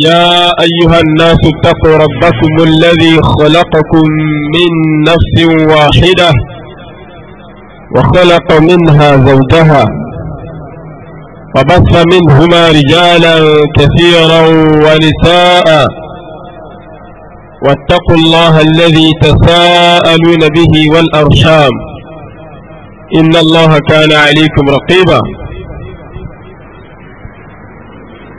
يا أيها الناس اتقوا ربكم الذي خلقكم من نفس واحدة وخلق منها زوجها وبث منهما رجالا كثيرا ونساء واتقوا الله الذي تساءلون به والأرشام إن الله كان عليكم رقيبا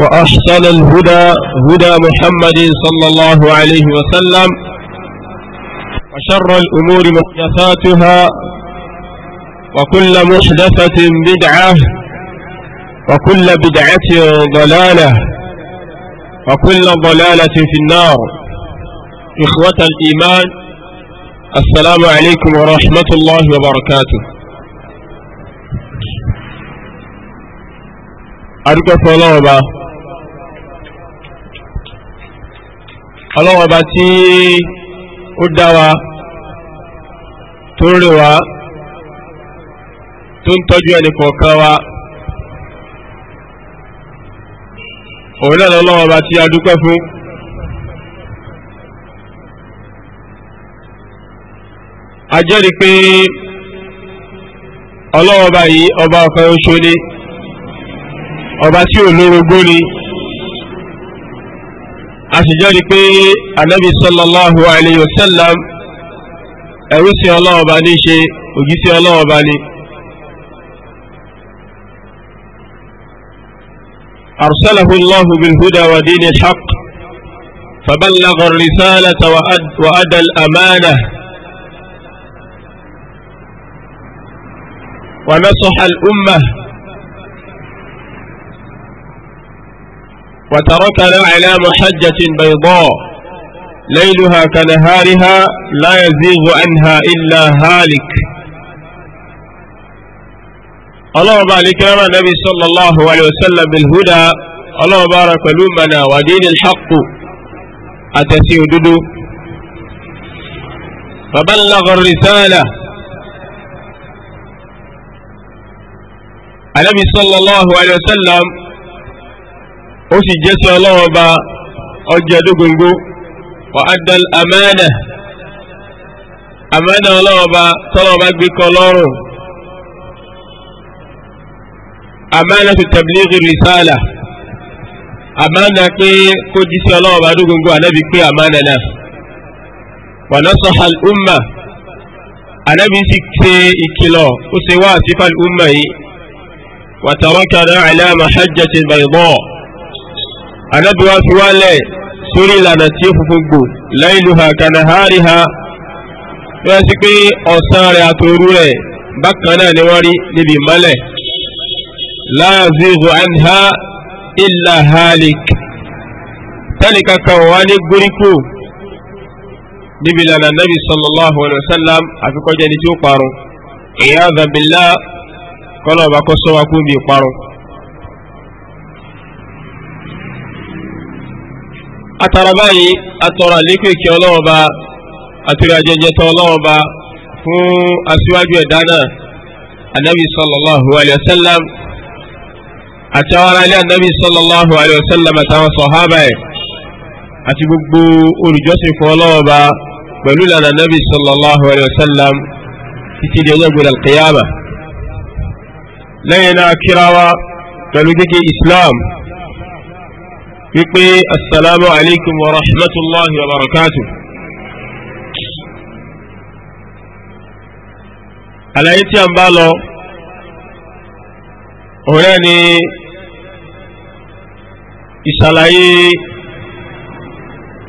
وأحسن الهدى هدى محمد صلى الله عليه وسلم وشر الأمور محدثاتها وكل محدثة بدعة وكل بدعة ضلالة وكل ضلالة في النار إخوة الإيمان السلام عليكم ورحمة الله وبركاته أرجو الله ọlọ́wọ́ ọba tí ó dá wa tó ń rè wá tó ń tọ́jú ẹnì kọ̀ọ̀kan wa òun náà lọ́wọ́ ọba tí a dúpẹ́ fún. a jẹ́rìí pé ọlọ́wọ́ ọba yìí ọba ọ̀kan oṣù ni ọba tí ò lórogún ni. أشجاري كي النبي صلى الله عليه وسلم أوصي الله باني شيء وجيسي الله باني أرسله الله بالهدى ودين الحق فبلغ الرسالة وأد وأدى الأمانة ونصح الأمة وتركنا على محجة بيضاء ليلها كنهارها لا يزيغ عنها إلا هالك اللهم بارك لنا النبي صلى الله عليه وسلم بالهدى اللهم بارك لنا ودين الحق أتسي ددو فبلغ الرسالة النبي صلى الله عليه وسلم ó sì jẹ́sẹ̀ ọlọ́wọ́ bá ọjà dógóńgó wà á dán amánà amánà ọlọ́wọ́ bá tọ́lọ́wọ́ bá gbé kọ́ lọ́rùn amánà tó tablighi risala amánà pé kó jísẹ̀ ọlọ́wọ́ bá dógóńgó ànábì pé amánà náà wa nasaha al-umma ànábì sì ṣe ìkìlọ̀ ó ṣe wá àti fal umma yìí wa tarakana ala mahajjatin bayda anábíwá fi wálẹ̀ sórí ìlànà tí ó funfun gbò láìlúhà kanahariha wọ́n sì pé ọ̀sán rẹ̀ àtòru rẹ̀ bákan náà ni wọ́n rí níbi ìmọ́lẹ̀ láàzíhù anha illa halik tẹ́nìkan kan wà ní gúríkù níbi ìlànà nabi sallallahu alayhi wa sallam àfikọ́jẹ́ ni tí ó parun ìyá zambilla kọ́lọ̀ ọba kọ́ sọ́wọ́ kú bí parun. atara báyìí atọrọ àlékún ìkẹ́ Ọlọ́run Ọba àtúrò àjẹjẹ tán Ọlọ́run Ọba fún aṣíwájú ẹ̀dá náà anabi sallallahu alayhi wa sallam àti àwọn aráàlú anabi sallallahu alayhi wa sallam àtàwọn sọ̀hábà ẹ̀ àti gbogbo olùjọ́sìn fún Ọlọ́run Ọba pẹ̀lú ìlànà anabi sallallahu alayhi wa sallam títí di ọjọ́ gbọdọ̀ kìyàmà lẹ́yìn náà kíra wa pẹ̀lú gẹ́gẹ́ Islam wípé assalamu alaikum wa rahmatullahi wa barakatuh. àlàyé tí a ń bá lọ òun náà ni ìsàlàyé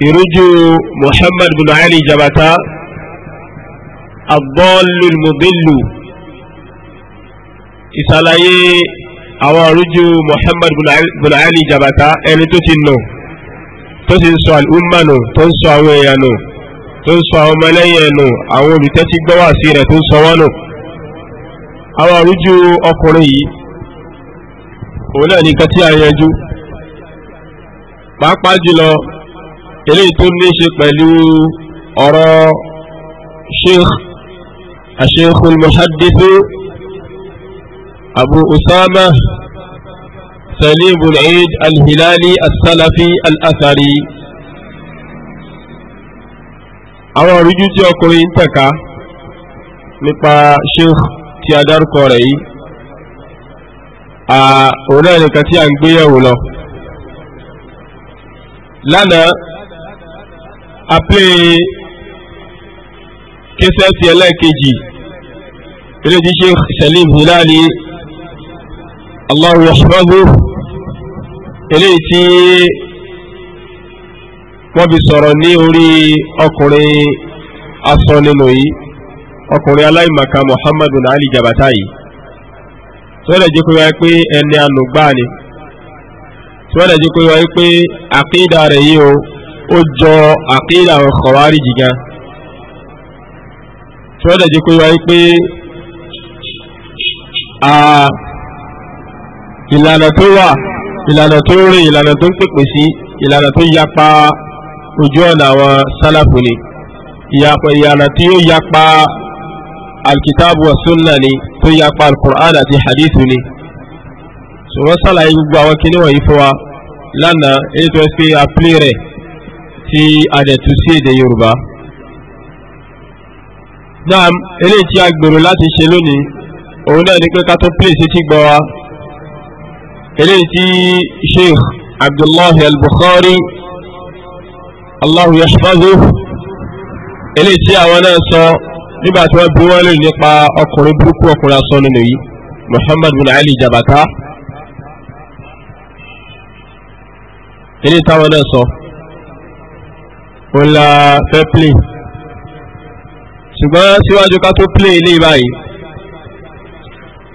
ìrújú Muhammad bin Ali Jabata ad-dallu ìsàlàyé àwọn ọ̀rújú Muhammad bin Ali Jabata ẹni tó ti nù tó ti ń sọ al'umma nù tó ń sọ àwọn èèyàn nù tó ń sọ àwọn ọmọlẹ́yìn ẹ̀ nù àwọn olùtẹ́tí gbọ́wà sí rẹ̀ tó ń sọ wọ́n nù àwọn ọ̀rújú ọkùnrin yìí òun náà nìkan tí a yanjú pàápàá jùlọ eléyìí tó ní ṣe pẹ̀lú ọ̀rọ̀ sheikh asheikh al أبو أسامة سليم بن عيد الهلالي السلفي الأثري àwọn ìrújú tí ọkùnrin ń tẹ̀ka nípa sheikh tí a dárúkọ rẹ̀ yìí òun náà nìkan tí a ń gbéyẹ̀wò lọ lánàá a pè kẹsẹ̀ ti ẹlẹ́ẹ̀kejì eré tí sheikh salim hilali Allahu yahfadhu eléyìí tí wọ́n fi sọ̀rọ̀ ní orí ọkùnrin asọ nínú yìí ọkùnrin aláìmọ̀ká Muhammadu Ali Jabata yìí tí wọ́n lè jẹ́ pé wáyé pé ẹni ànúgbà ni tí wọ́n lè jẹ́ pé wáyé pé àkídà rẹ̀ yìí o ó jọ àkídà àwọn Khawarij tí wọ́n lè jẹ́ pé wáyé pé ìlànà tó wà ìlànà tó rìn ìlànà tó ń pèpè sí ìlànà tó yapa ojú ọ̀nà àwọn sálàfù ni ìyànà tí ó yapa alkitabu wa sunna ni tó yapa alkur'an àti hadithu ni so wọ́n gbogbo àwọn kíní wọ̀nyí fún wa lánàá èyí tó fi àpilé rẹ̀ tí a dẹ̀ tú sí èdè yorùbá náà eléyìí tí a gbèrò láti ṣe lónìí òun náà ni pé ká tó pèsè ti gbọ́ wa eléyìí tí sheikh abdullahi al-bukhari allahu yashfazu eléyìí tí àwọn náà sọ nígbà tí wọ́n bí wọ́n lè nípa ọkùnrin burúkú ọkùnrin asọ́ nínú yìí muhammad bin ali jabata eléyìí táwọn náà sọ òun la fẹ́ play ṣùgbọ́n síwájú ká tó play eléyìí báyìí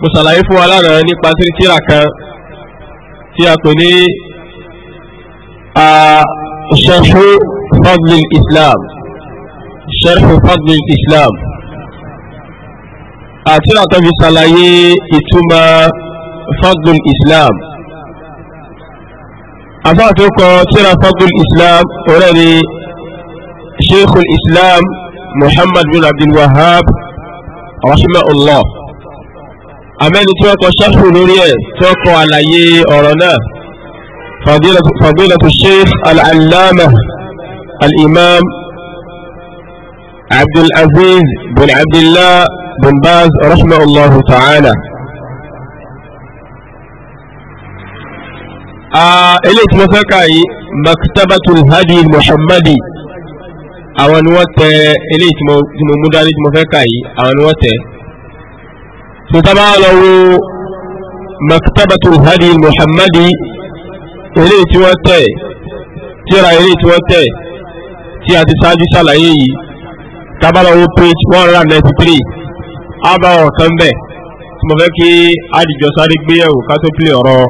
mo ṣàlàyé fún wa lánàá nípa tírítíra kan tí a pè ní ṣarhu uh, fadlil islam ṣarhu fadlil islam àti àtọ́jú ṣàlàyé ìtumọ̀ fadlil islam afáàtò kọ tíra fadlil islam ọ̀rẹ́ ni sheikhul islam muhammad bin rahimahullah amẹ́ni tí wọ́n kọ ṣẹ́fù lórí ẹ̀ tí wọ́n kọ àlàyé ọ̀rọ̀ náà fadilatu sheikh al-allama al-imam abdul aziz bin abdullah bin baz rahmanullahu ta'ala. eléyìí tí wọ́n fẹ́ kà yìí maktabatul hadi muhammadi àwọn ni wọ́n tẹ eléyìí tí mo mú dání tí mo fẹ́ kà àwọn ni wọ́n tẹ̀ sọtaba lọ wo maktabatul hadi muhammadi eléyìí tí wọ́n tẹ̀ tíra eléyìí tí wọ́n tẹ̀ tí a ti ṣáájú ṣàlàyé yìí tábàlọ́ wo page one hundred and ninety three ábàwọ̀ kan bẹ̀ tí mo fẹ́ kí àdìjọ sáré gbé yẹ̀wò ká tó pilẹ̀ ọ̀rọ̀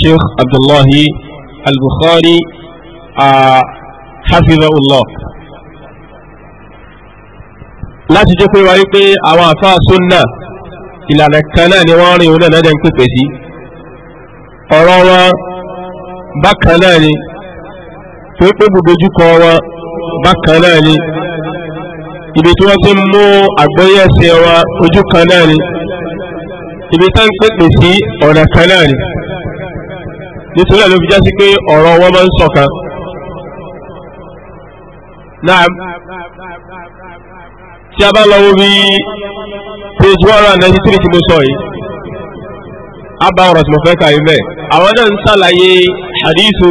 sheikh abdullahi al-bukhari láti jẹ́ pé wáyé pé àwọn àfáà sunna ìlànà kan náà ni wọ́n rìn òun náà lọ́dẹ̀ ń pèpè sí ọ̀rọ̀ wọn bákan náà ni tó pé gbogbo wọn bákan náà ni ibi tí wọ́n ti ń mú àgbọ́yé ẹsẹ̀ wọn ojú kan náà ni ibi tá ń pèpè sí ọ̀nà kan náà ni nítorí àlọ́ fi já sí pé ọ̀rọ̀ wọn máa ń ṣọ̀kan. tí a bá lọ wo bíi page one hundred and ninety three tí mo sọ yìí a bá ọ̀rọ̀ tí mo fẹ́ kà yín bẹ́ẹ̀ àwọn náà ń ṣàlàyé hadithu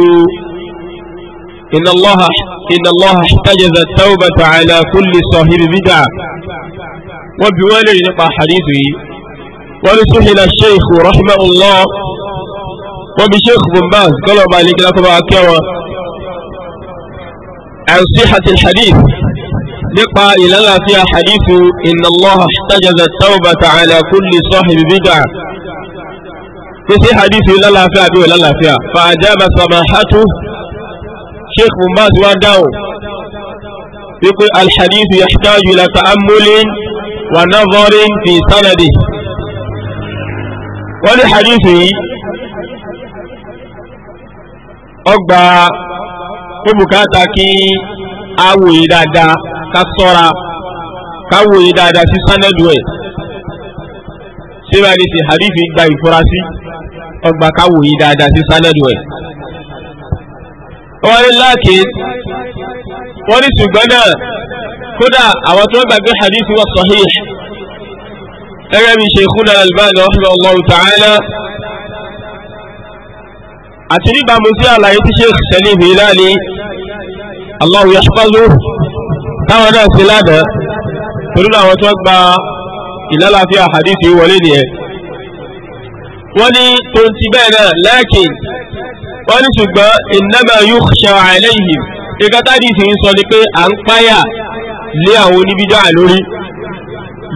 inna Allaha inna Allaha ihtajaza tawbata ala kulli sahibi bid'a wọ́n bi wọ́n lè nípa hadithu yìí wọ́n ní suhila sheikh rahimahullah wọ́n bi sheikh bumbaz kọ́lọ̀ bá ní kí lásán bá hadith nípa ìlàlàfíà hadithu inna Allaha ihtajaza tawbata ala kulli sahibi bid'a tí sí hadithu ìlàlàfíà bí ìlàlàfíà fa ajaba samahatu sheikh mumbaz wa dáhùn wípé alhadithu yahtaju ila ta'ammulin wa nadharin fi sanadi wọ́n ní hadithu yìí ọgbà ó bùkátà kí awòye dáadáa ká sọ́ra ká wòye dáadáa sí sánẹ́dù ẹ̀ síbáyé ti hadith gba ìfurasí ọgbà ká wòye dáadáa sí sánẹ́dù ẹ̀. wọ́n ní láàkì wọ́n ní ṣùgbọ́n náà kódà àwọn tó ń gbàgbé hadith wọ́n sahih gẹ́gẹ́ bí Sheikhuna Al-Albani rahimahullahu ta'ala àti níbàámu sí àlàyé tí Sheikh Salim Hilali Allahu yashfazu táwọn náà ṣe lánàá torí àwọn tó gba ìlàlàfíà hadithi wọlé nìyẹn wọ́n ní tó ń ti bẹ́ẹ̀ náà lẹ́ẹ̀kìn wọ́n ní ṣùgbọ́n innama yukhsha alayhim ìkátàdì sì ń sọ ni pé à ń páyà lé àwọn oníbídà lórí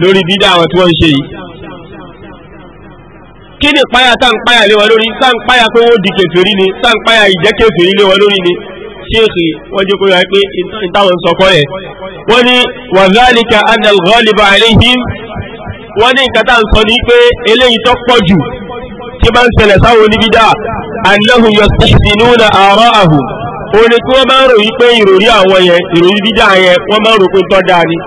lórí bídà àwọn tí wọ́n ṣe yìí kí ni páyà tá ń páyà lé wọn lórí tá ń páyà pé wọ́n di kèfèrí ni tá ń páyà ìjẹ́ lé wọn lórí ni ṣéèkì wọ́n jẹ́ kó yà pé ìtàwọn sọkọ́ yẹ wọ́n ní wàzálìkà adàlgọ́lìbà àìlẹ́yìn wọ́n ní nǹkan tá à ń sọ ní pé eléyìí tó pọ̀ jù tí bá ń ṣẹlẹ̀ sáwọn oníbídà annahum yastahsinuna ara'ahum ó ní kí wọ́n máa ń rò yí pé ìròrí àwọn yẹn ìròrí bídà yẹn wọ́n máa ń rò pé tọ́ dáa ni.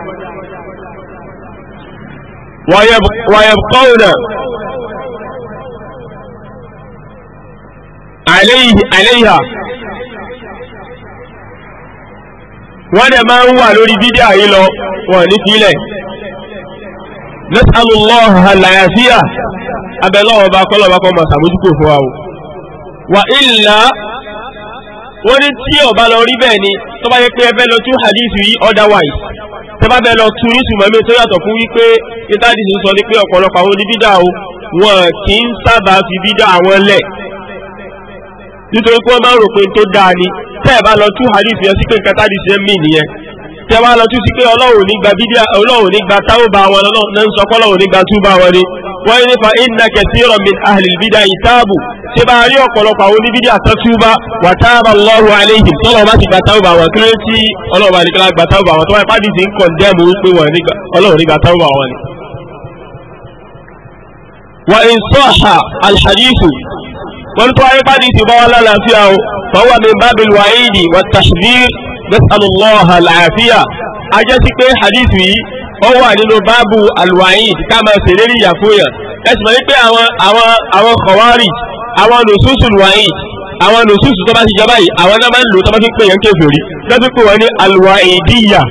wa yabqawna alayha wọ́n dẹ̀ máa ń wà lórí bídíà yìí lọ wọ́n ní sílẹ̀ nas'alullah al-afiya abẹ́lọ́wọ́ bá kọ́ lọ́wọ́ kọ́ mọ̀ sàmójúkò fún wa o wà ìlà wọ́n wọn kì í sábà fi bídà àwọn lẹ̀ nítorí pé wọ́n máa rò pé tó dáa ni tẹ́ ẹ̀ bá lọ tú hadith yẹn sí pé nǹkan tá àdìsí yẹn mí nìyẹn tẹ́ ẹ bá lọ tú sí pé ọlọ́run nígbà bídíà ọlọ́run nígbà táwọ̀bà wọn náà ń sọ pé ọlọ́run nígbà túbà wọn ni wọ́n yìí nípa inna kathiran min ahli al-bid'a bá rí ọ̀pọ̀lọpọ̀ àwọn oníbídíà àtọ́ túbà wa taba Allahu tọ́lọ̀ bá ti gbà táwọ̀bà wọn kí tí ọlọ́run bá ní kíláà wọn tó wáyé pàdé ti ń kọ̀ndẹ́mù wípé ọlọ́run nígbà táwọ̀bà wọn ni. wa in sahha al-hadithu wọ́n tó wáyé pàdé bá wá lálàáfíà o فهو من باب الوعيد والتحذير نسأل الله العافية أجلس كي حديثي هو nínú báàbù الوعيد كما سيريري يا فويا ẹ̀sìn mọ̀ wípé àwọn àwọn àwọn kọ̀wárì àwọn lòṣùṣù àwọn lòsùsù tó bá ti jọba yìí àwọn náà máa ń lò tó bá fi ń pè yẹn kéfèrí lọ́sí pé wọ́n ní alwaidiyya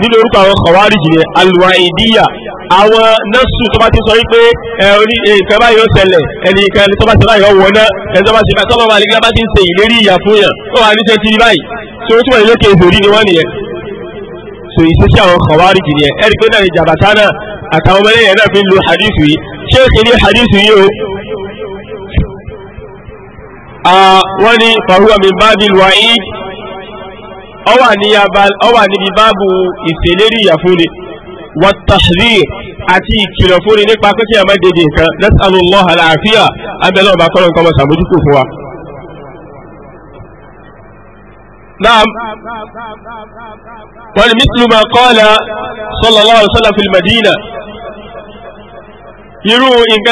nínú orúkọ àwọn khawarij yẹn alwaidiyya àwọn nọ́ọ̀sù tó bá ti sọ wípé ẹ orí nǹkan báyìí ó ṣẹlẹ̀ ẹni nǹkan tó bá ti báyìí ó wọ náà ẹni tó bá ti bá tọ́lọ́ wà nígbà bá ti ń ṣe ìlérí ìyà fún yàn ó wà níṣẹ́ ti rí báyìí tí ó túmọ̀ wọ́n nìyẹn Ah, wọ́n ní fahuwa min babil wa'id ọwà níbi báàbù ìṣèlérí ìyàfúnni wàtàṣírí àti ìkìlọ̀ fúnni nípa pé kí a máa dédé nǹkan nasalu allah alaafia abẹ́lẹ́ ọba kọ́lọ́ nǹkan ọmọ sàmójúkò fún wa. naam wọ́n ní mislu ma qala sallallahu alaihi wa sallam nǹkan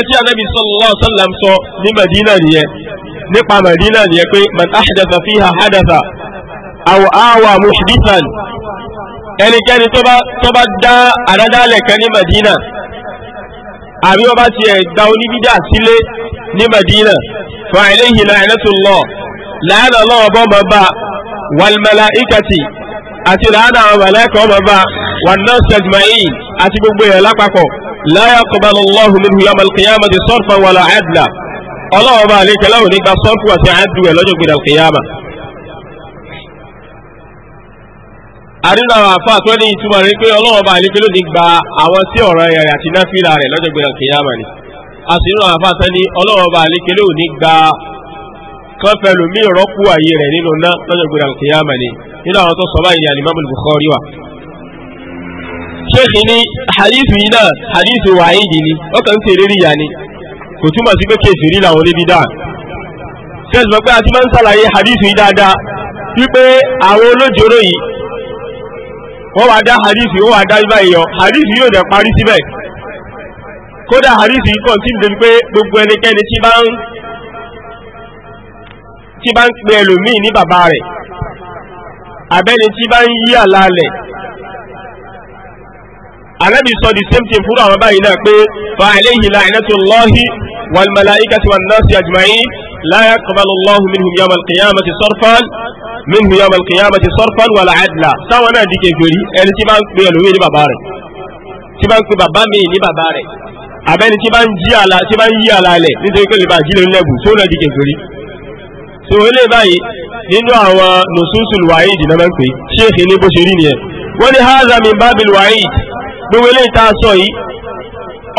tí anabi sallallahu alaihi sallam sọ ní madina nìyẹn nípa Madina ni ẹ pé man ahdatha fiha hadatha aw awa muhdithan ẹnikẹ́ni tó bá dá àdádálẹ̀ kan ní Madina àbí wọ́n bá tiẹ̀ gba oníbídà sílé ní Madina fa ilayhi la'natullah làánà lọ́wọ́ bọ́ mọ́ bá wal malaikati àti làánà àwọn ọmọ bá wan nas àti gbogbo ẹ̀ lápapọ̀ la yaqbalu Allahu minhu yawm al-qiyamati ọlọ́wọ́ bá àlékẹ́ láwọn nígbà sọ́ọ̀kù àti àádù ẹ̀ lọ́jọ́ gbèrè àkèyàmà. àdúrà àfáà tó ní ìtumọ̀ pé ọlọ́wọ́ àlékẹ́ ló ní gba àwọn sí ọ̀rọ̀ ẹ̀rẹ̀ àti náfìlà rẹ̀ ni. àfáà tó ní àlékẹ́ ló ní gba mí rẹ̀ nínú ni nínú àwọn tó sọ báyìí ni alimami Bukhari wa. yìí náà ni ó kàn ń ríyà kò túmọ̀ sí pé kèfèrí làwọn oníbídà sẹ́ẹ̀sì mọ̀ pé a ti máa ń sàlàyé hadith yìí dáadáa wípé àwọn olójoro yìí wọ́n wá dá hadith wọ́n wá dá báyìí yọ hadith yóò dẹ̀ parí síbẹ̀ kódà hadith yìí kàn tí ń débi pé gbogbo ẹnikẹ́ni tí bá ń tí bá ń pe ẹlòmíì ní bàbá rẹ̀ abẹ́ni tí bá ń yí àlàálẹ̀ Ànábì sọ the same thing fún àwọn báyìí náà pé fa alayhi la'natullahi والملائكة والناس أجمعين لا يقبل الله منهم يوم القيامة صرفا منه يوم القيامة صرفا ولا عدلا سوى نادي كيكوري أن تبان بيلو ويلي باباري تبان كبابامي ني باباري abẹ́ni tí bá ń jí àlà tí bá ń yí àlà alẹ̀ nítorí pé lè bá jílẹ̀ lẹ́bù tó náà di kèfèrí so ilé báyìí nínú àwọn nùsùsùl wa'id náà máa ń pè ṣéèkì ní bó ṣe rí nìyẹn wọ́n ní haza min babil wa'id gbogbo ilé ìta sọ yìí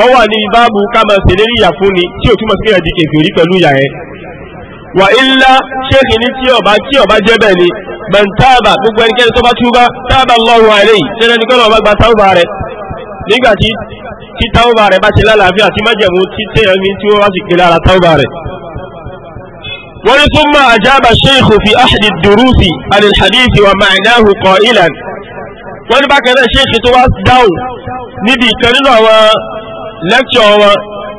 ọ wà ní báàbù ká máa ṣèlérí ìyà fún ni tí ò túmọ̀ sí ẹ̀dì kèfèrí pẹ̀lú ìyà yẹn wà ilá ṣéèkì ní tí ọba tí ọba jẹ́ bẹ́ẹ̀ ni mẹ̀ntáàbà gbogbo ẹnikẹ́ni tó bá túbá táàbà Allahu alayhi ṣẹlẹ̀ ní kọ́nà ọba gba táwùbà rẹ̀ nígbà tí tí táwùbà rẹ̀ bá ṣe lálàáfíà tí májẹ̀mú tí téèyàn ní tí wọ́n bá sì gbé lára táwùbà rẹ̀. wọ́n ní súnmọ́ àjábà ṣéèkù fi ahdi durusi anil hadithi wa ma'nahu qailan wọ́n ní bákan lẹ́kṣọ̀ wọn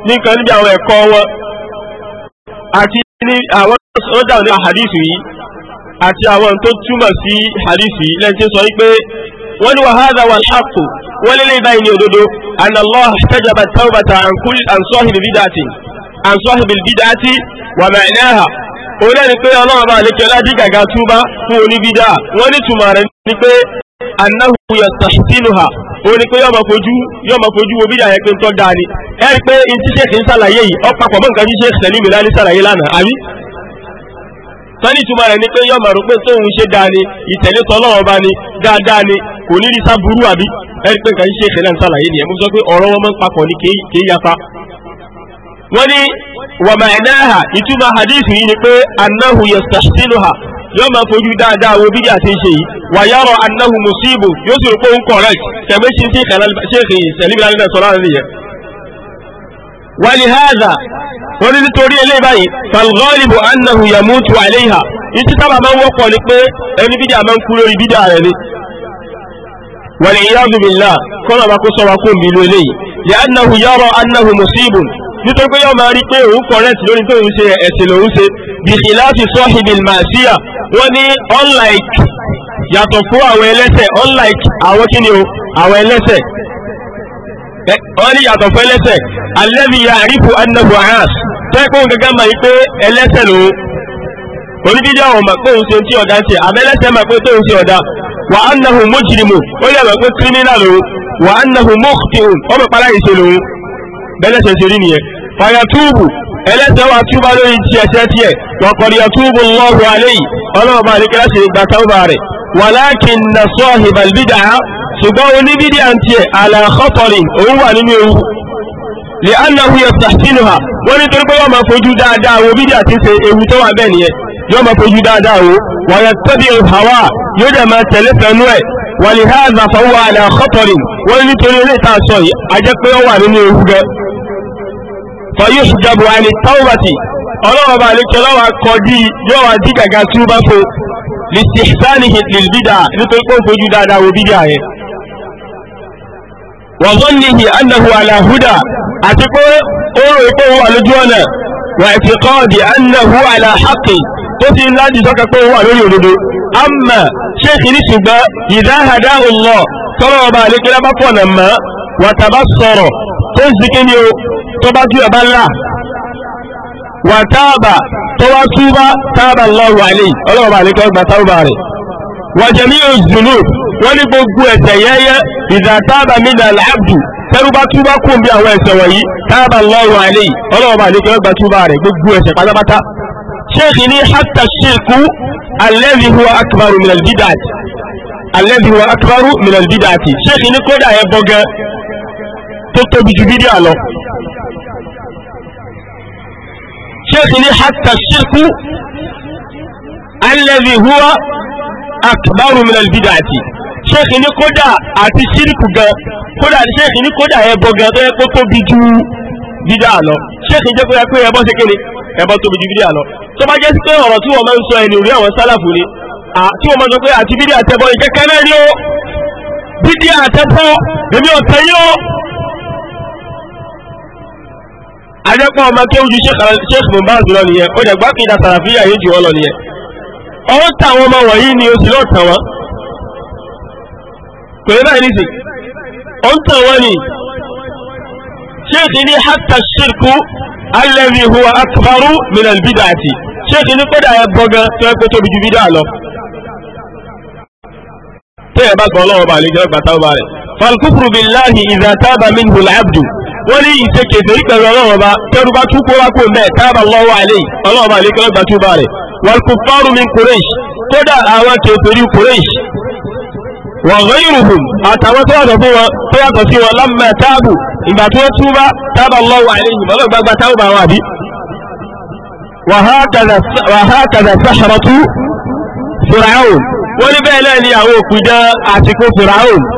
nìkan níbi àwọn ẹ̀kọ́ wọn àti ní àwọn ọ̀dà ní àhàdìsì yìí àti àwọn tó túmọ̀ sí àhàdìsì yìí lẹ́yìn tí ó sọ wípé wọ́n ní wàhálà wà ṣàkó wọ́n lé lè báyìí ní òdodo ànàlọ́ àṣẹjọba tàwùbàtà àǹsọ́hìbì bídàtì àǹsọ́hìbì bídàtì wà mẹ́ẹ̀ẹ́hà òun náà pé ọlọ́run bá àlejò ọládì gàgà túbá fún oníbídà wọ́n ní túmọ̀ rẹ̀ ni pé annahu yastahsinuha ó ní pé yọ́mọ̀ fojú yọ́mọ̀ fojú wo bíyà pé ń tọ́ dáa ni ẹ rí pé n tí sèkì ń sàlàyé yìí ọ papọ̀ mọ́ nǹkan tí sèkì sẹ́ni mi láti sàlàyé lánàá àbí. tọ́ni ìtumọ̀ rẹ̀ ni pé yọ́mọ̀ rò pé tóun ṣe dáa ni ìtẹ̀lé tọ́lọ́wọ́ bá ni dáadáa ni kò ní rí sábúrú àbí ẹ rí pé nǹkan tí sèkì náà ń sàlàyé nìyẹn mo sọ pé ọ̀rọ̀ wọn papọ̀ ni kì í yóò máa fojú dáadáa wo bídí àti ṣe yìí wà yàrá annahu musibu yóò sì rò pé òun correct tẹ̀mí ṣe ṣe ṣe sẹ̀líbi lálẹ́ náà sọ̀rọ̀ nìyẹn. wàlíhàdà wọ́n ní nítorí eléyìí báyìí falghalibu annahu yamutu alayha ìtí sábà máa ń wọ́pọ̀ ni pé ẹni bídí àmọ́ ń kú lórí bídí ààrẹ ni. wàlíhàdù billah kọ́nà bá kó sọ wa kó mi lóléyìí nítorí pé yóò máa rí pé òun correct lórí tó ń ṣe ẹ̀sìn lòun ṣe bìkì láti sọ hibil màṣíà wọ́n ní unlike yàtọ̀ fún àwọn ẹlẹ́sẹ̀ unlike àwọn kí ni o àwọn ẹlẹ́sẹ̀ wọ́n ní yàtọ̀ fún ẹlẹ́sẹ̀ alẹ́bí ya àrífù annabu ahas tẹ́kùn gẹ́gẹ́ máa pé ẹlẹ́sẹ̀ lòun onídídé àwọn ọmọ pé òun ṣe ti ọ̀dá ṣe àbẹ́lẹ́sẹ̀ máa pé tóun ṣe ọ̀dá wà á nàhùn mujrimu ó yẹ máa pé kírímínà lòun wà á nàhùn mọ́ọ̀kì òun ọmọ pàlàyé ṣe bẹ́lẹ́sẹ̀ ṣe rí nìyẹn fàyàtúbù ẹlẹ́sẹ̀ wa túbà lórí ti ẹ̀ṣẹ̀ tiẹ̀ wọ̀kọ̀dì yàtúbù Allahu alayhi ọlọ́run bá àríkẹ́ láti gba tàwùbà rẹ̀ wàlákin na sọ́ọ̀hìbà bídà ṣùgbọ́n oníbídì àǹtí ẹ̀ àlàkọ́tọ̀rì òun wà nínú ewu lè anahu yastahsinuha wọ́n ní torí pé wọ́n máa fojú dáadáa wo bídì àti ṣe ewu tó wà bẹ́ẹ̀ nìyẹn yóò máa fojú dáadáa wo wàyà tẹ́bi hawa yóò dẹ̀ máa tẹ̀lé fẹ́nu ẹ̀ wàlíhàzà fọwọ́ àlàkọ́tọ̀rì wọ́n ní torí ilé ìta sọ yìí ajẹ́ wà nínú ewu gẹ́ẹ́ fọyín ìṣùjọbù wa ni tọ́wọ́bàtì ọlọ́wọ́ bá lè kí ọlọ́wọ́ akọ́dí yóò wá dí gàgà tí ó bá fo lè ṣe sáàni lè bídà nítorí pé ó fojú dáadáa wo bídà yẹn. wọ́n fọ́n níhi annahu alahuda àti pé ó rò pé ó wà lójú ọ̀nà wà ti kọ́ di annahu alahaqi tó ti láti sọ́ka pé ó wà lórí òdodo. amma ṣéèkì ní ṣùgbọ́n ìdáhàdá Allah tọ́lọ́wọ́ bá lè kí tó ń sikí ni o tó bá tú ẹ̀bá ńlá wà táàbà tó wá túbá táàbà lọ́rùn àlè ọlọ́run bá àlékọ́ gba táàbà rẹ̀ wà jẹ̀mí òzùnú wọ́n ní gbogbo ẹ̀ṣẹ̀ yẹ́yẹ́ ìdá táàbà mílíọ̀nù làbdù tẹ́rú bá túbá kú bí àwọn ẹ̀ṣẹ̀ wọ̀nyí táàbà lọ́rùn àlè ọlọ́run bá àlékọ́ gba túbá rẹ̀ gbogbo ẹ̀ṣẹ̀ pátápátá sheikh ni hatta shirku alladhi huwa akbaru min al-bid'ah alladhi kódà ẹ̀ bọ́gẹ́ tó tóbi ju bídíà lọ ṣéèkì ní hatta ṣírkú alladhi huwa akbaru min al-bid'ati ṣéèkì ní kódà àti ṣírkù gan kódà ṣéèkì ní kódà ẹbọ gan tó yẹ kó tóbi ju bídíà lọ ṣéèkì jẹ́ pé ẹbọ ṣe kéde ẹbọ tóbi ju bídíà lọ tó bá jẹ́ sí pé ọ̀rọ̀ tí wọ́n máa ń sọ ẹni orí àwọn sálàfù ni tí wọ́n máa sọ pé àti bídíà àtẹbọ ìkẹ́kẹ́ náà ni ó bídíà àtẹbọ èmi ọ̀tẹ̀ yóò ajẹ́pọ̀ ọmọ kéwùjú sheikh mumbaz lọ nìyẹn ó dẹ̀gbá kí n da sàràfíà yìí jù wọ́n lọ nìyẹn ọ̀hún táwọn ọmọ wọ̀nyí ni oṣù lọ́ọ̀ tàn wọ́n kò ní báyìí nìsí ọ̀hún tàn wọ́n ni sheikh ní hatta shirku alladhi huwa akbaru min albid'ati sheikh ní kódà ẹ bọ́ gan tó ẹ kó tóbi ju bídà lọ tẹ́ bá sọ ọlọ́wọ́ bá àlejò ẹgbàá táwọn bá rẹ̀ falkufru billahi idha taba minhu al-abdu wọ́n ní ìṣekèsè ìpẹ̀lú ọlọ́run ọba tẹ́rù bá tún kó wá kó mẹ́ẹ̀ tábà lọ́wọ́ àlẹ́ ọlọ́run ọba àlékẹ́lẹ́ gbà tún bá rẹ̀ wal kuffaru min Quraysh kódà àwọn kèfèrí Quraysh wa ghayruhum àtàwọn tó yàtọ̀ fún wọn tó yàtọ̀ sí wọn lamma táàbù ìgbà tó yẹ túbá tábà lọ́wọ́ àlẹ́ ọlọ́gbàgbà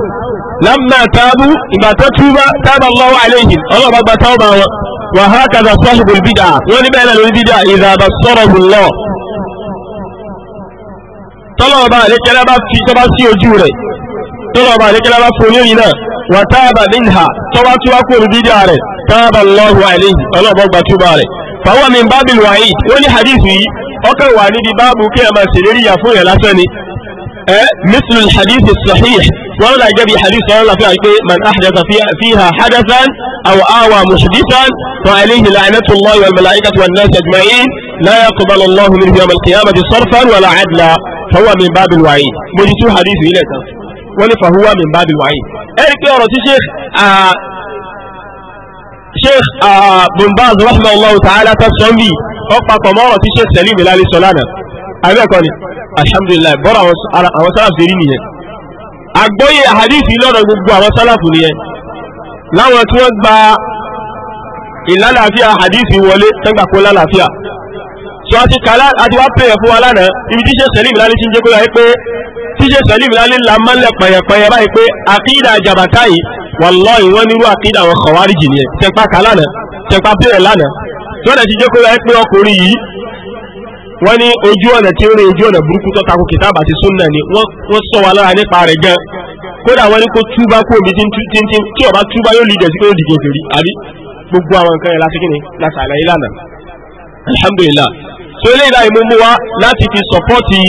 tábà lamma taabu ìgbà tó túbá tábà lọ́wọ́ àlẹ́yìn ọlọ́ọ̀bá gba táwọn bá wọn wà á kàdà sọ́ọ̀bù bídà wọ́n ní bẹ́ẹ̀ náà lórí bídà ìdàbà sọ̀rọ̀ bù lọ. tọ́lọ́ọ̀bá àlékẹ́lá bá fi tọ́ba sí ojú rẹ̀ tọ́lọ́ọ̀bá àlékẹ́lá bá fi olóyìn náà wà tábà níhà tọ́ba tí wàá kúrò bídà rẹ̀ tábà lọ́wọ́ àlẹ́yìn ọlọ́ọ̀bá gba túbá rẹ̀. fàwọn mi bábí wàhíì wọ́n ní hadith ولا يجب حديث صلى الله عليه وسلم من أحدث فيها حدثا أو آوى محدثا فعليه لعنة الله والملائكة والناس أجمعين لا يقبل الله منه يوم القيامة صرفا ولا عدلا فهو من باب الوعيد مجتو حديث إليك ولف هو من باب الوعيد أريك يا رسي شيخ شيخ بن باز رحمة الله تعالى تسعني أقفى طمارة شيخ سليم الله لسلانة أبي أقول الحمد لله برا وصلاة ديني àgbọ́yé àhàdìsì lọ́dọ̀ gbogbo àwọn sálàfù nìyẹn láwọn tí wọ́n gba ìlàlàáfíà àhàdìsì wọlé tẹ́gbà kó lálàáfíà so àti kàlá àti wá pè é fún wa lánàá ibi tíṣe sẹ́lìm lálé ti ń jẹ́ kó yà pé tíṣe sẹ́lìm lálé la máa ń lẹ̀ pẹ̀yẹ̀pẹ̀yẹ báyìí pé àkídà jàbàtà yìí wàlláhì wọ́n nírú àkídà àwọn kọ̀wárìjì nìyẹn tẹ́pá kàlánà wọ́n ní ojú ọ̀nà tí ó rí ojú ọ̀nà burúkú tó tako kìtàbù àti súnà ni wọ́n sọ wa lára nípa rẹ̀ gan kódà wọ́n ní kó túbá kó omi tí tí ọba túbá yóò lìjẹ̀ sí pé ó dìgbò àbí gbogbo àwọn nǹkan yẹn láti kíni láti àlàyé lánàá alhamdulillah so eléyìí láì mú mú wa láti fi sọpọ́ọ̀tì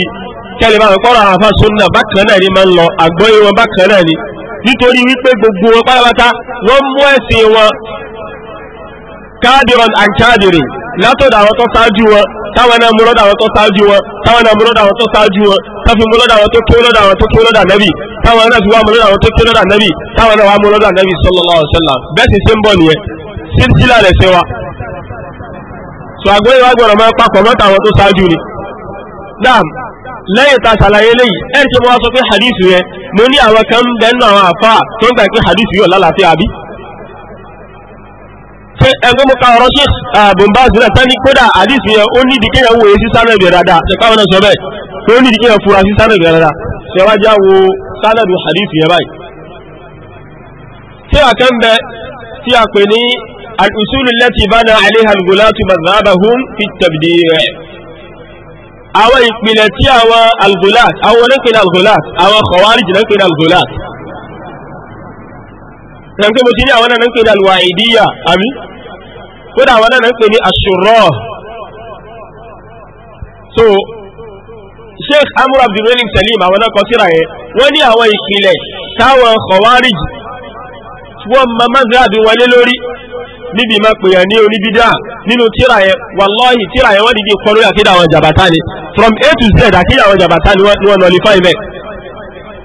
kẹlẹ́mà kọ́ra àfa súnà bákan náà ni máa ń lọ àgbọ́yé wọn bákan náà ni nítorí wípé gbogbo wọn pátápátá wọ́n mú ẹ̀sìn wọn káàdìrán àǹkáàdìrì látọ̀dọ̀ àwọn tó ṣáájú wọn táwọn náà mú lọ́dọ̀ àwọn tó ṣáájú wọn táwọn náà mú lọ́dọ̀ àwọn tó ṣáájú wọn táfi mú lọ́dọ̀ àwọn tó kí lọ́dọ̀ àwọn tó kí lọ́dọ̀ ànábì táwọn náà fi wá mú lọ́dọ̀ àwọn tó kí lọ́dọ̀ ànábì táwọn náà wá mú lọ́dọ̀ ànábì sallallahu alaihi wasallam bẹ́ẹ̀ sì ṣe ń bọ̀ nìyẹn sílsílà rẹ̀ ṣe wa. sọ àgbẹ̀ ìwà gbọ́dọ̀ máa papọ̀ mọ́ta àwọn tó ṣáájú ni. dam lẹ́yìn ta ṣàlàyé lẹ́yìn ẹ̀ ṣe mo wá sọ pé hadith yẹn mo ní àwọn kan ń bẹ́ẹ̀ nù àwọn àfa tó ń gbà pé hadith yóò lálàáfíà bí ṣe ẹgbẹ́ mú ká ọ̀rọ̀ ṣe bùnbáàsì náà tán ní kódà àdìsí yẹn ó ní ìdíkẹ́ yẹn wòye sí sánẹ̀bì rada ṣẹ̀káwọn náà sọ bẹ́ẹ̀ ó ní ìdíkẹ́ yẹn fura sí sánẹ̀bì rada ṣẹ̀wájú àwo sánẹ̀bì àdìsí yẹn báyìí. tíra kan bẹ tí a pè ní al-usul allati bana alayha al-gulatu madhhabahum fi at-tabdi' àwọn ìpìlẹ̀ tí àwọn al àwọn onípìlẹ̀ al-gulat àwọn khawarij jìnnà al-gulat nàìjíríà mo ti ní àwọn náà ń pè ní al-wa'idiyya àbí kódà àwọn náà ń pè ní àṣùrọ̀ so sheikh amur abdulrahim salim àwọn náà kọ síra yẹn wọ́n ní àwọn ìpìlẹ̀ táwọn khawarij wọ́n ma mazhabi wọlé lórí níbi ma pè yàn ní oníbídà nínú tíra yẹn wàláhì tíra yẹn wọ́n dìde kọ́ lórí àkídà àwọn jàbátá ni from a to z àkídà àwọn jàbátá ni wọ́n nọ lífà ìmẹ̀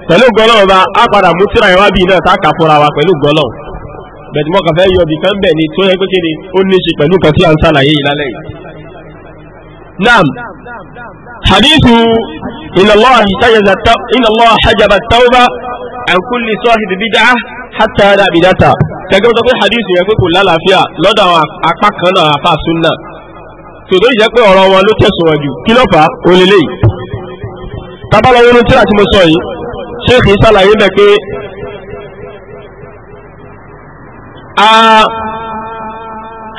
pẹ̀lú gọlọ́wọ́ bá a padà mú tíra yẹn wá bí náà tá a kà fúnra wa pẹ̀lú gọlọ́wọ́ bẹ̀tí mọ́ kàfẹ́ yọ bìkan bẹ̀ ni tó yẹ pé kí ni ó ní ṣe pẹ̀lú kan tí a ń sàlàyé yìí lálẹ́ yìí. naam hadithu inna Allah hajaba tawba an kulli sahibi bid'ah hatta yada bidata gẹ́gẹ́ tó pé hadithu yẹ pé kò lálàáfíà lọ́dọ̀ àwọn apá kan náà apá sunna tòdó yìí jẹ́ pé ọ̀rọ̀ wọn ló tẹ̀sùn kí ló fà á òlélẹ́yìí tábàlọ́wọ́n tí a ti mo sọ yìí ṣé kì í sàlàyé bẹ́ẹ̀ pé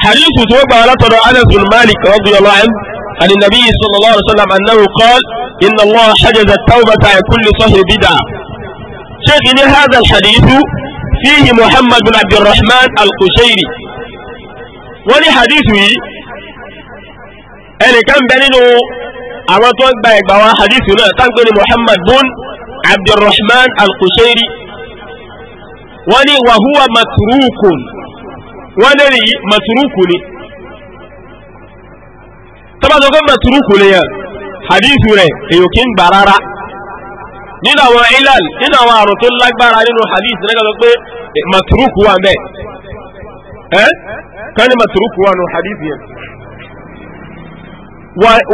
hadithu tó gbà látọ̀dọ̀ anas bin malik radiyallahu anhu عن النبي صلى الله عليه وسلم أنه قال إن الله حجز التوبة عن كل صهر بدعة شيخ هذا الحديث فيه محمد بن عبد الرحمن القشيري ولحديثه ẹnì kan bẹ nínú àwọn tó ń gba ẹgbà wa hadithu náà táǹkì ní muhammad bun abdulrahman al-kushairi wọ́n ní wàhúwà màtúrúkù wọ́n lè rí màtúrúkù ni tọ́bàtọ̀ pé màtúrúkù lè yàn hadithu rẹ̀ èyò kí ń gbà rárá nínú àwọn ilal nínú àwọn àrùn tó lágbára nínú hadith rẹ̀ gbàgbọ́ pé màtúrúkù wà mẹ́ ẹ́ kání màtúrúkù wà nù hadith yẹn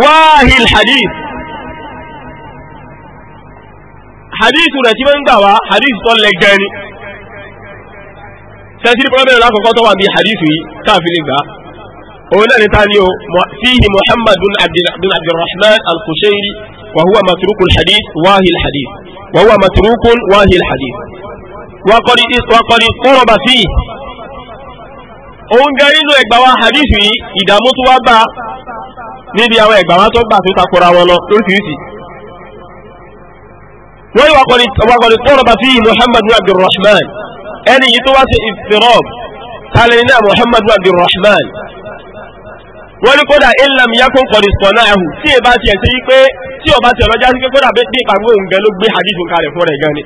wáhìl hadith hadith rẹ̀ tí wọ́n ń hadith tó lẹ gẹ́ni tẹ́sírí pọ́lọ́bẹ̀rẹ̀ lákọ̀ọ́kọ́ tó wà ní hadithu yìí káàfin gbà òun náà ní ta ni o fihi muhammad bin abdulrahman al-kushairi wa huwa matrukul hadith wahil hadith wa huwa matrukul wahil hadith wa qad qaraba fihi òun gan nínú ẹgbà wa hadithu yìí ìdààmú tó wá bá níbi àwọn ẹgbà wa tó gbà tó takora wọn lọ lóríṣiríṣi wọ́n yìí wa qad qaraba fihi muhammad bin abdulrahman ẹni yìí tó wá sí iftirab kálẹ̀ ní náà muhammadu abdulrahman wọ́n ní kódà ilam yakun kọ̀dìsọ̀ náà ẹ̀hù tí ẹ bá ti ẹ̀ sí yí pé tí ọba ti ọlọ́jà sí pé kódà bí ìpàgbé òǹgẹ ló gbé hadith kalẹ̀ fún rẹ̀ gan ni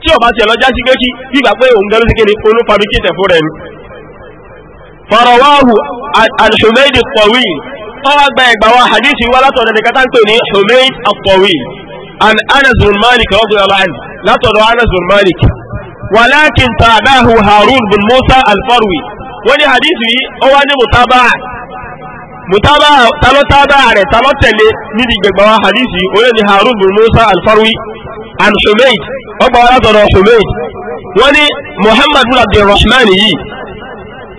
tí ọba ti ọlọ́jà sí pé kí bí ìpàgbé òǹgẹ ló sì kéde olúfabricate fún rẹ̀ ni. farawahu al-humaid al gba ẹgbà wa hadith wa látọ̀dọ̀ nìkan tá ń pè ní humaid al-tawil an anas bin malik walakin tabahu harun bin musa alfarwi wọ́n ní hadith yìí ó wá ní mutaba mutaba talọ́ taba rẹ̀ talọ́ tẹ̀lé níbi gbẹ̀gbà wa hadith yìí ó yẹ ní harun bin musa alfarwi an humayd ọgbà wa látọ̀dọ̀ humayd wọ́n ní muhammad bin abdulrahman yìí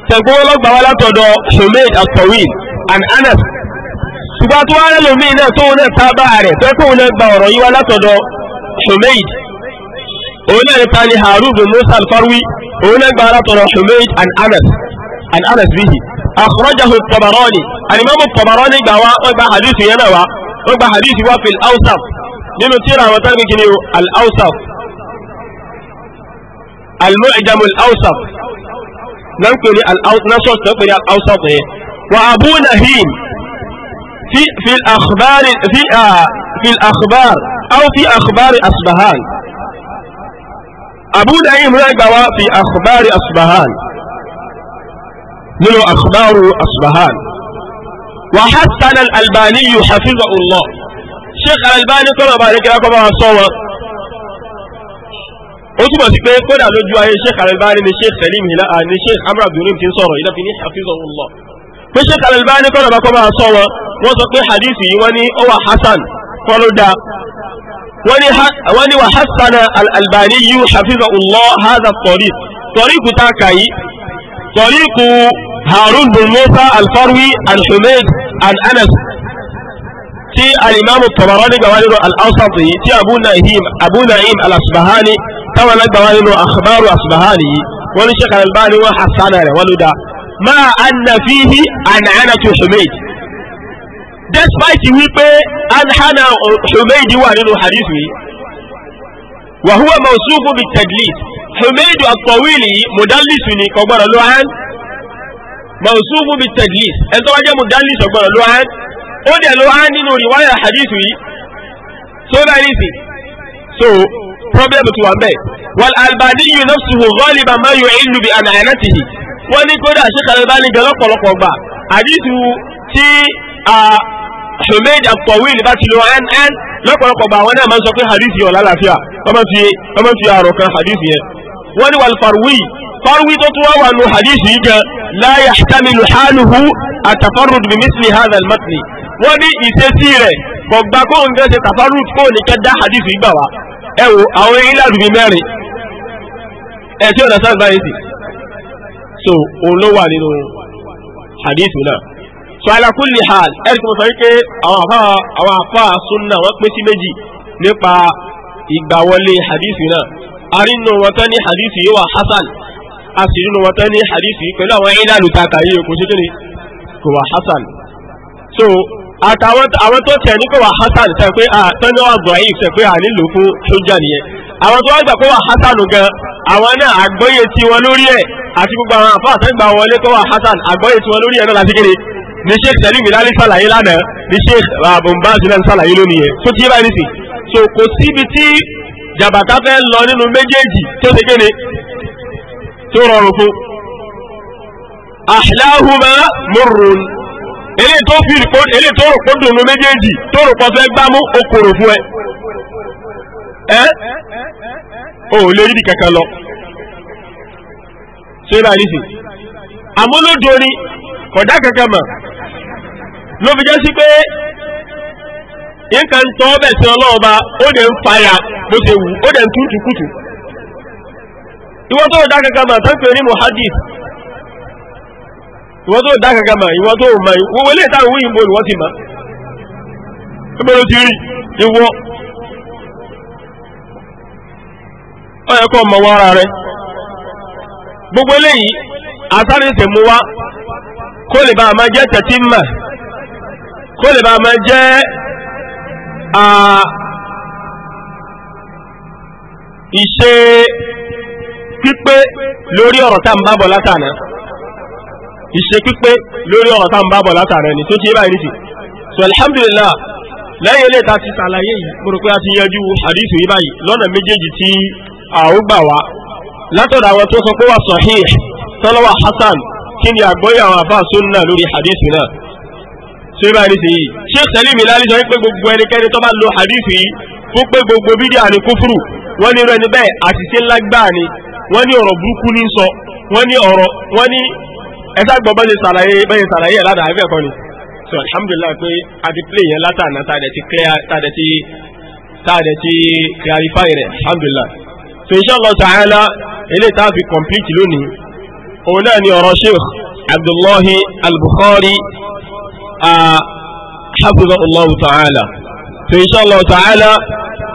tẹ̀gbọ́n ọlọ́gbà wa látọ̀dọ̀ humayd atawil an anas ṣùgbọ́n tó wá rẹ̀ lómi náà tó wọn náà taba rẹ̀ fẹ́ kó wọn náà gba ọ̀rọ̀ yìí wa látọ̀dọ̀ humayd هنا يقال هارون بن موسى الفروي هنا قالت حميد عن انس عن انس به اخرجه الطبراني الامام الطبراني قال وقع حديث ينوى وقع حديث في الاوسط لنثير وترك كلمه الاوسط المعجم الاوسط ننقل الأوسط نصوص تنقل الاوسط إيه؟ وابو نهيم في في الاخبار في آه في الاخبار او في اخبار اصبهان Abu Nu'aym náà gbà wá fi akhbari asbahan nínú akhbaru asbahan wa hasan al-albani yu hafiza allah sheikh al-albani kọ́nà bá ní kíra kọ́nà sọ wọn ó túbọ̀ sí pé kódà lójú ayé sheikh al-albani ni sheikh salim hila ni sheikh amr abdulrim ti ń sọ̀rọ̀ ìdá fi ní hafiza allah pé sheikh al-albani kọ́nà bá kọ́nà sọ wọn wọ́n sọ pé hadith yìí wọ́n ní ó hasan kọ́ ló wọ́n ní wà hasana al-albani yu hafizahullah hadha tariq tariqu ta kàyí tariqu harun bin musa al-farwi al-humaid al-anas tí al-imam tabarani gbà wá nínú al-awsat abu na'im abu na'im al-asbahani táwọn alágbà akhbaru asbahani yìí wọ́n ní albani wọ́n hasana rẹ̀ wọ́n ló dá ma anna fihi an'anatu humaid despite wípé alhana Humaydi wà nínú hadith yìí wa huwa mawsufu bi tadlis Humaydi àkọ̀wìlì yìí mudallisu ni kò gbọ́dọ̀ ló hàn mawsufu bi tadlis ẹ̀ tó wá jẹ́ mudallis kò gbọ́dọ̀ ló hàn ó dẹ̀ ló hàn nínú riwaya hadith yìí so that is it so problem ti wà mbẹ wal albani yu nafsuhu ghaliban ma yu'illu bi an'anatihi wọ́n ní kódà Sheikh Albani gan lọ́pọ̀lọpọ̀ gbà hadith ah, Humayd at-Tawil bá ti lo nn lọ́pọ̀lọpọ̀ gba àwọn náà máa ń sọ pé hadithi ọ̀la làáfíà ọmọ fi ọmọ fi àrò kan hadithi yẹn. wọ́n ní wàlfarwi farwi tó tún wá wà nù hadithi yìí gan la yahtamilu haluhu at-tafarrud bi misli hadha al-matn. wọ́n ní ìṣesí rẹ̀ kò gba kó ń gẹ́sẹ̀ tafarrud kó ní kẹ́ dá hadithi gbà wá. ẹ wo àwọn ilé àdùbí mẹ́rin ẹ̀ tí ọ̀nà sáà báyìí sì. so òun ló wà nínú hadithi náà so ala kulli hal ẹ̀rí tí mo sọ wípé àwọn àfa àwọn àfa sunna wọn pé sí méjì nípa ìgbàwọlé hadith náà arínú wọn tán ní hadith yìí wà hasan a sì wọn tán ní hadith yìí pẹ̀lú àwọn ẹ̀yìn àlùtakà yìí kò sí kí kò wà hasan so àtàwọn àwọn tó tẹ̀ ní kò wà hasan sẹ pé à tọ́jú àgbọ̀nyìn sẹ pé à nílò fún sójà nìyẹn àwọn tó wá gbà pé wà hasan gan àwọn náà àgbọ́yé tiwọn lórí ẹ̀ àti gbogbo àwọn àfáàsán gbà wọlé pé wà hasan àgbọ́yé tiwọn lórí ẹ̀ náà láti kéde ní sheikh salim ilali ṣàlàyé lánàá ní sheikh abombazi ah, náà ṣàlàyé lónìí yẹn tó ti yé báyìí nìsín so kò síbi tí jàbàtà fẹ́ lọ nínú méjèèjì tó ṣe kéde tó rọrùn fún ahlahuma murrun eléyìí tó fi eléyìí tó rò pọ̀ dùnú méjèèjì tó rò pọ̀ fẹ́ gbámú okòrò fún ẹ ẹ́ o lè rí kankan lọ ṣé báyìí nìsín àmúlòdò ni kankan mọ̀ ló fi jẹ́ sí pé nǹkan tọ́ bẹ̀ sí ọlọ́ọ̀ba ó dẹ̀ ń fàyà bó ṣe wù ó dẹ̀ ń tútù kùtù ìwọ tó dá kankan tó ń pè ní muhadis ìwọ tó dá kankan mà tó gbogbo eléyìí àtàrí ìsèmú wa kó lè bá a máa jẹ́ kó lè bá máa jẹ́ ìṣe pípé lórí ọ̀rọ̀ tá ń bá bọ̀ látàná ìṣe pípé lórí ọ̀rọ̀ tá ń bá bọ̀ látàná ni tó ti yé báyìí nìsí so alhamdulillah lẹ́yìn ilé ta ti ṣàlàyé yìí mo rò pé a ti yanjú hadithu yìí báyìí lọ́nà méjèèjì tí àwọn gbà wá látọ̀dọ̀ àwọn tó sọ pé wà sahih tọ́lọ́wà hasan kí ni àgbọ́yé àwọn àbá sunna lórí hadithu náà ṣé báyìí ní sèyí ṣé sẹ́lẹ̀mì lálẹ́ sọ pé gbogbo ẹnikẹ́ni tó bá lo hadith yìí fún pé gbogbo bídíà ni kúfúrú wọ́n ní irú ẹni bẹ́ẹ̀ àṣìṣe lágbáà ni wọ́n ní ọ̀rọ̀ burúkú ní sọ wọ́n ní ọ̀rọ̀ wọ́n ní ẹ̀sà gbọ́ bẹ́ẹ̀ ṣàlàyé clear tàdẹ̀ ti tàdẹ̀ ti clarify rẹ̀ alhamdulillah so inshallah ta'ala complete lónìí òun náà ni ọ̀rọ̀ sheikh abdullahi hafizahullahu ta'ala so inshallah ta'ala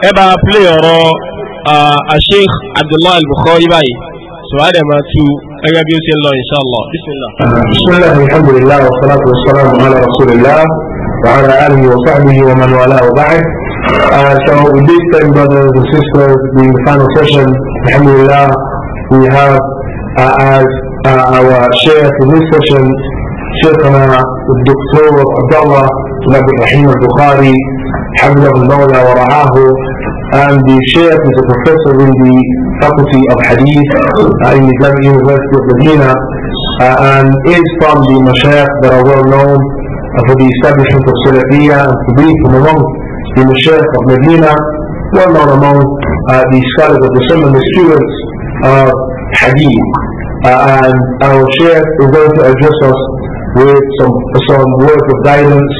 ẹ bá play ọ̀rọ̀ asheikh abdullahi al-bukhari báyìí so a dẹ̀ máa tu gẹ́gẹ́ bí ó ṣe lọ inshallah bismillah. bismillah alhamdulillah wa salatu wa salamu ala rasulillah wa ala alihi wa sahbihi wa man wala wa ba'd. Uh, so we this time brothers and sisters the final session alhamdulillah we have uh, as uh, our share for this session شيخنا الدكتور عبد الله بن عبد الرحيم البخاري حفظه المولى ورعاه and the sheikh is a professor in the faculty of hadith uh, the University of Medina uh, and is from the mashaykh that are well known for the establishment of Salafiyya and to be from among the mashaykh of Medina well known among uh, the scholars of the Sunnah the students of hadith uh, and our sheikh is going to address us with some, some words of guidance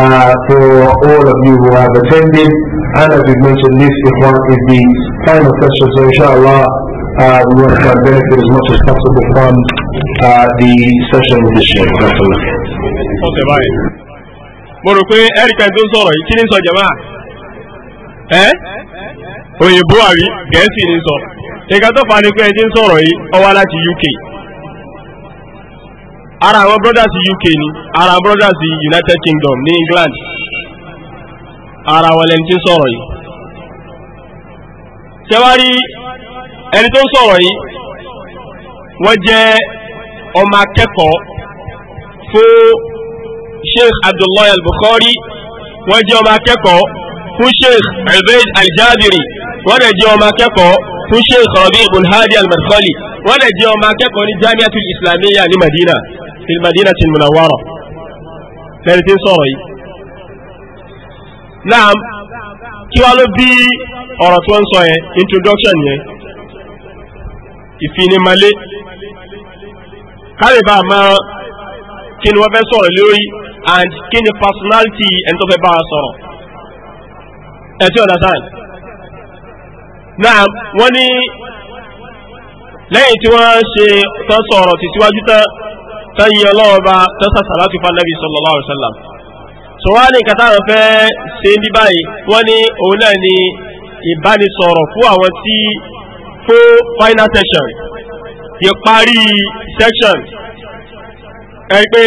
uh, for all of you who have attended. And as we mentioned, this is one of the final session, so inshallah, uh, we want to try and benefit as much as possible from uh, the session this year. Okay, bye. mo rò pé ẹ̀ríkà tó ń sọ̀rọ̀ yìí kí ni sọ jẹ̀má ẹ́ òyìnbó àrí gẹ̀ẹ́sì ni sọ ìka tó fà á ni pé ẹ ti ń sọ̀rọ̀ yìí ó láti UK ara àwọn brothers UK ni ara brothers United Kingdom ní England ara wọn lẹni tí ń sọ̀rọ̀ yìí tẹwárí ẹni tó ń sọ̀rọ̀ yìí wọ́n jẹ́ ọmọ akẹ́kọ̀ọ́ fún Sheikh Abdullahi al-Bukhari wọ́n jẹ́ ọmọ akẹ́kọ̀ọ́ fún Sheikh Ubaid al-Jabiri wọ́n dẹ̀ jẹ́ ọmọ akẹ́kọ̀ọ́ fún Sheikh Rabi' ibn Hadi al-Madkhali wọ́n dẹ̀ jẹ́ ọmọ akẹ́kọ̀ọ́ ní Jamiatul Islamiyya ní Madina في المدينة المنورة لأنتين صوري نعم kí wá ló bí ọ̀rọ̀ tó ń introduction yẹn ìfinimalé kárìbá máa kí ni wọ́n fẹ́ sọ̀rọ̀ and kí personality ẹni tó fẹ́ bá a sọ̀rọ̀ ẹ ti understand náà wọ́n ní lẹ́yìn tí tọ́yìn ọlọ́ọ̀ba tọ́sà sàlátù fanabi sallallahu alaihi wasallam so wá ní kàtà àwọn fẹ́ ṣe ní báyìí wọ́n ní òun náà ni ìbánisọ̀rọ̀ fún àwọn tí fún final section ìparí section ẹ̀rí pé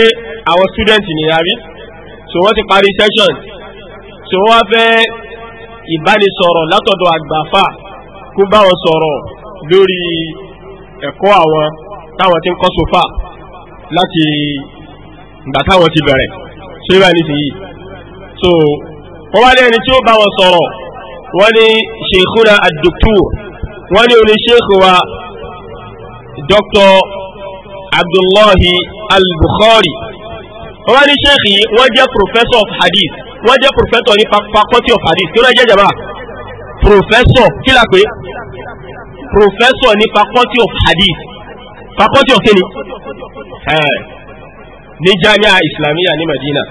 àwọn student ni àrí so wọ́n ti parí section so wọ́n wá fẹ́ ìbánisọ̀rọ̀ látọ̀dọ̀ àgbàfà kó bá sọ̀rọ̀ lórí ẹ̀kọ́ àwọn táwọn ti ń kọ́ so far láti ìgbà táwọn ti bẹ̀rẹ̀ ṣé bá nísìnyí so wọ́n wá lẹ́ni tí ó bá wọn sọ̀rọ̀ wọ́n ní ṣèkúra àdùkú wọ́n ní oníṣèkú wa dr abdullahi al-bukhari wọ́n wá ní ṣèkì yìí wọ́n jẹ́ professor of hadith wọ́n jẹ́ professor ní faculty of hadith kí ló jẹ́ jàmbá professor kí la pé professor ní faculty of hadith faculty of kini ní jami'a islamiyya ní madina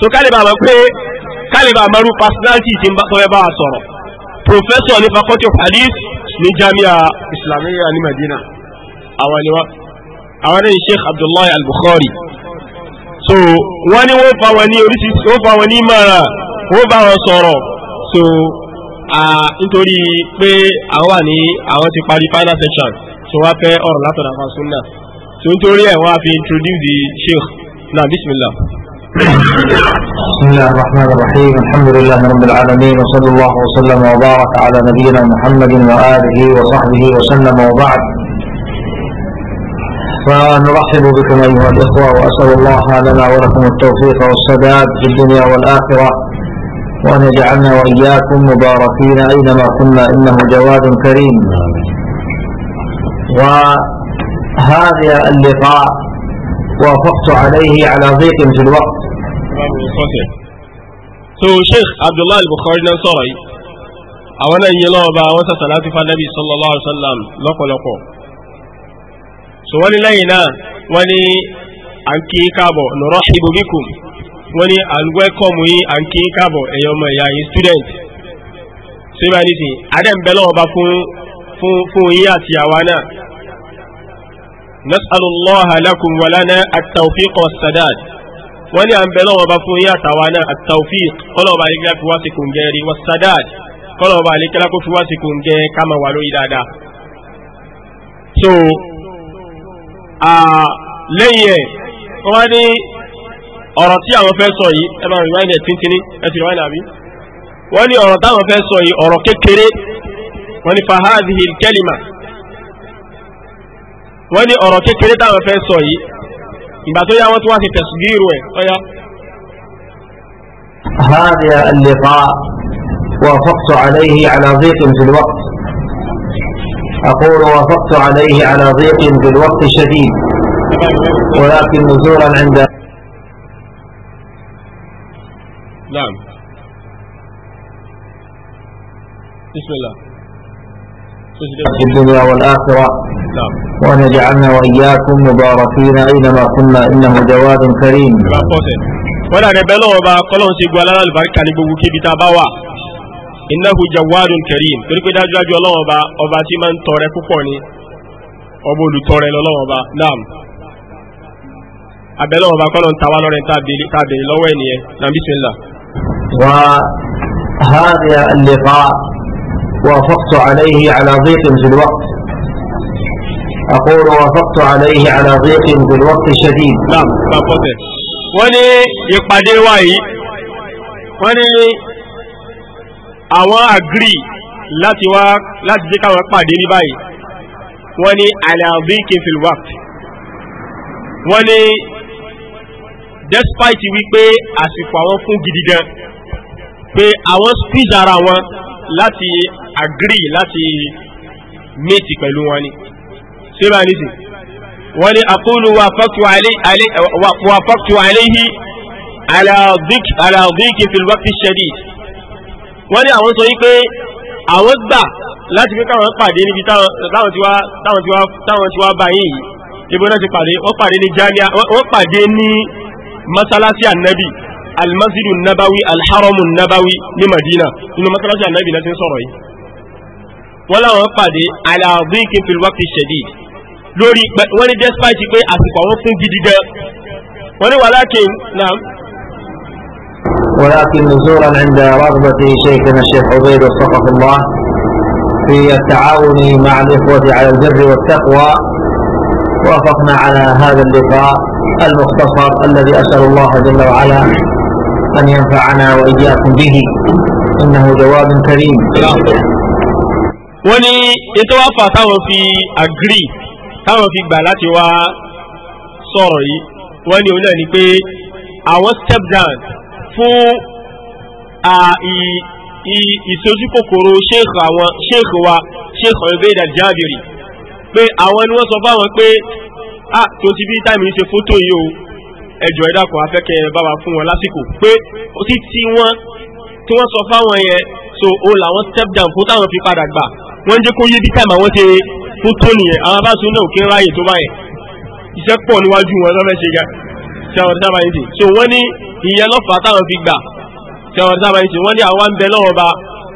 so kálíbà máa pé kálíbà máa rú personality tí ń bá tọ́wẹ́ bá wa sọ̀rọ̀ professor ní faculty of hadith ní jami'a islamiyya ní madina àwọn ni wọ́n àwọn ní sheikh abdullahi al-bukhari so wọ́n ní wọ́n fa wọn ní oríṣiríṣi wọ́n fa wọn ní mara wọ́n bá wọn sọ̀rọ̀ so nítorí pé àwọn wà àwọn ti parí final section tó wá fẹ́ ọ̀rọ̀ látọ̀dọ̀ àwọn súnà tó ń ẹ̀ wa fi introduce the sheikh na bismillah. بسم الله الرحمن الرحيم الحمد لله رب العالمين وصلى الله وسلم وبارك على نبينا محمد وآله وصحبه وسلم وبعد فنرحب بكم أيها الإخوة وأسأل الله لنا ولكم التوفيق والسداد في الدنيا والآخرة وأن يجعلنا وإياكم مباركين أينما كنا إنه جواد كريم وهذا اللقاء وافقت عليه على ضيق في الوقت so sheikh abdullah al-bukhari náà sọ̀rọ̀ yìí àwọn náà yẹ lọ́wọ́ bá wọ́n sàtàlá ti fànàbí sallallahu alaihi wasallam lọ́pọ̀lọpọ̀ so wọ́n ni lẹ́yìn náà wọ́n ni à ń kí káàbọ̀ nurahibu bikum wọ́n ni à ń wẹ́kọ̀mù yìí à ń kí káàbọ̀ ẹ̀yọ́ ọmọ ìyá yìí student so ibà nísìnyí adẹ́ ń bẹ lọ́wọ́ bá fún fún yí àti àwa náà nas'alullaha lakum wa lana at-tawfiq was-sadad wọ́n ní à ń bẹ lọ́wọ́ bá fún yí àtàwa náà at-tawfiq kọ́lọ́ọ̀bá alẹ́kẹ́lá fi wá sí kùn gẹ́rí was-sadad kọ́lọ́ọ̀bá alẹ́kẹ́lá kó fi wá sí kùn gẹ́ kama wà lórí dáadáa so lẹ́yìn ẹ̀ wọ́n wá ní ọ̀rọ̀ tí àwọn fẹ́ sọ yìí ẹ bá rí wáyé ẹ̀ tíntínní ẹ ti rí wáyé nàbí wọ́n ní ọ̀rọ̀ táwọn fẹ́ sọ yìí ọ̀rọ̀ kékeré wọ́n ní الكلمة al-kalima wọ́n ní ọ̀rọ̀ kékeré táwọn fẹ́ sọ yìí ìgbà tó yá wọ́n wá sí ẹ̀ هذا اللقاء وافقت عليه على ضيق في الوقت أقول وافقت عليه على ضيق في الوقت شديد ولكن نزولا عند نعم بسم الله في الدنيا والآخرة وأن يجعلنا وإياكم مباركين أينما كنا إنه جواد كريم wọ́n dàrẹ́ bẹ́ẹ̀ lọ́wọ́ bá kọ́lọ́n ṣe gbọ́ alára àlùbáríkà ní gbogbo kíbi tá a bá wà innahu jawadun karim torí pé dájúdájú ọlọ́wọ́ bá ọba tí máa ń tọrẹ púpọ̀ ni ọba olùtọrẹ lọ́wọ́ bá naam abẹ́lọ́wọ́ bá kọ́lọ́n tàwa lọ́rẹ́ tábìlì lọ́wọ́ ẹ̀ nìyẹn nàbísílà. wà á hàrẹ̀ lè fa وافقت عليه على ضيق في الوقت أقول وافقت عليه على ضيق في الوقت شديد نعم wọ́n ní ìpàdé wa yìí wọ́n ní àwọn àgírí láti wá láti jẹ́ káwọn pàdé ní báyìí wọ́n ní ala dhiki fil waqt wọ́n ní despite wípé àsìkò àwọn fún gidi gan pé àwọn squeeze ara wọn láti agri, láti méjì pẹ̀lú wọn ni ṣé bá ní sí wọ́n ní aqulu wafaqtu alayhi ala dhiki fil waqti shadid wọ́n ní àwọn sọ yí pé àwọn gbà láti pé káwọn pàdé níbi táwọn ti wá báyìí yìí ibi wọ́n ti pàdé wọ́n pàdé ní masalasi annabi المسجد النبوي الحرم النبوي لمدينة إنه مثلا جاء النبي نسين صوري ولا وقد على ضيق في الوقت الشديد لوري واني جاس فايشي كوي أسفا وفن جديد واني ولكن نعم ولكن نزولا عند رغبة شيخنا الشيخ عبيد وصفق الله في التعاون مع الإخوة على البر والتقوى وافقنا على هذا اللقاء المختصر الذي أسأل الله جل وعلا أن ينفعنا وإياكم به إنه جواب كريم wọ́n ní ètò wa fà táwọn fi agree táwọn fi gbà láti wá sọ̀rọ̀ yìí wọ́n ní òun náà ni pé àwọn step down fún ìṣojú kòkòrò sheikh àwọn sheikh wa sheikh Ubayd al-Jabiri pé àwọn ni wọ́n sọ fáwọn pé ah tó ti bí táìmù yìí ṣe fótó yìí o ẹjọ́ ẹ dákun afẹ́kẹ́ bá wa fún wọn lásìkò pé tí tí wọ́n tí wọ́n sọ fáwọn yẹn so o làwọn step down fún táwọn fi padà gbà wọ́n jẹ́ kó yé bí táìmù àwọn ṣe tó tó nìyẹn àwọn bá tún náà kí ń ráyè tó báyẹn iṣẹ́ pọ̀ níwájú wọn lọ́fẹ́ ṣe ga tí àwọn ọ̀dọ́ sábàá yìí so wọ́n ní ìyẹn lọ́fà táwọn fi gbà tí àwọn ọ̀dọ́ sábàá yìí ṣe wọ́n ní àwa ń bẹ lọ́wọ́ ba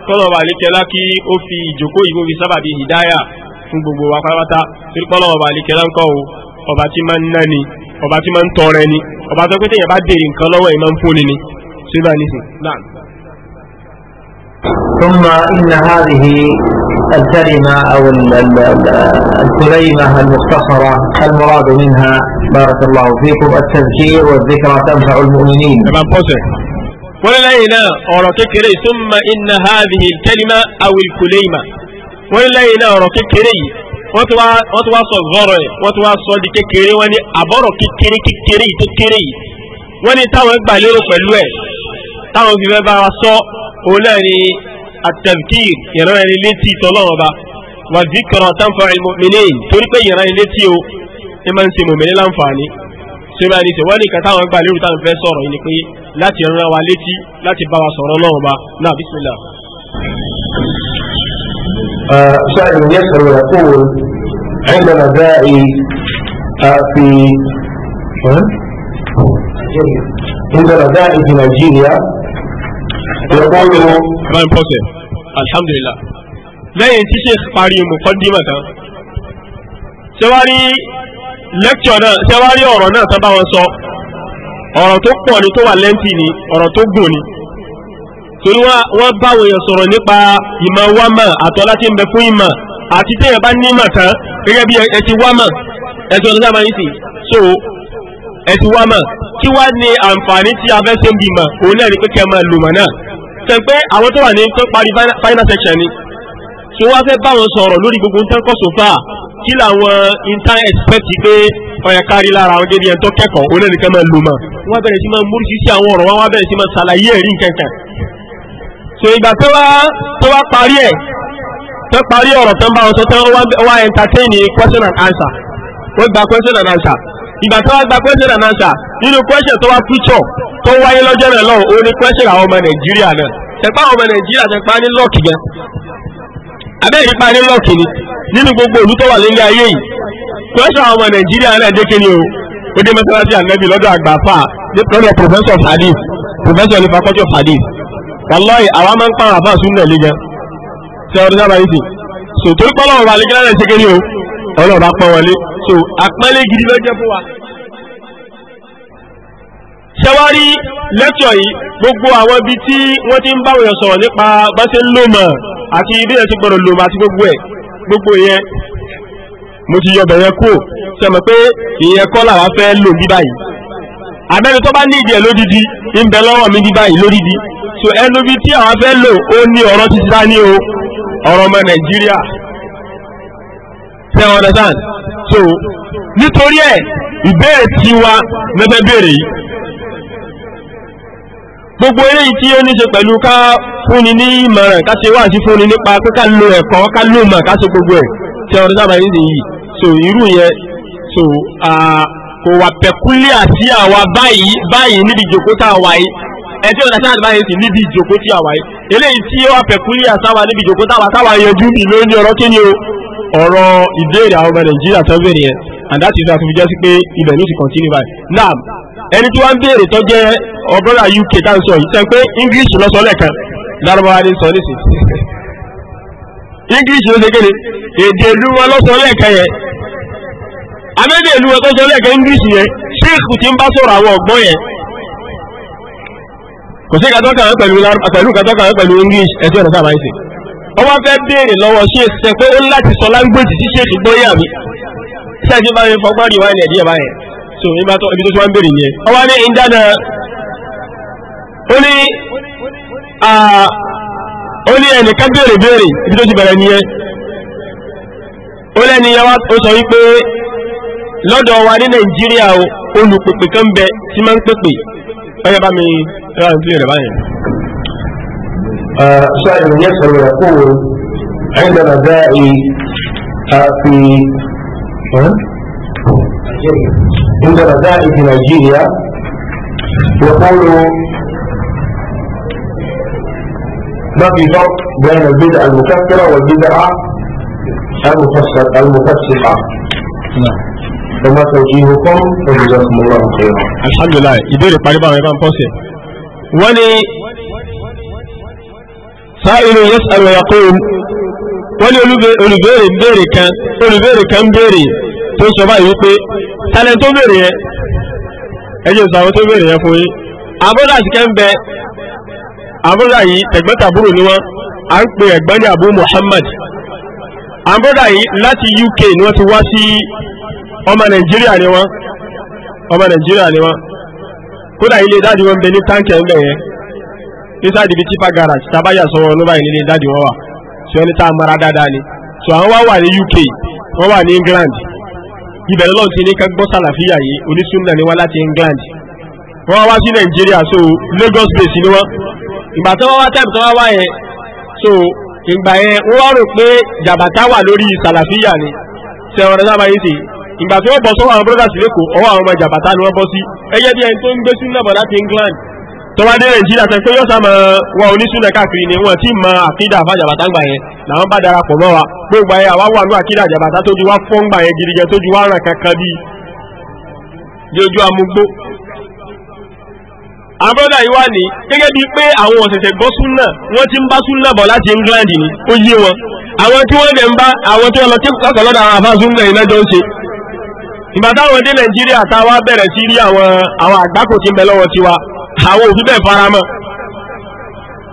kọ́lọ̀ ba àlékẹ́lá kí ó fi ìjókòó yìí kó fi sábàbí hìdáyà fún gbogbo ọba tí máa ń tọrẹ ni ọba tó pé téèyàn bá dèrè nǹkan lọ́wọ́ ẹ̀ máa ń fúnni ni ṣé bá nísìn náà. ثم إن هذه الكلمة أو الكليمة المختصرة المراد منها بارك الله فيكم التذكير والذكرى تنفع المؤمنين. wọ́n lẹ́yìn náà ọ̀rọ̀ kékeré ثم إن هذه الكلمة أو الكليمة wọ́n lẹ́yìn náà ọ̀rọ̀ kékeré yìí wọ́n ti wá sọ zọ́rọ̀ ẹ̀ wọ́n ti wá sọ di kékeré wọ́n ní àbọ̀rọ̀ kékeré kékeré yìí tó kéré yìí wọ́n ní táwọn gbà lérò pẹ̀lú ẹ̀ táwọn fi fẹ́ bá wa sọ òun náà ni atẹ̀kìr ìran ẹni létí tọ́lọ́wọ́ba wà zikọ̀rọ̀ tánfà ìmọ̀mìnì torí pé ìran ẹni létí o ẹ máa ń ṣe mọ̀mìnì láǹfààní ṣé bá ní ṣe wọ́n ní kàtà àwọn gbà lérò táwọn fẹ́ sọ̀rọ̀ سائل يسأل ويقول عند مبدأي في عند مبدأي في نيجيريا يقول الحمد لله lẹ́yìn tí sheikh parí mùkọ́dímọ̀ tán ṣẹwárí lẹ́kṣọ̀ náà ṣẹwárí ọ̀rọ̀ náà tán bá wọn sọ ọ̀rọ̀ tó pọ̀ ni tó wà lẹ́ǹtì ni ọ̀rọ̀ tó gùn ni torí wọ́n báwọn èèyàn sọ̀rọ̀ nípa ìmọ̀ wámọ̀ àtọ́lá tí ń bẹ fún ìmọ̀ àti tí èèyàn bá ní ìmọ̀ gẹ́gẹ́ bí ẹ wámọ̀ ẹ̀tọ́ ọ̀dọ́ sábà yìí so ẹ ti wámọ̀ kí wá ní àǹfààní tí a fẹ́ ṣe ń bímọ òun náà ni pé kẹ́ ẹ máa lùmọ̀ náà tẹ̀ pé àwọn tó wà ní tó parí final section ni tí wọ́n fẹ́ bá wọn sọ̀rọ̀ lórí gbogbo nǹkan kọ́ sófà kí làwọn intern expect pé ọ̀yà kárí lára àwọn gẹ́gẹ́ ẹ̀ńtọ́ kẹ́kọ̀ọ́ onẹ́nìkan máa lò mọ́ wọ́n bẹ̀rẹ̀ sí máa múrísí sí àwọn ọ̀rọ̀ wọn wọ́n bẹ̀rẹ̀ sí máa ṣàlàyé ẹ̀rí nǹkan kan so ìgbà tó wá tó wá parí ẹ̀ tó parí ọ̀rọ̀ tó ń bá wọn sọ tó wá entertain question and answer ó gba question and answer ìgbà tó wá gba question and answer nínú question tó wá future tó wáyé lọ́jọ́ rẹ̀ lọ́wọ́ ó ní question àwọn ọmọ nàìjíríà náà ṣẹ̀pá àwọn ọmọ nàìjíríà ṣẹ̀pá ní lọ́ọ̀kì gan abẹ́ ìpa ní lọ́ọ̀kì ni nínú gbogbo òlú tó wà lórí ayé yìí question àwọn ọmọ nàìjíríà náà dé kéde o ó dé mọ́sálásí àgbẹ̀bí lọ́dọ̀ àgbà fà lọ́dọ̀ professor fadif professor ní faculty of fadif wàlọ́yì àwa máa ń pa àwọn àfáàsù náà lé gan ṣe ọdún sábà yìí sì so torí pọ́ lọ́wọ́ balẹ̀ gíláàdà ṣe kéde o ọlọ́run bá pọ́n wọlé so àpẹẹlẹ gidi ló jẹ́ fún wa. ṣẹ́wárí lẹ́kṣọ̀ yìí gbogbo àwọn ibi tí wọ́n ti ń bá wọ̀nyàn sọ̀rọ̀ nípa gbọ́sẹ̀ lómọ̀ àti ibi yẹn ti gbọ́dọ̀ lómọ̀ àti gbogbo ẹ̀ gbogbo yẹn mo ti yọ bẹ̀rẹ̀ kú ṣe mọ̀ pé ìyẹn kọ́ làwa fẹ́ lò bí báyìí àbẹ́ni tó bá ní ìdí ẹ̀ lódìdí ń bẹ lọ́wọ́ mi bí báyìí lódìdí tó ẹnu bí tí àwọn fẹ́ lò ó ní ọ̀rọ̀ ti sá ní o ọ̀rọ̀ ọmọ nàìjíríà seven hundred and so nítorí ẹ̀ ìbéèrè tí wa mẹ́fẹ́ béèrè yìí gbogbo eléyìí tí ó ní ṣe pẹ̀lú ká fúnni ní ìmọ̀ràn ká ṣe wáàsí fúnni nípa pé ká lo ẹ̀kọ́ ká lo ìmọ̀ ká ṣe gbogbo ẹ̀ seven hundred and yìí so irú yẹn so kò wà pẹ̀kúlíà sí àwa báyìí báyìí níbi ìjókòó tá a wáyé ẹ ti ọ̀dà sáà báyìí sì níbi ìjòkó tí a wáyé eléyìí tí ó wà pẹ̀kúlì àsáwà níbi ìjòkó táwa táwa yẹjú mi lórí ọ̀rọ̀ kí o ọ̀rọ̀ and that is as jẹ́ sí pé ibẹ̀ ló ti continue báyìí now ẹni tí wọ́n ń béèrè tó UK ká sọ yìí sẹ́ pé English lọ sọ lẹ́ẹ̀kan lárúbáwá ní sọ kò sí ìkàtọ́kà rẹ pẹ̀lú pẹ̀lú ìkàtọ́kà rẹ pẹ̀lú english ẹ̀tọ́ ẹ̀dá sábà ẹ̀sìn ọwọ́ fẹ́ béèrè lọ́wọ́ ṣé ṣe pé ó láti sọ láńgbèjì tí ṣe ti gbóyà mi ṣẹ́ẹ̀tì bá yẹn fọgbọ́n rí wáyé ẹ̀díyẹ báyẹn so ibi tó ti wá ń béèrè yẹn ọwọ́ ní ìdáná ó ní ó ní ẹnìkan béèrè béèrè ibi tó ti bẹ̀rẹ̀ nìyẹn ó lẹ́ni yẹn wá ó sọ wípé lọ́dọ̀ wa ní nàìjíríà olùpèpè kan bẹ tí máa ń pèpè ẹ̀yẹ سائل يسأل ويقول عندما بدائي في عندما بدائي في نيجيريا يقول ما في فرق بين البدع المكفرة والبدعة المفسقة نعم ẹ má sọ ìhò fún olùjọ fún ọlọ́run ṣe. alhamdulilayi ìbéèrè parí báwọn ẹ ń pọ̀ sí. wọ́n ní sáìlú yẹ́sàlù yaqum wọ́n ní olùbéèrè béèrè kan olùbéèrè kan béèrè tó sọ báyìí wípé talẹ̀ tó béèrè yẹn ẹ sọ àwọn tó béèrè yẹn fún yín. àbúrò àti kẹ́ńbẹ́ àbúrò yìí tẹ̀gbẹ́tàbúrò ni wọ́n à ń pe ẹ̀gbọ́n ní Abu Muhammad àbúrò yìí láti UK ni wọ́n ti wá sí ọmọ nàìjíríà ni wọ́n ọmọ nàìjíríà ni wọ́n kódà ilé dáàdì wọn bẹ ní táǹkì ẹ̀ ń bẹ̀ yẹn nísàdì bíi tipa garage tabaya sọ̀rọ̀ ọ̀nà báyìí nílé dáàdì wọn wà sọ ẹni tá a mara dáadáa ni sọ àwọn wá wà ní UK wọ́n wà ní England ibẹ̀ lọ́lọ́run ti ní ká gbọ́ sàlàfíà yìí onísùnà ni wọ́n láti England wọ́n wá sí Nàìjíríà so Lagos base ni wọ́n ìgbà tó wá wá time tó wá wá yẹn so ìgbà yẹn wọ́n rò pé jàbàtà wà lórí sàlàfíà ni sẹ́wọ̀n rẹ̀ sábà yìí ìgbà tí wọ́n bọ̀ sọ́wọ́ àwọn brothers lẹ́kọ̀ọ́ ọwọ́ àwọn ọmọ jàbàtà ni wọ́n bọ́ sí ẹgẹ́ bí ẹni tó ń gbé súnà bọ̀ láti England tọ́wá Nàìjíríà tẹ́ pé yóò sàmọ̀ wa onísúnà káàkiri ni wọ́n ti mọ àkídà àfa jàbàtà ń gbà yẹn làwọn bá darapọ̀ mọ́ wa gbogbo ayé àwa wà ní àkídà jàbàtà tó ju wá fọ́ ń gbà yẹn gidigẹ tó ju wá ràn kankan bí lójú amúgbó. àwọn yìí wà ní gẹ́gẹ́ bíi pé àwọn ọ̀sẹ̀sẹ̀ gbọ́ súnà wọ́n ti ń bá súnà bọ̀ láti England ni ó yé wọn àwọn tí wọ́n dẹ̀ ń bá àwọn tí wọ́n lọ kí ìgbà táwọn dé nàìjíríà táwa bẹ̀rẹ̀ sí rí àwọn àwọn àgbákò tí ń bẹ lọ́wọ́ àwọn òfin bẹ́ẹ̀ faramọ́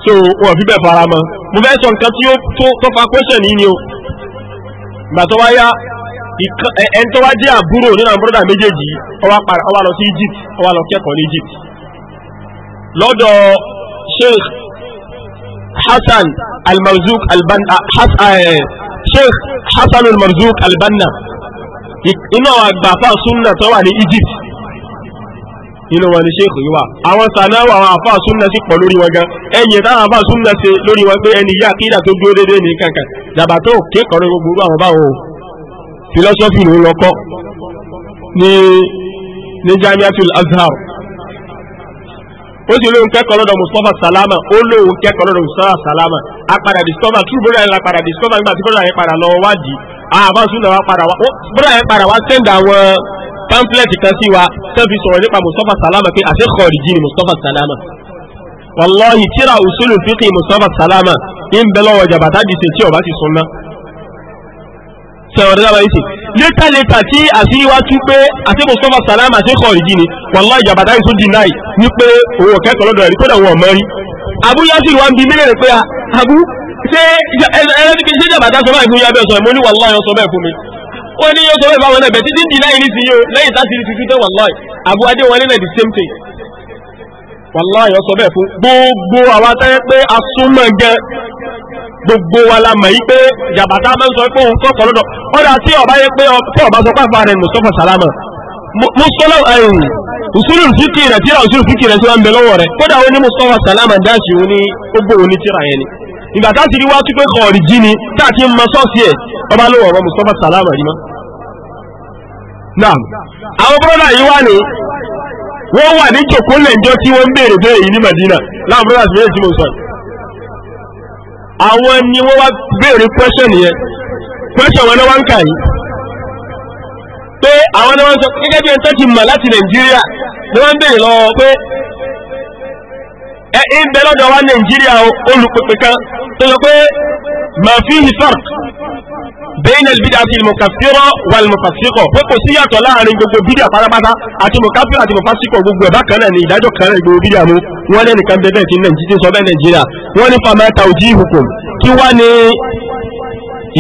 so wọn fi bẹ́ẹ̀ faramọ́ mo fẹ́ sọ nǹkan tí ó tó fa question yìí ni o ìgbà tó wá yá ẹni tó wá jẹ́ àbúrò nínú àwọn bọ́dà méjèèjì ó wá lọ sí Egypt ó wá lọ kẹ́kọ̀ọ́ ní Egypt lọ́dọ̀ Sheikh Hassan al-Marzouk al-Banna eh, Sheikh Hassan al-Marzouk al-Banna inú àwọn àgbàfà súnnà tó wà ní Egypt inú wọn ni sheikh yìí wà àwọn sànáwó àwọn àfà súnnà sí pọ̀ lórí wọn gan ẹ̀yìn táwọn àfà súnnà ṣe lórí wọn pé ẹni yá kídà tó dúró déédéé ní kankan jàbá tó kékọ̀ọ́ gbogbo àwọn báwọn philosophy ló lọ kọ́ ní ní jamiatul azhar ó sì lóun kẹ́kọ̀ọ́ lọ́dọ̀ mustapha salama ó lóun kẹ́kọ̀ọ́ lọ́dọ̀ mustapha salama apadà discover true brother yẹn la padà discover nígbà tí brother yẹn padà lọ wádìí àbáṣúná ah, wa padà wá bọ́dà yẹn padà wá sẹ́ndà àwọn pamphlet kan sí wa tẹ́ fi sọ̀rọ̀ nípa Mustapha Salama pé àṣẹ kọ̀ọ̀dìjì ni Mustapha Salama wàláhì tíra usulul fiqh Mustapha Salama ń bẹ lọ́wọ́ jàbàtà dìse tí ọba ti sunna sọ̀rọ̀ dábàá yìí sí létà létà tí àṣírí wa tú pé àṣẹ Mustapha Salama àṣẹ kọ̀ọ̀dìjì ni wàláhì jàbàtà yìí tún dìnnáì ní pé òun ò kẹ́kọ̀ọ́ lọ́dọ̀ rẹ̀ kódà wọn ò mọ rí Abu Yasir wa ń bi Abu ṣé ẹlẹ́ni kìí ṣe jẹ́ bàtà sọ báyìí fún yàbẹ̀ sọ ìmúlí wàláyọ̀ sọ bẹ́ẹ̀ fún mi ó ní yóò sọ bẹ́ẹ̀ fáwọn ẹ̀bẹ̀ títí dì láì nísìnyí o lẹ́yìn táti ní títí tẹ́ wàláyì Abu Adé wọlé náà di same thing wàláyọ̀ sọ bẹ́ẹ̀ fún gbogbo àwa tẹ́ pé a súnmọ́ gan gbogbo wa la mọ̀ yí pé jàbàtà máa ń sọ pé òun kọ́kọ́ lọ́dọ̀ ọ̀dà tí ọba yẹ pé ọba sọ pàfà rẹ̀ Mustafa Salama musolo ẹyìn usulu fíkì rẹ̀ tíra usulu fíkì rẹ̀ tí wọ́n ń bẹ lọ́wọ́ rẹ̀ kódà ó ní Mustafa Salama dáṣì ó ní ó gbòòrò ní tíra yẹn ni ìgbà tá a sì rí wá tún pé kọ̀ọ̀rì jí ni tá a ti ń mọ sọ́ọ̀sì ẹ̀ ọba ló wọ̀rọ̀ Mustapha Salama rí mọ́. náà àwọn bọ́dà yìí wà ní wọ́n wà ní jòkó lẹ́njọ́ tí wọ́n ń béèrè béèrè yìí ní Madina láwọn bọ́dà sì méjì tí mo sọ yìí. àwọn ni wọ́n wá béèrè pẹ́ṣẹ̀ nìyẹn pẹ́ṣẹ̀ wọn náà wá ń kà yìí pé àwọn náà wọ́n sọ gẹ́gẹ́ bí ẹni tó ti mọ̀ láti Nàìjíríà ni wọ́n ń ẹ ń bẹ lọ́dọ̀ wa nàìjíríà olùpèpè kan tó sọ pé ma fihi farq bayna al-bid'ati al-mukaffira wal-mufassiqa pé kò sí yàtọ̀ láàrin gbogbo bídíà pátápátá àti mukaffira àti mufassiqa gbogbo ẹ̀bá kan náà ni ìdájọ́ kan náà gbogbo bídíà mú wọ́n lẹ́nu kan bẹ́ẹ̀ tí nàìjíríà sọ bẹ́ẹ̀ nàìjíríà wọ́n ní fama tawjihukum kí wá ní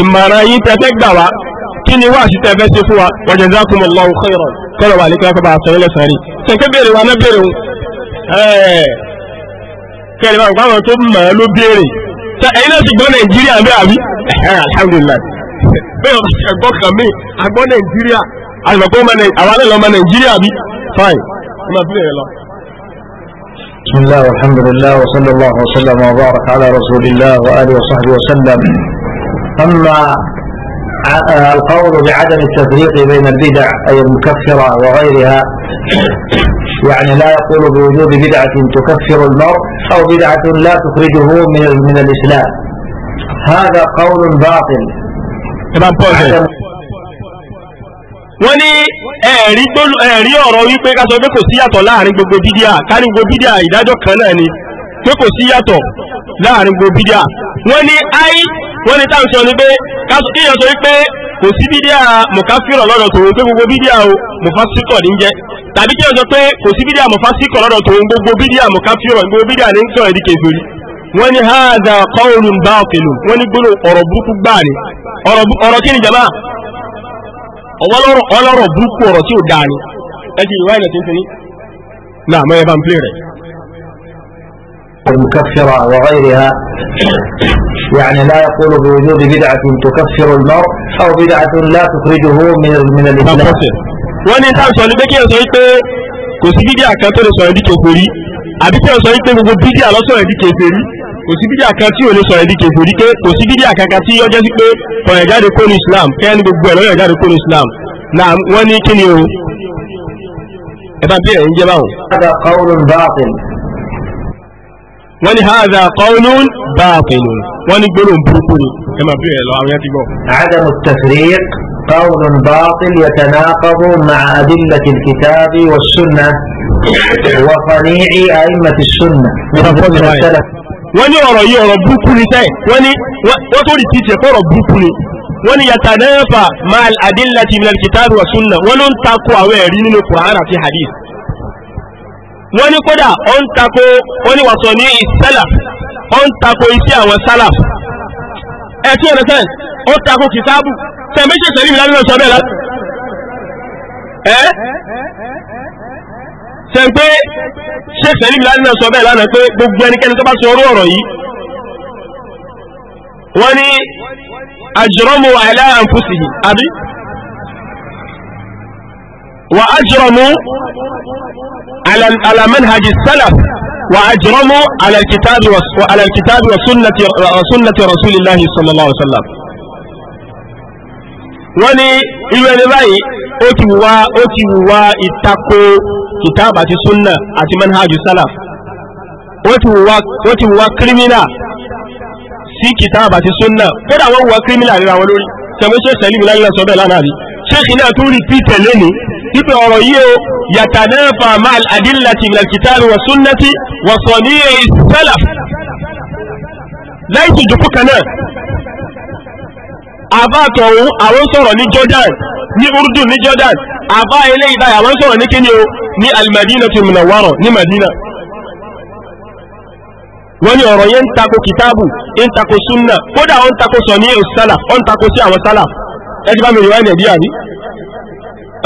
ìmọ̀ràn yín tẹ́tẹ́ gbà wá kí ni wá tẹ́fẹ́ sí fún wa wa jazakumullahu khairan kọ́lọ̀ kọ́ kẹrin máa gbàgbọ́n tó mọ̀ ẹ́ ló béèrè ẹ̀yin náà sì gbọ́ nàìjíríà ń bẹ́ àbí alhamdulilayi bẹ́ẹ̀ ẹ̀gbọ́ kan mi àgbọ́ nàìjíríà àgbàgbọ́ àwọn alẹ́ lọ́mọ nàìjíríà bí fine ọmọ abúlé rẹ lọ. بسم الله والحمد لله وصلى الله وسلم وبارك على رسول الله وآله وصحبه وسلم أما القول بعدم التفريق بين البدع أي المكفرة وغيرها يعني لا يقول بوجود بدعة تكفر المرء أو بدعة لا تخرجه من من الإسلام هذا قول باطل wọ́n ní ẹ̀rí ọ̀rọ̀ wípé ká sọ pé kò síyàtọ̀ láàrin gbogbo bídíà kárí gbogbo bídíà ìdájọ́ kan náà ni eri oro wipe ka pe ko siyato laarin gbogbo bidia kari gbogbo bidia idajo kan naa ni pé kò sí yàtọ̀ láàrin gbogbo bídíà wọ́n ní áì wọ́n ní táwọn sọ ní pé kíyàn sọ wípé kò sí bídíà mọ̀káfíọ̀ lọ́dọ̀ tòun pé gbogbo bídíà o mọ̀fásíkọ̀ ní jẹ́ tàbí kíyàn sọ pé kò sí bídíà mọ̀fásíkọ̀ lọ́dọ̀ tòun gbogbo bídíà mọ̀káfíọ̀ gbogbo bídíà ní sọ̀rọ̀ èdè wọ́n ní wọ́n ní ọ̀rọ̀ burúkú gbáà ni ọ̀rọ̀ kí ni jama burúkú ọ̀rọ̀ tí ò والمكفرة وغيرها يعني لا يقول بوجود بدعة تكفر المرء أو بدعة لا تخرجه من من الإسلام wọ́n ní táwọn sọ ní pé kí ẹ sọ wípé kò sí bídíà kan tó lè sọ ẹ̀dí kèfèrí àbí kí ẹ sọ wípé gbogbo bídíà lọ́sọ̀ ẹ̀dí kèfèrí kò sí bídíà kan tí ò lè sọ ẹ̀dí kèfèrí pé kò sí bídíà kankan tí ọjọ́ sí pé ọ̀yàn jáde kó ní Islam kẹ́ni gbogbo ẹ̀ lọ́yàn jáde kó ní Islam náà wọ́n ní kí ni o ẹ bá bí ẹ̀ ń jẹ́ báwọn. ولهذا قول باطل ونقول بوبو كما في الروايات عدم التفريق قول باطل يتناقض مع أدلة الكتاب والسنة وقنيع أئمة السنة ونرى يرى بوكو لتاي ونرى تيجي بوكو wani ya tanefa ma al'adillati min alkitab wa sunna wani ta ku awe ri ni qur'ana fi hadith wọ́n ní kódà ó ń tako wọ́n ní wàsọ̀ ní ìsẹ́là ó ń tako iṣẹ́ àwọn sálà ẹ̀ tí ẹ̀rẹ́ sẹ́n ó tako kìtáàbù tẹ̀mẹ́ṣẹ̀ sẹ́rí mi lábẹ́ sọ bẹ́ẹ̀ láti ẹ́ sẹ́n pé ṣé sẹ́rí mi lábẹ́ sọ bẹ́ẹ̀ lánàá pé gbogbo ẹnikẹ́ni tó bá sọ orú ọ̀rọ̀ yìí wọ́n ní àjọrọ́mù àìláyà ń fún sí àbí wa ajramu ala manhaji salaf wa ajramu ala alkitabi wa sunnati rasulillahi sallallahu alaihi wa sallam wọ́n ní irú ẹni báyìí ó ti wá ó ti wá ìtakò kìtáàbù àti súnà àti manhajú sálà ó ti wá kírímínà sí kìtáàbù àti súnà kódà wọ́n wá kírímínà ríra wọn lórí tẹ̀mọ́sẹ̀ sẹ́lìmì láyé lọ́sọ̀ bẹ́ẹ̀ lánàá rí ṣéèkì náà tún rí pí tẹ̀lé ni wípé ọ̀rọ̀ yìí o yàtà náà fa mal adillati min alkitabi wa sunnati wa sọ̀níyẹ salaf láìsí ìjòkó kan náà àbá àtọ̀hún àwọn sọ̀rọ̀ ní Jordan ní Urdun ní Jordan àbá eléyìí báyìí àwọn sọ̀rọ̀ ní kíni o ní alimadina tó múnà wárọ̀ ní Madina wọ́n ní ọ̀rọ̀ yẹn ń tako kitabu ń tako sunna kódà ó ń tako sọ̀níyẹ salaf ó ń tako sí àwọn salaf ẹ̀dí bá mi rí wáyé nàìjíríà rí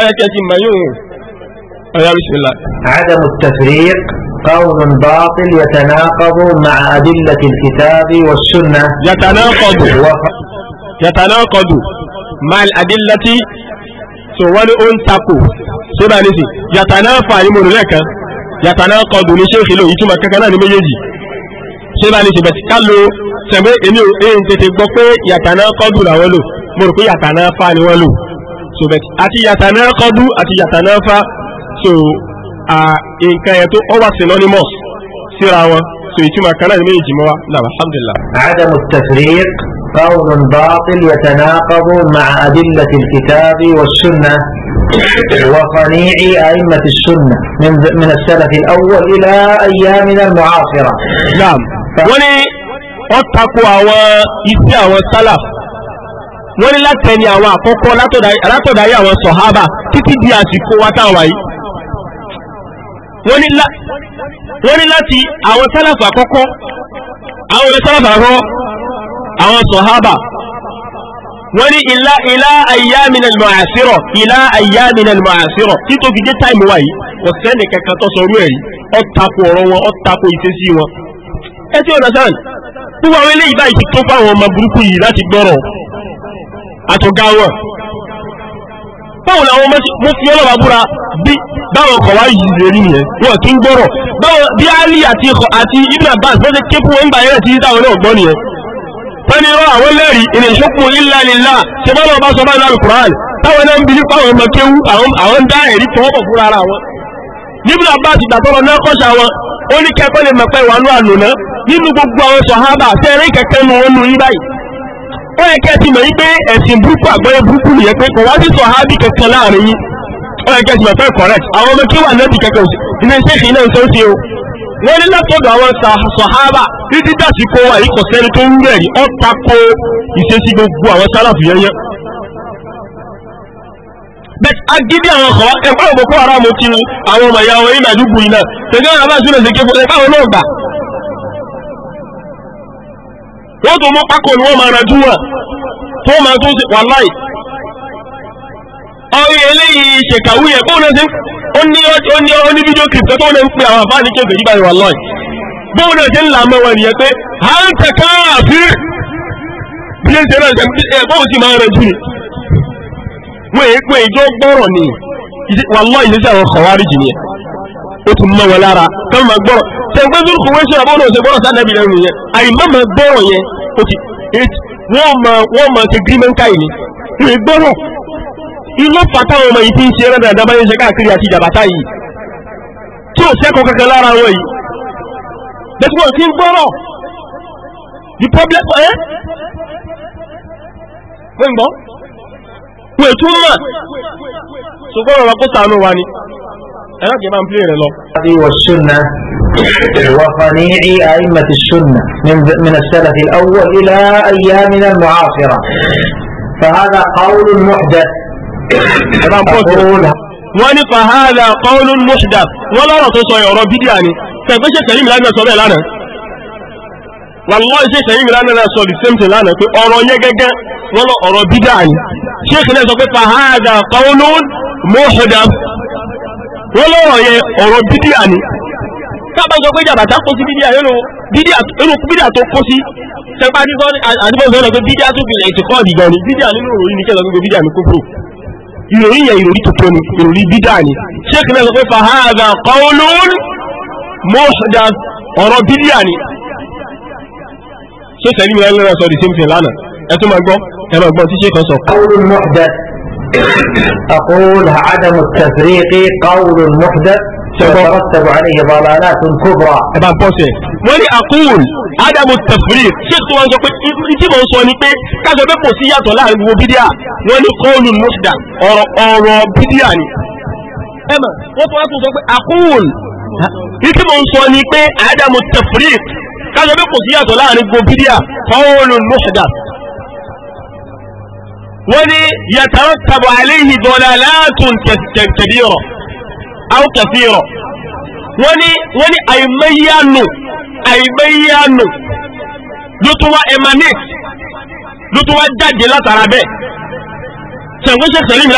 ọ̀yẹ́ kí ẹ ti mọ̀ yóò ọ̀yá bísí ńlá. عدم التفريق قول باطل يتناقض مع أدلة الكتاب والسنة يتناقض يتناقض مع الأدلة سوال أنتقو سيبا نسي يتنافى يمر لك يتناقض لشيخ له يتما كنا نميجي ṣé bá lè ṣe bẹ̀tì ká lo tẹ̀gbẹ́ èmi ò èyí tètè gbọ́ pé yàtàná kọ́dù làwọn lò mo rò pé yàtàná fa ni wọ́n lò so bẹ̀tì àti yàtàná kọ́dù àti yàtàná fa so nǹkan yẹn tó ọwà synonymous síra wọn so ìtumọ̀ kan náà ní méjì mọ́ wa náà alhamdulillah. عدم mutafriq قول باطل يتناقض مع أدلة الكتاب والسنة وصنيع أئمة السنة من, من السلف الأول إلى أيامنا المعاصرة نعم wọ́n ní wọ́n tako àwọn iṣẹ́ àwọn salaf wọ́n ní látẹni àwọn àkọ́kọ́ látọ̀dáyé àwọn sọ̀hábà títí di àsìkò wa táwa yìí wọ́n ní láti àwọn sálàfà àkọ́kọ́ àwọn ọ̀rẹ́ sálàfà àkọ́kọ́ àwọn sọ̀hábà wọ́n ní ilá ilá ayyáminal ma'asirọ̀ ilá ayyáminal ma'asirọ̀ tí fi dé táìmù wáyé ọ̀sẹ́ni kankan tó sọ rú ẹ̀rí ọ̀rọ̀ wọn ó tako wọn ẹ tí ọ̀nà sáà púpọ̀ àwọn eléyìí báyìí ti tó fáwọn ọmọ burúkú yìí láti gbọ́rọ̀ àtọ̀gá wọn báwo làwọn ọmọ mo fi ọlọ́wà búra bí báwọn kọ̀ wá yìí lè rí nìyẹn wọn kì í gbọ́rọ̀ báwọn bí ali àti àti ibn abbas bó ṣe ké fún wọn gbà yẹn títí táwọn náà gbọ́ nìyẹn pẹ́ni rọ àwọn lẹ́rìí ilé ìṣókù illa lillah ṣe bá lọ́wọ́ bá sọ báyìí lálùkùrán táwọn náà ń bi nípa àwọn ọmọ kéwú àwọn dá ẹ̀rí tọwọ́ pọ̀ fúnra ara wọn níbùdó abbas ìgbàtọ́rọ̀ náà kọ́ṣà wọn ó ní kẹ́kọ́ lè mọ̀pẹ́ wà ní àlùná nínú gbogbo àwọn sọ̀hábà tẹ́rẹ́ kẹ́kẹ́ nu wọn nu yín báyìí ó yẹ kẹ́ ti mọ̀ yí pé ẹ̀sìn burúkú àgbọ́yé burúkú nìyẹn pé kò wá sí sọ̀hábì kẹ́kẹ́ láàrin yín ó yẹ kẹ́ ti mọ̀pẹ́ correct àwọn ọmọ kí wà nẹ́bì kẹ́kẹ́ ilé iṣẹ́ ìṣẹ́ iná nǹkan ṣe o wọ́n ní látọ̀dọ̀ àwọn sọ̀hábà títí dàsí kó àyíkọ̀sẹ́ni tó ń bẹ̀rẹ̀ ọ́ tako ìṣesí gbogbo àwọn sálàfù yẹn yẹn bẹ́ẹ̀ agídí àwọn kan ẹgbẹ́ òmò kó ara mo ti àwọn ọmọ ìyá wọn ní nàìjíríà yìí náà tẹ̀gbẹ́ àwọn abáṣú lè ṣèké fún ẹgbẹ́ àwọn náà gbà. wọ́n tó mú pákó ni wọ́n máa rajú wọn tó máa tó wà láì. ọ̀rẹ́ eléyìí ṣèkàwé yẹn kó náà ṣe ó ní ó ní fídíò kìrìtì tó náà ń pè àwọn àbáàdì kéèké yìí báyìí wà láì. bóun náà ṣe ń là mọ́ wọn nìyẹn pé à ń tẹ̀ká àfírí bí ẹ wọn èyí pé ìjọ gbọ́rọ̀ ni wàlọ́ ìṣẹ́ṣẹ́ àwọn kọ̀wárí jì ni ó ti mọ́ wọn lára kọ́ máa gbọ́rọ̀ tẹ̀gbẹ́ tó kò wẹ́ṣẹ́ àbọ̀ náà ṣe gbọ́rọ̀ sáà nàbì lẹ́nu yẹn àìmọ́ máa gbọ́rọ̀ yẹn ó ti wọ́n máa wọ́n máa ṣe gírímẹ́ńkà yìí wọn èyí gbọ́rọ̀ iná fata àwọn ọmọ yìí ti ń ṣe rẹ́dà dábà yẹn ṣe káàkiri àti ìjàbátá yìí tí ò ṣẹ́kọ̀ọ́ kankan lára wọn yìí bẹ́ẹ̀ wọ́n ti ń gbọ́rọ̀ the problem ẹ́ eh? wọ́n ń gbọ́ kwe too much. So go on, put down one. أنا كمان في هذه والسنة وصنيعي أئمة السنة من من السلف الأول إلى أيامنا المعاصرة فهذا قول محدث وأنا فهذا قول محدث ولا رأسه يا رب يعني كيف كلمة لأنه صبي الآن wàlọ́ ìṣèṣẹ́ yìí rán náà sọ the same thing lánàá pé ọ̀rọ̀ yẹn gẹ́gẹ́ wọ́n lọ ọ̀rọ̀ bídà ni ṣéèkì náà sọ pé fàhádà kọ́ọ̀lùn mọ́ọ̀dà wọ́n lọ́rọ̀ yẹn ọ̀rọ̀ bídà ni sábà sọ pé jàbàtà kó sí bídà nínú bídà tó kó sí sẹ́pà ní sọ́ni àdúgbò sọ́ni pé bídà tó fi lè ti kọ́ ìgbà ni bídà nínú ìròyìn ní kẹ́lọ́ gbogbo bídà ni kókó ìròyìn yẹn ìròyìn tuntun ni ìròyìn bídà ni ṣéèkì náà sọ pé fàhádà kọ́ọ̀lùn mọ́ọ̀dà ọ̀rọ̀ bídà ni ṣé tẹ̀lé mi lẹ́nu náà sọ the same lánàá ẹ tún máa gbọ́ ẹ máa gbọ́ tí ṣé kan sọ. qawlun muhdath aqul adamu tafriqi qawlun muhdath تترتب عليه ضلالات كبرى ẹ̀bá bọ́sẹ̀ wọ́n ní àkúrùn ádámù tafriq ṣé tí wọ́n sọ pé tí mo sọ ni pé kájọ pé kò sí yàtọ̀ láàrin gbogbo bídíà wọ́n ní kọ́ọ̀lù mọ́ṣdà ọ̀rọ̀ ọ̀rọ̀ bídíà ni ẹ̀mà wọ́n tún wá tún sọ pé àkúrùn ní tí mo sọ ni pé ádámù tafriq kájọ pé kò síyàtọ̀ láàrin gbogbo bídíà kọ́wọ́lù lóṣèdá wọ́n ní yàtàrà tàbọ̀ àléhì bọ́lá látún kẹ̀kẹ̀dìrọ̀ àwọn kẹfìrọ̀ wọ́n ní wọ́n ní àìmẹ́yànù àìmẹ́yànù ló tún wá emanate jáde látara bẹ́ẹ̀ sẹ̀ńkóṣẹ́ sẹ̀lẹ́mì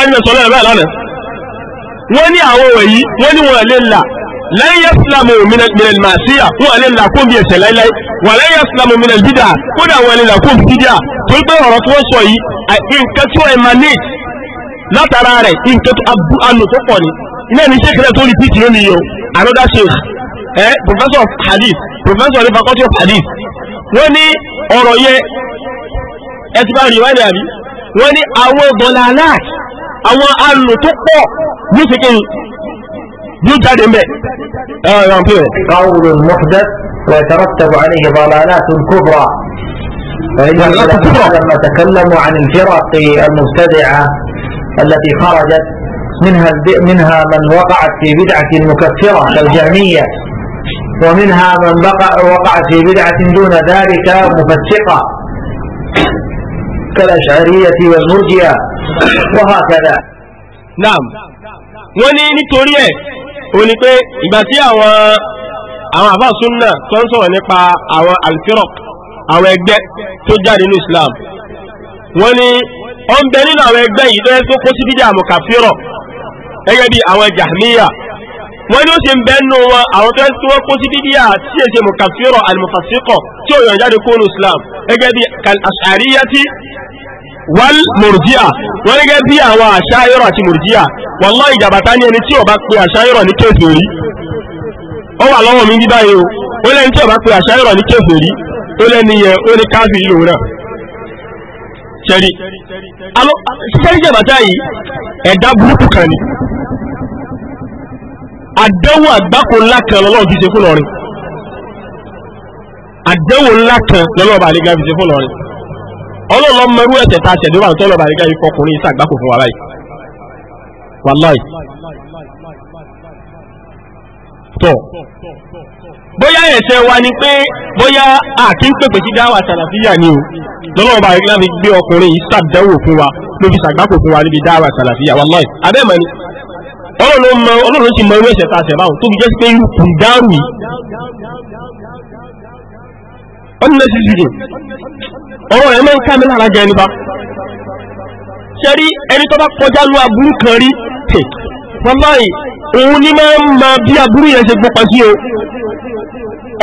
láti lẹ́yìn yẹ́sìlámù mìíràn màṣíyà fún àlẹ́ làkún bí ẹ̀ṣẹ̀ láíláí wà lẹ́yìn yẹ́sìlámù mìíràn bídà kódà wọn ni làkún bídà tó ń pẹ́ ọ̀rọ̀ tí wọ́n sọ yìí nǹkan tí wọ́n emanate látara rẹ̀ nǹkan tó anù tó pọ̀ ni iná ní ṣé tó rí pt lónìí yìí o another sheikh ẹ professor of hadith professor ní faculty of hadith wọ́n ní ọ̀rọ̀ yẹ ẹ ti bá rí wáyé àbí wọ́n ní àwọn bọ̀lá aláàt yóò jáde اه bẹ̀ ẹ̀rọ pé rẹ̀. káwùrù mọ́fẹ́dẹ́ wọ́n لما تكلموا عن الفرق المبتدعة التي خرجت منها منها من وقعت في بدعة مكفرة كالجهمية ومنها من بقى وقعت في بدعة دون ذلك مفسقة كالأشعرية والمرجئة وهكذا نعم ولي نتوريه ó ní pé ìgbà tí àwọn àwọn àfáà súnà tó ń sọ̀rọ̀ nípa àwọn alfirok àwọn ẹgbẹ́ tó jáde ní Islam wọ́n ní ó ń bẹ nínú àwọn ẹgbẹ́ yìí tó yẹ tó kó sí bídí àmọ̀kà fírọ̀ gẹ́gẹ́ bí àwọn jahmiya wọ́n ní ó ṣe ń bẹ nínú wọn àwọn tó yẹ tó kó sí bídí àti èsè mọ̀kà fírọ̀ àlùmọ̀fàsíkọ̀ tí ó yàn jáde kó ní Islam gẹ́gẹ́ bí kal-ash'ariyati wal murjia wọ́n gẹ́gẹ́ bí àwọn àṣàyọ̀rọ̀ àti murjia wallahi ìjàbàtà ní ẹni tí ó bá pe àṣàyọ̀rọ̀ ní kèfèrí ó wà lọ́wọ́ mi dídá yìí o ó lẹ́ni tí ó bá pe àṣàyọ̀rọ̀ ní kèfèrí ó lẹ́ni yẹn ó ní káfíìrì lòun náà sẹ́rí sẹ́rí jàbàtà yìí ẹ̀dá burúkú kan ni àdánwò àgbákò ńlá kan lọ́lọ́run ti ṣe fún lọ́rin àdánwò ńlá kan lọ́lọ́run bá àlégá ṣe fún lọ́rin ọlọ́lọ́ mẹ́rú ẹ̀tẹ̀ ta tẹ̀lé wà tọ́lọ̀ bàrígá ikọ̀ ọkùnrin iṣẹ́ àgbákò fún wa báyìí wàláì tọ̀ bóyá ẹ̀ṣẹ̀ wa ni pé bóyá àkí ń pèpè sí dáwà sàlàfíà ni o lọ́lọ́wọ́ bàrígá fi gbé ọkùnrin iṣẹ́ àdánwò fún wa ló fi ṣàgbákò fún wa níbi dáwà sàlàfíà wàláì abẹ́mọ̀ ni ọlọ́run ti mẹ́rú ẹ̀ṣẹ̀ ta tẹ̀ báwọn tó fi jẹ́ pé irú kùndárù yìí ọ̀rọ̀ rẹ̀ mọ́ ń ká mi lára jẹ nípa ṣe rí ẹni tó bá kọjá lu aburú kan rí tè wàláì òun ní máa ń ma bí aburú yẹn ṣe gbọ́pọ̀ sí o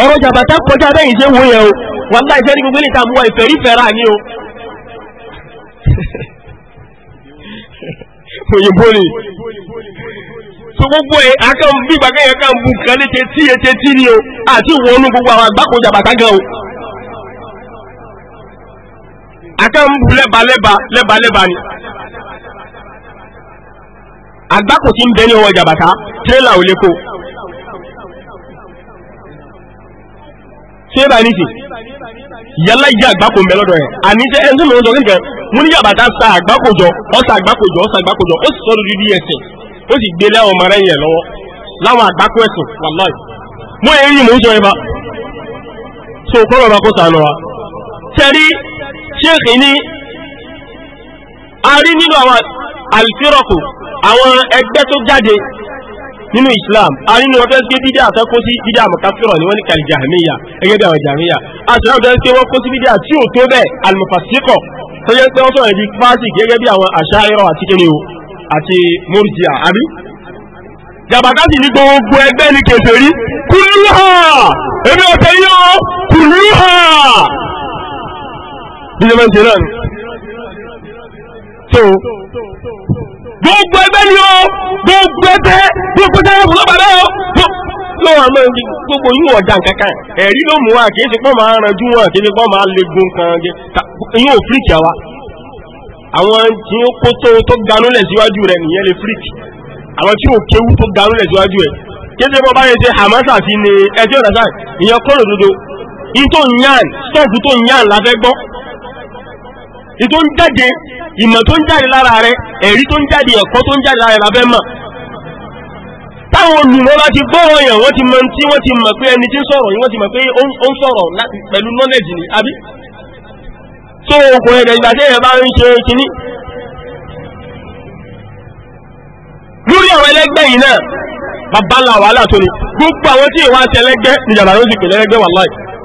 ọ̀rọ̀ jàbàtà kọjá bẹ́yìn ṣe wò yẹn o wàláì ṣe rí gbogbo ní ìtàmúwa ìfẹ́ ìfẹ́ rà ní o òyìnbó ni so gbogbo ẹ akẹ́ bí ìgbàgbẹ́ yẹn kàn bù kan létetí létetí ni o àti ìwọ̀n onú gbogbo àwọn àgbákò jàbàtà gan o akẹ́mbu lẹ́ba lẹ́ba lẹ́ba lẹ́ba ni. àgbákò tí ń bẹ ní ọwọ́ jàbàtà tírélà ò lè kó. ṣé bá ní sí yálà yí àgbákò ń bẹ lọ́dọ̀ yẹn àní jẹ́ ẹni tí mo ń sọ kíkẹ́ mo ní jàbàtà sa àgbákò jọ ó sa àgbákò jọ ó sa àgbákò jọ ó sì sọ lórí ẹsẹ̀ ó sì gbé láwọn ọmọ yẹn lọ́wọ́ láwọn àgbákò ẹ̀sùn wàláì mo èyí mo ń sọ yẹn fa so kọ́ ṣéèkì ní a rí nínú àwọn àlùfírọ̀kù àwọn ẹgbẹ́ tó jáde nínú islam a rí nínú ọ̀fẹ́ pé bídíà tó kó sí bídíà mọ̀káfírọ̀ ni wọ́n ní kàlì jàmíyà ẹgẹ́ bí àwọn jàmíyà a sì náà fẹ́ pé wọ́n kó sí bídíà tí ò tó bẹ́ẹ̀ alùpàṣíkọ̀ tó yẹ pé wọ́n sọ̀rọ̀ di gẹ́gẹ́ bí àwọn àṣà bí ṣe máa ń ṣe náà ni. so gbogbo ẹgbẹ́ ni ó gbogbo ẹgbẹ́ tí ó pèsè ẹ̀fọ́ lọ́gbà náà ló wà máa ń di gbogbo yín ọ̀dà kankan ẹ̀rí ló mú wa kì í ṣe pọ́n máa ranjú wọn kì í ṣe pọ́n máa le gun kan yín ò fíríkì àwa àwọn tí ó kó tó tó ganúlẹ̀ síwájú rẹ̀ nìyẹn lè fíríkì àwọn tí ò kéwú tó ganúlẹ̀ síwájú ẹ̀ kéde bọ́ bá yẹn ṣe hamasa sí ni ẹjọ́ ìdásá ìyẹn kọ́ lòdodo yín tó ń yàn stọ́ọ̀fù tó ń yàn la fẹ́ gbọ́ ìtò ń jáde ìmọ̀ tó ń jáde lára rẹ ẹ̀rí tó ń jáde ẹ̀kọ́ tó ń jáde lára rẹ lábẹ́ mọ̀ táwọn olùmọ̀ bá ti gbọ́rọ̀ yẹn wọ́n ti mọ̀ tí wọ́n ti mọ̀ pé ẹni tí ń sọ̀rọ̀ yìí wọ́n ti mọ̀ pé ó ń sọ̀rọ̀ pẹ̀lú knowledge ni àbí tó okùn ẹ̀rẹ̀ ìgbà tí ẹ̀yẹ bá ń ṣe kínní lórí àwọn ẹlẹ́gbẹ́ yìí náà bàbá làwàlà tó ni gbogbo àwọn tí ìwà àti ẹlẹ́gbẹ́ ni jàbá yóò sì pè lẹ́lẹ́gbẹ́ wà láì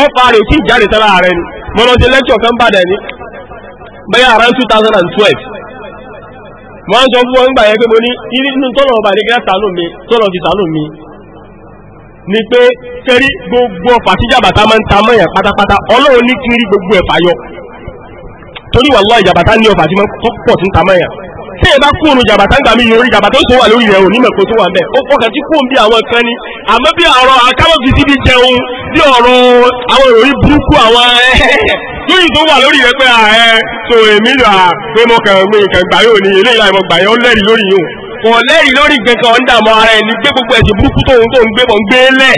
Ọ rẹ̀ tí ìjáde sára rẹ̀ ni mo lọ sí lẹ́kṣọ̀ kan bàdẹ̀ ni bẹ́yà around two thousand and twelve mo ń sọ fún wọn gbà yẹn pé mo ní inú tọ́lọ̀ ọba àdékẹ́ sànú mi tọ́lọ̀ sànú mi ni pé gbogbo máa ń ta mọ́yàn pátápátá ọlọ́run ní kiri gbogbo ẹ̀fà yọ torí ní tí máa ń pọ̀ tí ẹ bá kú òun jàbàtà gbà mí yorí jàbàtà tó wà lórí rẹ ò ní tó wà bẹ́ẹ̀ ó kọkàn tí kú bí àwọn kan ni àmọ́ bí ọ̀rọ̀ akáwọ̀ fi síbi jẹun bí ọ̀rọ̀ àwọn ìròyìn burúkú àwọn lóyìn tó wà lórí rẹ pé ààrẹ tó èmi là pé mo kàn mí kàn gbà yóò ní ilé ìlà ìmọ̀ gbà yóò lẹ́rìí lórí yóò kò lẹ́rìí lórí gẹ̀gẹ̀ ọ̀ndàmọ́ ara ẹni gbé gbogbo ẹ̀sìn burúkú tóun tóun gbé bọ̀ ń gbé lẹ̀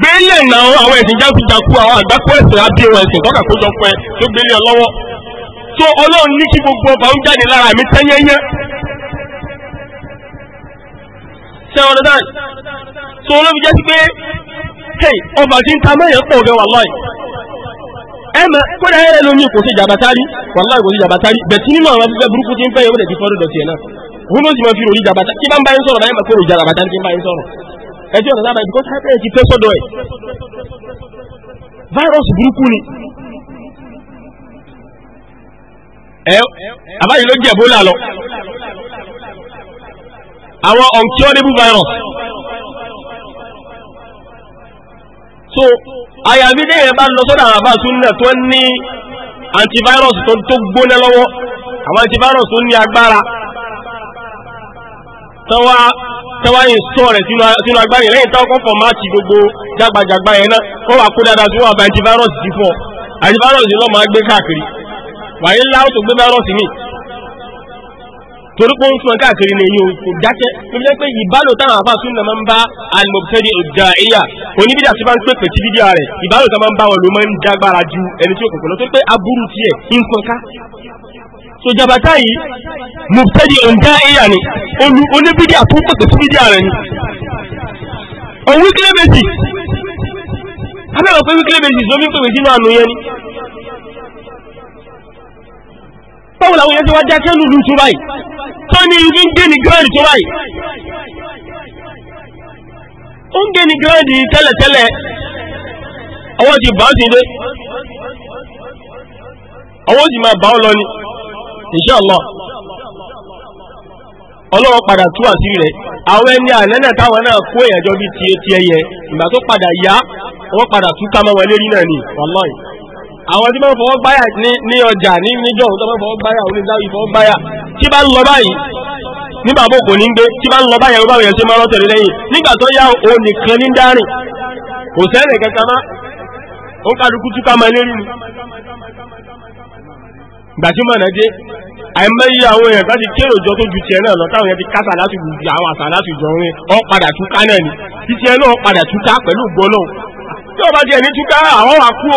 gbélé náà àwọn ẹ̀sìn jákujàku àwọn àgbákò ẹ̀sìn abíyẹ̀wò ẹ̀sìn tọ́ka kójọ fún tó gbélé ọ lọ́wọ́ so ọlọ́run ní kí gbogbo ọba ń jáde lára mi tẹ́yẹ́yẹ́ sẹ́wọ̀n dáadáa so olóbi jẹ́ sí pé hey ọba tí ń ta mẹ́yẹ̀ pọ̀ gẹ́ wallahi ẹ mẹ kódà ẹ lómi kò sí ìjàmbá tárí wallahi kò sí ìjàmbá tárí bẹ̀tí nínú àwọn afẹ́fẹ́ burúkú tí ń fẹ́ yẹn wọ́n ti fọ́dọ̀ tiẹ̀ náà wọ́n ló sì máa fi ròyìn ìjàmbá tárí tí bá ń bá yín sọ̀rọ̀ báyìí máa kó ròyìn ìjàmbá tárí tí ń bá yín sọ̀rọ̀ ẹjọ́ ọ̀nà sábà because hyper ti fẹ́ sọ́dọ̀ ẹ̀ ẹ àbáyé ló jẹ Ebola lọ àwọn uncurable virus so àyàfi déyẹn bá lọ sọ́dọ̀ àwọn àbáṣún náà tó ní antivirus tó gbóná lọ́wọ́ àwọn antivirus tó ní agbára tọ́wá tọ́wá yìí sọ rẹ̀ sínú agbára lẹ́yìn táwọn kan fọ̀ máàkì gbogbo jágbajàgba yẹn náà wọ́n wà kó dáadáa tí wọ́n wà bá antivirus ti fọ̀ antivirus yìí lọ́ máa gbé káàkiri wàyí ńlá ó tó gbé fáírọ́ọ̀sì mi torí pé ń fún ẹ káàkiri ní eyín kò dákẹ́ tó fi jẹ́ pé ìbálò táwọn àfa súnmọ́ máa ń bá alimọ̀tẹ́rì ọ̀dà ẹ̀yà oníbídà tí wọ́n ń pèpè tí bídíà rẹ̀ ìbálò tó máa ń bá wọn ló máa ń dágbára ju ẹni tí ó kòkòrò lọ tó pé aburú tiẹ̀ ń fún ká. tó jabata yìí mọ̀tẹ́rì ọ̀dà ẹ̀yà ni oníbídà tó pèpè tí bídíà rẹ̀ ni. òun wíkílẹ̀ méjì báwo làwọn èèyàn ti wá dákẹ́ lùlù tó báyìí tó ní ibi ń gé ní gírẹ́ẹ̀dì tó báyìí ó ń gé ní gírẹ́ẹ̀dì tẹ́lẹ̀tẹ́lẹ̀ ọwọ́ ti bá ti dé ọwọ́ ọ lọ ni inshallah ọlọ́wọ́ padà tú àṣírí rẹ̀ àwọn ẹni àlẹ́nà táwọn náà kó èèyàn jọ bí ti ẹyẹ ìgbà tó padà yá wọ́n padà tú ká mọ́ wọn ni wallahi àwọn tí wọ́n fọwọ́ gbáyà ní ọjà ní níjọ́ tó wọ́n fọwọ́ gbáyà onígbàwí fọwọ́ gbáyà tí bá ń lọ báyìí nígbà bó kò ní gbé tí bá ń lọ báyà ó báwọn máa rọ́tọ̀ lẹ́yìn nígbà tó yá o nìkan ní dárìn kò sẹ́rìn kankan má ó kálukú túká máa lérí ni. gbàtúmọ̀ náà dé àìmọye àwọn èèyàn tó ti kéré tó ju tiẹ̀ náà lọ táwọn yẹn ti kásà láti ju àwọn àṣà láti jọ wọn ọ padà túká náà ni títí ẹ náà padà túká pẹ̀lú gbọ́lọ́ tí wọ́n bá tiẹ̀ ní túká àwọn wà kú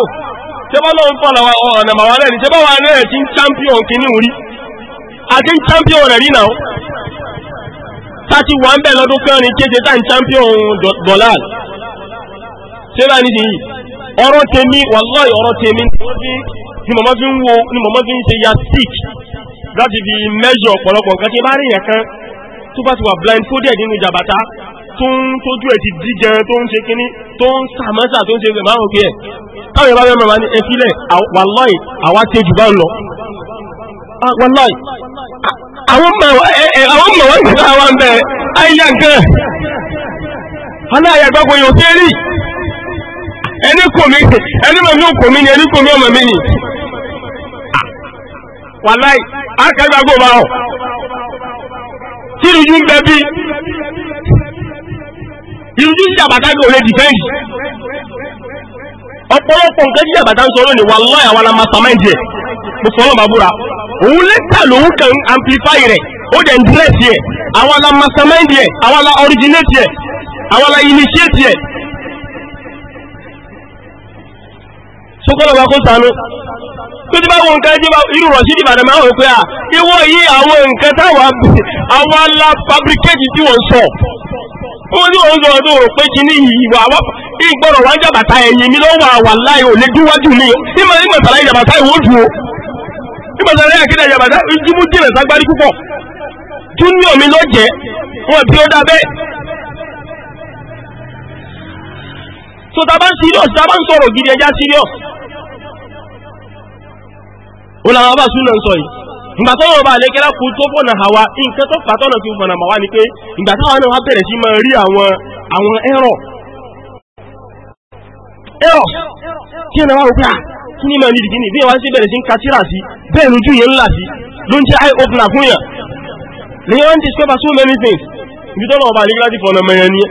tẹ́bá lọ́n fọ́nà ọ̀nà màwálẹ̀ ní tẹ́bá wà champion kìíní orí àti champion rẹ̀ rí náà tàti wà ń bẹ̀ lọ́dún champion dọ̀là ṣébà nídìí yìí ọ̀rọ̀ tèmi wàláì ọ̀rọ̀ tèmi ni mọ̀mọ́ fi ń wo ni mọ̀mọ́ fi ń ṣe ya sick láti fi measure ọ̀pọ̀lọpọ̀ nǹkan tí bá rí yẹn kan tó bá ti wà blindfolded nínú jàbàtà tó ń tójú ẹ̀ ti dí jẹun tó ń ṣe kíní tó ń sàmọ́sà tó ń ṣe ìgbà òkè ẹ̀ káwọn ìbá mẹ́rin wọn ni ẹ sílẹ̀ wàláì àwa ṣe jù bá ń lọ ah, wàláì àwọn mọ̀ wọ́n ti sáà wá ń bẹ̀ ayé nǹkan aláyà gbọ́gbọ́ yóò tẹ́ rí ẹni kò mí ẹni mọ̀ mí ò kò mí ni ẹni kò mí ọmọ mi ni ah, wàláì àkàgbàgbọ́ bá ọ tí ìrújú ń bẹ bí irú tí jíjà bàtà gbé òye dìfẹ́ǹdì ọ̀pọ̀lọpọ̀ nǹkan jíjà bàtà ń sọ lónìí wàláhì àwọn alamasamẹ́ǹdì ẹ̀ mo sọ ọlọ́ba búra òun lẹ́tà lòun kàn amplify rẹ̀ ó dẹ̀ ń dírẹ́sì ẹ̀ àwọn alamasamẹ́ǹdì ẹ̀ àwọn ala originate ẹ̀ àwọn ala initiate ẹ̀ sókòlọ́ba kó sanu tó ti bá wọn nǹkan jí bá irú rọ̀ sí ìbàdàn máa wọ̀ pé à ah, ìwọ yìí àwọn nǹkan táwọn àwọn ala fabricate tí wọ́n sọ ó ní òun ọdún òrò kí ní ìwà wọ́n ìgbọ́rọ̀ wá jàbàtà ẹ̀yìn mi lọ́wọ́ àwà láì ò lè mi ìmọ̀ ìmọ̀ ìjàbàtà ìwò dùn ó ìmọ̀ ìjàbàtà ìjúmú jìnà sagbárí púpọ̀ júnior mi ló jẹ́ wọn bí ó dá bẹ́ẹ̀. so ta ń serious ta ń sọ̀rọ̀ gidi ẹja serious. ó làwọn bá sún sọ yìí ìgbà tó wọn bá lè kẹ́lá kú tó fọ̀nà àwa nǹkan tó fà tọ́nà fi fọ̀nà àwa ni pé ìgbà táwọn náà wá bẹ̀rẹ̀ sí máa rí àwọn ẹ̀rọ ẹ̀rọ kí wá rò pé à ah, kí ni máa ní ìdí ní bí wọ́n ṣe bẹ̀rẹ̀ sí ń ka tíra sí bẹ́ẹ̀ lójú yẹn ńlá sí ló ń jẹ́ eye opener fún yàn lèyìn wọ́n discover so many things ibi tó wọn bá lè ti fọ̀nà mẹ́yẹn ni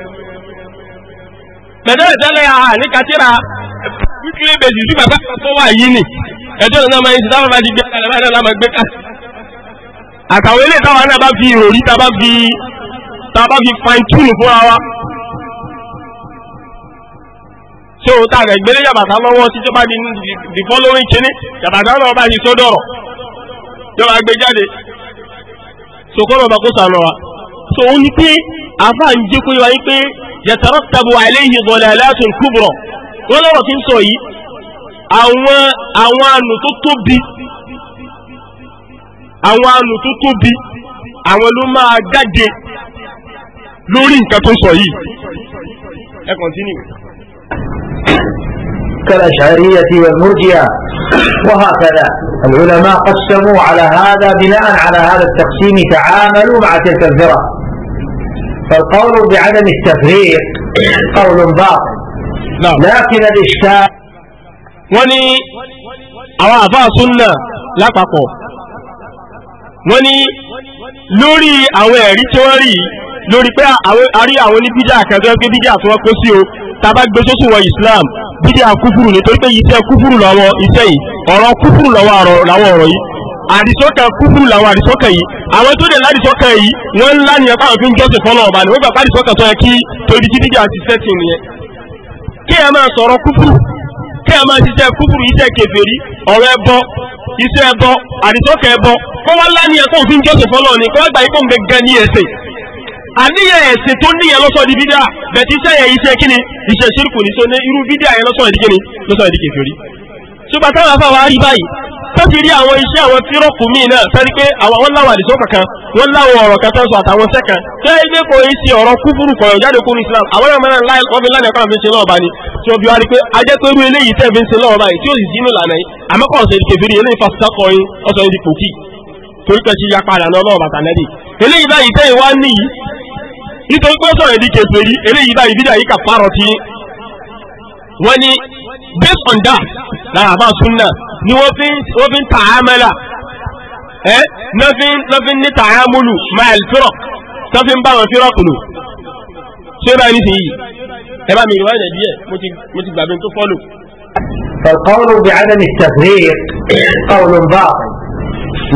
pẹ̀lú ìtẹ́lẹ̀ àníkàtíra wíkìlì bèjì sí ẹjọ́ náà máa ń ṣe táwọn bá di gbé kalẹ̀ báyìí náà máa gbé kalẹ̀. àkàwé lè táwọn náà bá fi ìròrí tá a bá fi tá fi fine tune fúnra wa. ṣé o ta rẹ̀ gbélé yàbàtà lọ́wọ́ títí bá di the following kínní yàbàtà náà bá di sódọ̀rọ̀ yọba gbé jáde sokoro bako sanu wa so o ni pé afa ń jẹ́ kó yẹ wa pé yàtàrọ̀ tabu àìlẹ́yìn ìbọ̀lẹ̀ aláàtún kúbùrọ̀ àwọn àwọn ànù tó tóbi àwọn ànù tó tóbi àwọn ló máa gáde lórí nǹkan tó sọ yìí ẹ continue. كالأشعرية والمرجئة وهكذا العلماء قسموا على هذا بناء على هذا التقسيم تعاملوا مع تلك الفرق فالقول بعدم التفريق قول باطل نعم. لكن الإشكال wọ́n ní àwọn àfáà súnnà lápapọ̀ wọ́n ní lórí àwọn ẹ̀rí tí wọ́n rí lórí pé àrí àwọn oníbíjà kan tó gbé bíjà tí wọ́n kó sí o tàbá gbé sósù wọ Islam bíjà kúfùrù nítorí pé iṣẹ́ kúfùrù lọ́wọ́ iṣẹ́ yìí ọ̀rọ̀ kúfùrù lọ́wọ́ làwọn ọ̀rọ̀ yìí àdìsọ́kàn kúfùrù làwọn àdìsọ́kàn yìí àwọn tó dẹ̀ ládìsọ́kàn yìí wọ́n ńlá ni ẹ̀ka àwọn fi ń jọ́sìn fọ́nà ọ̀bà ni wọ́n gbà pàdìsọ́kàn tó yẹ kí torí tí bíjà sẹ́tì nìyẹn kí ẹ máa sọ̀rọ̀ kúfùrù kí a máa ṣiṣẹ́ kúkúrú iṣẹ́ kèfèrí ọ̀rọ̀ ẹbọ iṣẹ́ ẹbọ àdìsọ́kẹ̀ ẹbọ kó wá láníyà kó fi ń jọ́sìn fọlọ́ ni kó wá gbà yí kó ń gẹ́gẹ́ ní ẹ̀sìn àníyàn ẹ̀sìn tó níyàn lọ́sọ̀ di bídà bẹ̀tí iṣẹ́ yẹn iṣẹ́ kíni iṣẹ́ ṣírkù ní so ní irú bídà yẹn lọ́sọ̀ ìdíkíni lọ́sọ̀ ìdíkèfèrí ṣùgbọ́n táwọn afáwọn á rí báyìí tọ́sí rí àwọn iṣẹ́ àwọn tírọ́pù míì náà sẹ́ni pé àwọn wọn láwọn àdìsọ́ kankan wọn láwọn ọ̀rọ̀ kan tọ́sọ àtàwọn sẹ́kan tó yẹ pé kò í ṣe ọ̀rọ̀ kúfúrú kọ̀ọ̀yọ̀ jáde kúrú Islam àwọn ọmọ náà láì wọ́n fi lánàá kọ́nà fi ń ṣe lọ́wọ́ báni tí ó bí wá rí pé ajẹ́ tó rú eléyìí tẹ́ fi ń ṣe lọ́wọ́ báyìí tí ó sì sínú lànà yìí àmọ́ kọ́ ọ̀sẹ̀ kẹfìrí eléyìí fásitì kọrin ọ̀sẹ̀ ìdí pòkì torí pé ṣe yapa àdànà ọlọ́wọ́ bàtà lẹ́dì eléyìí báyìí tẹ́yìn wá níyì nítorí pé ó sọ̀rọ̀ ìdí kẹfìrí eléyìí báyìí bídà yìí kà párọ̀ tí wọ́n ní based on that lára àbá súnà ni wọ́n fi ń tààmàlà ẹ́ lọ́fin ní tààmùlù mile fírọ̀ tó fi ń bá wọn fírọ̀ kùlù ṣé bá ní sìn yìí ẹ bá mi ìwà ẹ̀dẹ̀ díẹ̀ mo ti gbàgbé tó fọ́lù. فالقول بعدم التفريق قول باطل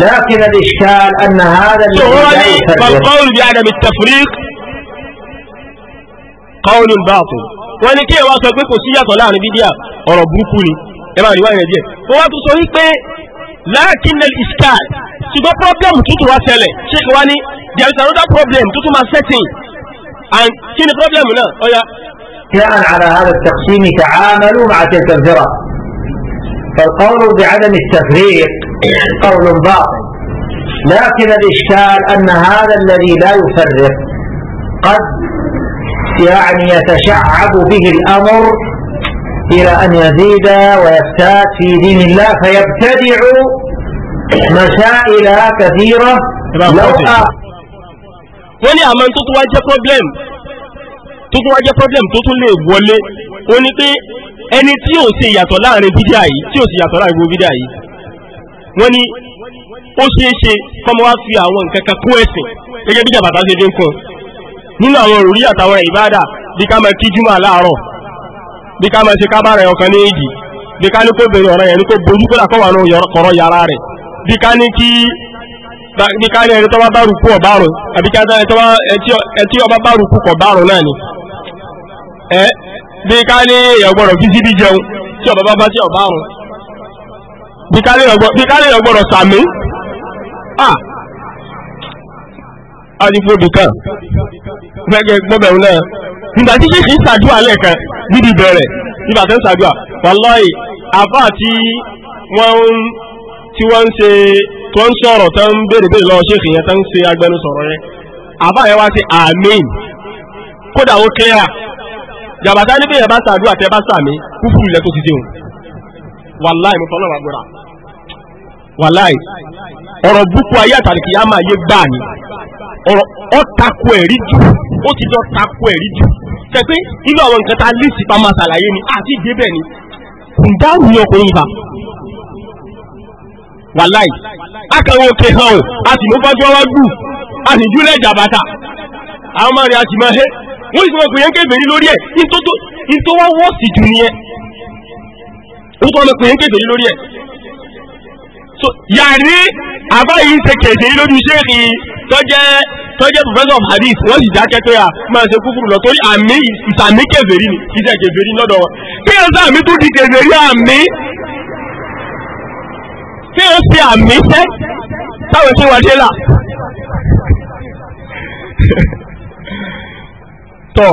لكن الإشكال أن هذا الذي فالقول بعدم التفريق قول باطل wọ́n ní kí ẹ wá sọ pé kò sí yàtọ̀ láàrin bídíà ọ̀rọ̀ burúkú ni ẹ máa rí wáyé bíbí à oro ó wá tún wọn wa wípé láàkínlẹ iskal ṣùgbọ́n problem tuntun wá ṣẹlẹ̀ kí wá ní there is another problem tuntun máa setting and kí ni problem náà ọ̀ya. بناء على هذا التقسيم تعاملوا مع تلك الفرق فالقول بعدم التفريق قول باطل لكن الإشكال أن هذا الذي لا يفرق قد يعني يتشعب به الأمر إلى أن يزيد ويفتات في دين الله فيبتدع مسائل كثيرة wọ́n ní àmọ́ tó tún wá jẹ́ problem tó tún wá jẹ́ problem tó tún lè wọlé ó ní pé ẹni tí ò ṣe ìyàtọ̀ láàrin bídíà yìí tí ò ṣe ìyàtọ̀ láàrin bídíà yìí wọ́n ní ó ṣeé ṣe wá fi àwọn nǹkan kan kún ẹ̀sìn gẹ́gẹ́ bí jàbàtà ṣe dé ń nínú àwọn òrùrí àtàwọn ìbádà bí ká máa kí júmọ̀ láàárọ̀ bí ká máa ṣe kábàárẹ̀ ọ̀kan ní èjì bí ká ní kó bèrè ọ̀rọ̀ yẹn ní kó bojú kó dàkọ́ ní kọ̀rọ̀ yàrá rẹ̀ bí ká ní ẹni tó bá bá rùkú ọ̀bárùn náà ni bí ká ní jẹun tí ọba bá bá sí bí ká ní sàmì àdìgbòdù kan gbẹgẹ gbọbẹ̀wò náà nígbà tí ṣèṣì ṣàdúrà lẹ́ẹ̀kan níbi bẹ̀rẹ̀ nígbà ṣàdúrà tí wọn ń tí wọ́n ń ṣe tó ń tó ń béèrè béèrè yẹn tó ń ṣe agbẹnusọ̀rọ̀ yẹn àfáà yẹn wá sí àmín kódà ó jàbàtà níbi yẹn bá ṣàdúrà tẹ bá sàmì kúkú ilẹ̀ tó ti dé òun wàláì mo fọlọ́ wàgbọ́ra ọ̀rọ̀ ọ ẹ̀rí jù ó ti jọ takò ẹ̀rí jù tẹ pé nínú àwọn nǹkan tá a lísì pa máa ṣàlàyé ni àti bẹ́ẹ̀ ni ǹdá ọkùnrin bá a sì mú fájú ọwọ́ gbù a sì júlẹ̀ ìjà bàtà àwọn máa rí a sì máa hẹ́ wọ́n sì yẹn kébèrè lórí ẹ̀ nítorí wọ́n jù yàrí àbáyìí ṣe kèsè lójú ṣéèkì tọ́jẹ́ tọ́jẹ́ professor of hadith wọ́n sì dákẹ́ pé à máa ṣe kúkúrú lọ torí àmì ìsàmì kèfèrí ni iṣẹ́ kèfèrí lọ́dọ̀ wọn kí ẹ sàmì tó di kèfèrí àmì kí ẹ ṣe àmì ṣẹ́ táwọn ṣe wà dé là tọ́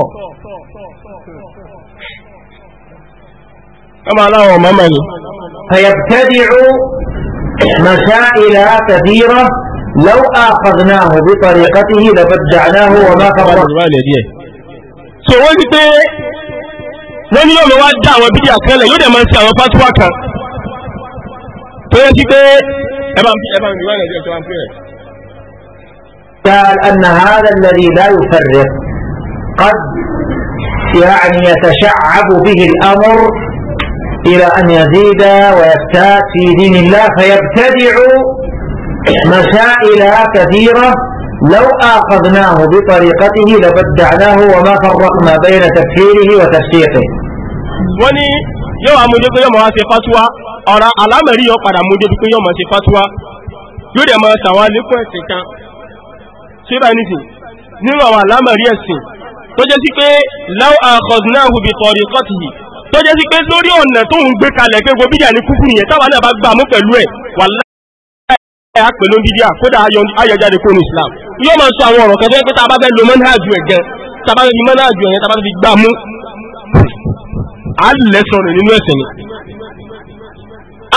ọmọ aláwọ̀ mọ́mọ́ ni. فيبتدع مسائل كثيرة لو أخذناه بطريقته لبدعناه وما خبره so wọ́n ti pé wọ́n ní yóò lọ wá dá àwọn bídíà kan lẹ̀ yóò dẹ̀ máa ń ṣe àwọn fásitì kan tó yẹ sí pé ẹ bá ń fi ẹ bá ń fi wá nàìjíríà tó wá ń fi rẹ̀. قال أن هذا الذي لا يفرق قد يعني يتشعب به الأمر إلى أن يزيد ويفتات في دين الله فيبتدع مسائل كثيرة لو آخذناه بطريقته لبدعناه وما فرقنا بين تفكيره وتفسيقه وني yóò amúdé pé yóò máa ṣe fatuwa ọ̀rọ̀ alámẹ̀rí yóò padà múdé pé yóò máa ṣe fatuwa yóò dẹ̀ máa ṣàwọn alékún ẹ̀sìn kan ṣé bá nìsín nínú àwọn alámẹ̀rí ẹ̀sìn tó jẹ́ sí pé law akhadnahu bi tariqatihi tó jẹ́ sí pé lórí ọ̀nà tó ń gbé kalẹ̀ pé gbogbo bídíà ní kúkú yẹn táwa náà bá gbà mú pẹ̀lú ẹ̀ wà láì àpèlú ayọ̀jáde Islam sọ àwọn ọ̀rọ̀ kan pé tá a bá fẹ́ lo mọ́nájú ẹ̀ gan tá a bá fi mọ́nájú ẹ̀ yẹn tá a bá fi gbà mú á lẹ̀ sọ̀rọ̀ nínú ni.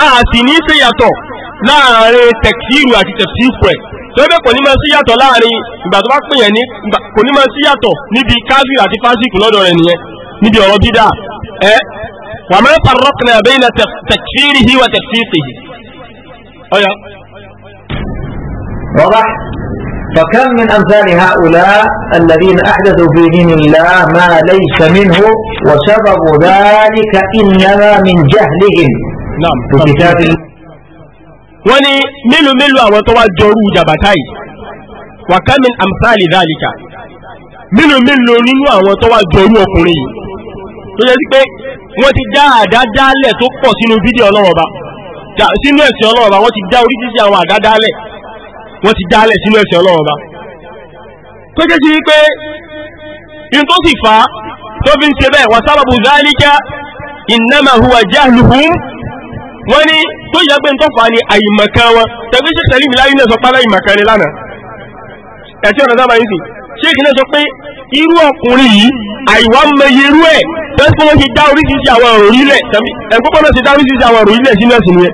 a sì ní í ṣe yàtọ̀ láàrin àti tó إيه؟ وما فرقنا بين تكفيره وتشفيقه أيا أيوة. واضح فكم من أمثال هؤلاء الذين أحدثوا في دين الله ما ليس منه وسبب ذلك إنما من جهلهم نعم في كتاب الله wọ́n ní mélòó mélòó àwọn tó wá jọrú jàbátá yìí wàkàmín amsali dhalika tó jẹ́ sí pé wọ́n ti dá àdádálẹ̀ tó pọ̀ sínú fídíò ọlọ́wọ́ ọba sínú ẹ̀sìn ọlọ́wọ́ ọba wọ́n ti dá oríṣiríṣi àwọn àdádálẹ̀ wọ́n ti dálẹ̀ sínú ẹ̀sìn ọlọ́wọ́ ọba tó jẹ́ sí pé in tó sì fà á tó fi ń ṣe bẹ́ẹ̀ wọ́n sábàbù zálíkà innama huwa jahluhum wọ́n ní tó yẹ pé tó fà á ní àyìmọ̀kan wọn tẹ̀gbẹ́sẹ̀ sẹ́lí mi láyé náà sọ pálá ìmọ̀kan ni lánàá ẹ̀sìn ọ̀nà sábà yìí sì ṣéèkì náà sọ pé irú ọkùnrin yìí àìwá mẹyẹ irú ẹ̀ bẹ́ẹ̀ ti dá oríṣiríṣi àwọn ọ̀rọ̀ ilẹ̀ ẹ̀kọ́kọ́ ti dá oríṣiríṣi àwọn ọ̀rọ̀ ilẹ̀ sínú ẹ̀sìn yẹn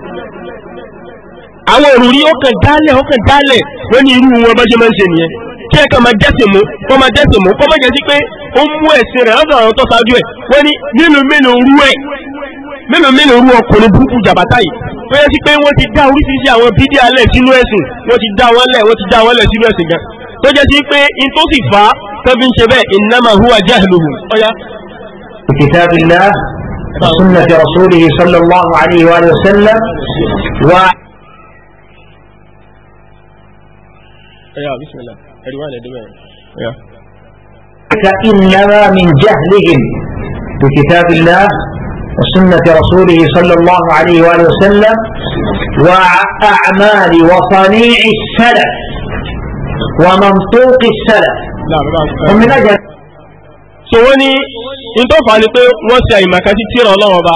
àwọn òrùrí ó kàn dálẹ̀ ó dálẹ̀ wọ́n irú wọn bọ́jọ́ máa ń ṣe nìyẹn kí ẹ̀kan máa dẹ́sẹ̀ mú kọ́ máa dẹ́sẹ̀ mú kọ́ máa jẹ́ sí pé ó mú ẹ̀sìn rẹ̀ lọ́dọ̀ àwọn tó ṣáájú ẹ̀ wọ́n ní mélòó mélòó rú ẹ̀ mélòó mélòó rú ọkùnrin burúkú jàbátá yìí tó yẹ sí pé wọ́n ti dá oríṣiríṣi àwọn bídí alẹ̀ sínú ẹ̀sìn wọ́n ti dá wọn lẹ̀ wọ́n ti dá wọn lẹ̀ sínú ẹ̀sìn gan tó jẹ́ sí pé in tó sì fà á tẹ́bí ń ṣe bẹ́ẹ̀ innama huwa jahluhum ọ̀yá. بكتاب الله وسنة رسوله صلى الله عليه وآله وسلم و يا بسم الله أروان يا إنما من جهلهم بكتاب الله وسنة رسوله صلى الله عليه وآله وسلم وأعمال وصنيع السلف ومنطوق السلف ومن أجل so wọ́n ní ìtọ́fà ni pé wọ́n ṣe àìmọ̀kan sí tíra ọlọ́run ọba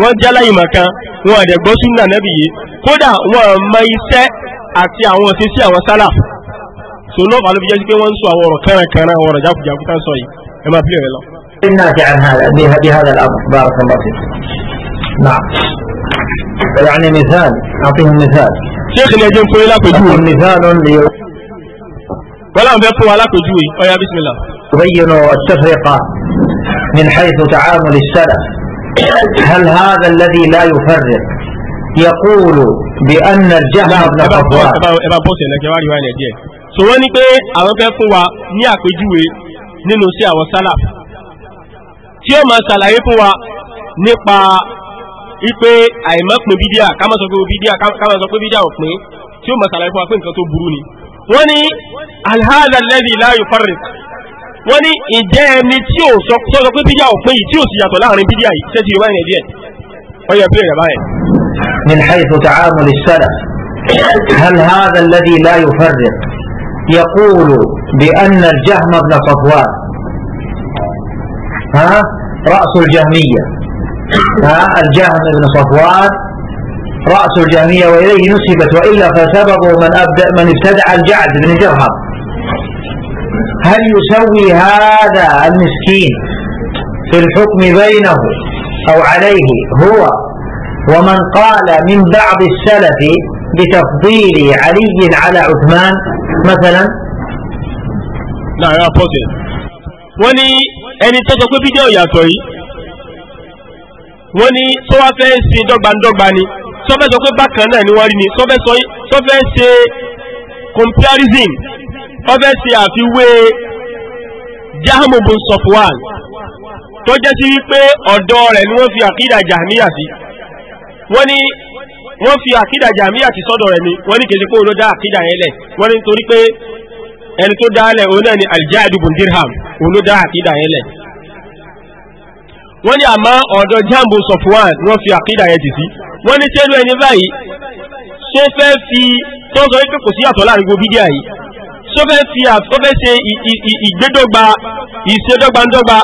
wọ́n jálá ìmọ̀kan wọn àdẹ̀gbọ́ súnà nẹ́bì yìí kódà wọn mọ iṣẹ́ àti àwọn òsì sí àwọn sálà so lọ́fà ló fi jẹ́ sí pé wọ́n ń sọ àwọn ọ̀rọ̀ kẹrànkẹrán àwọn ọ̀rọ̀ jákujàku tá ń sọ yìí ẹ máa bílẹ̀ rẹ lọ. يعني مثال أعطيهم مثال شيخ الأجنبي لا wọ́n láwọn fẹ́ fún wa alákòjúwe ọ̀yà bísímìlà. تبين التفرقة من حيث تعامل السلف هل هذا الذي لا يفرق يقول بأن الجهل ابن صفوان so wọ́n ní pé àwọn fẹ́ fún wa ní àpèjúwe nínú sí àwọn sálàf tí ó máa ṣàlàyé fún wa nípa ipe àìmọ́pin bídíà ká má sọ pé bídíà ká má sọ pé bídíà òpin tí ó máa ṣàlàyé fún wa pé nǹkan tó burú ni wọ́n ní alhada lẹ́bi láàyò fárẹ̀ wọ́n ní ìjẹ́ ẹni tí ò sọ sọ pé bíyà òpin yìí tí ò sì yàtọ̀ láàrin bíyà yìí ṣé ti yorùbá yẹn díẹ̀ wọ́n yẹ bíyà báyẹn. من حيث تعامل السلف هل هذا الذي لا يفرق يقول بأن الجهم بن صفوان ها رأس الجهمية ها الجهم بن صفوان رأس الجهمية وإليه نسبت وإلا فسببه من أبدأ من ابتدع الجعد بن جرهم هل يسوي هذا المسكين في الحكم بينه أو عليه هو ومن قال من بعض السلف بتفضيل علي على عثمان مثلا لا يا فوزي وني أني تتكو فيديو يا توي وني yato yii في ni to sọ́fẹ́ sọ pé bákan náà ni wọ́n rí ni sọ́fẹ́ ṣe comparison sọ́fẹ́ ṣe àfiwé Jahmu bin Safwan tó jẹ́ sí wípé ọ̀dọ́ rẹ̀ ni wọ́n fi àkídà jahmiya sí wọ́n ní wọ́n fi àkídà jahmiya sí sọ́dọ̀ rẹ̀ ni wọ́n ní kejì pé òun ló dá àkídà yẹn lẹ̀ wọ́n ní torí pé ẹni tó dá lẹ̀ òun náà ni al Dirham òun ló dá àkídà yẹn lẹ̀ wọ́n ní àmọ́ ọ̀dọ̀ jambo sọ̀fúwàn ni wọ́n fi àkídà yẹn jì sí wọ́n ní sẹ́nu ẹni báyìí ṣé fẹ́ fi tọ́sọ wípé kò sí àtọ̀ láàrin gbogbo bídíà yìí ṣé fẹ́ fi àtọ́ fẹ́ ṣe ìgbédọ́gba ìṣedọ́gbandọ́gba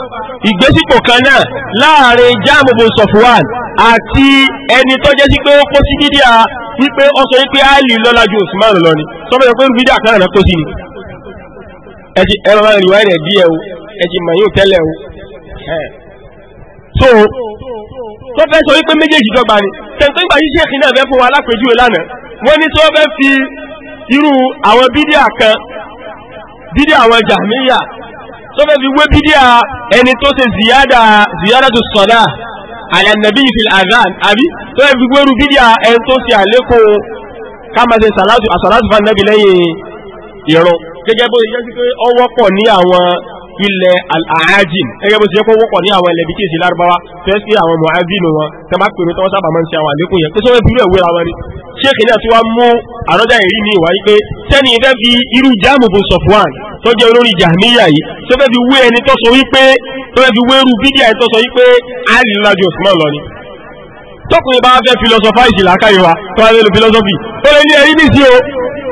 ìgbésípò kan náà láàrin jambo sọ̀fúwàn àti ẹni tó jẹ́ sí pé ó kó sí bídíà wípé ó sọ wípé áàlì lọ́lá ju Usman lọ ni sọ́fẹ́ pé bídíà kan náà kó sí ni ẹ ti ẹ máa rìn wáyé rẹ̀ díẹ̀ o ẹ ti mọ̀ yóò tẹ́lẹ̀ o so tó fẹ́ sọ wípé méjèèjì dọ́gba ni tẹ̀sán ìgbà yìí ṣèkì náà fẹ́ fún wa alápèjúwe lánàá wọ́n ní tó fẹ́ fi irú àwọn bídíà kan bídíà àwọn jàmíyà tó fẹ́ fi wé bídíà ẹni tó ṣe ziyada ziyada tó sọ̀dá àlànàbí ìfìl àdán àbí tó fẹ́ fi wérú bídíà ẹni tó ṣe àlékún kámasẹ sàlátù àsàlátù fanabi lẹ́yìn ìrun gẹ́gẹ́ bó ṣe jẹ́ sí pé ọwọ́ pọ̀ ní àwọn ilẹ̀ al-aajim gẹ́gẹ́ bó ṣe kó wọ́pọ̀ ní àwọn ilẹ̀ bíkí ìsìlárúbáwá fẹ́ sí àwọn mọ̀ábìnú wọn tẹ máa pèrò tọ́wọ́ sábà máa ń ṣe àwọn àlékún yẹn pé sọ́wọ́ ìbúrú ẹ̀wé ra wọn ni ṣéèkì náà tí wọ́n mú àrọ́jà èrí ní ìwà yìí pé sẹ́ni ìfẹ́ fi irú jáàmù bù sọ̀fúàn tó jẹ́ olórí jàmíyà yìí tó fẹ́ fi wé ẹni tó sọ wípé tó fẹ́ fi wé irú bídíà ẹni tó sọ wípé àlè lájú òsùnmọ́ lọ ni tọkùnrin bá fẹ́ filosofa ìṣìlá káyọ̀wá tó wà lórí filosofi ó lè ní ẹ̀rí nìsí o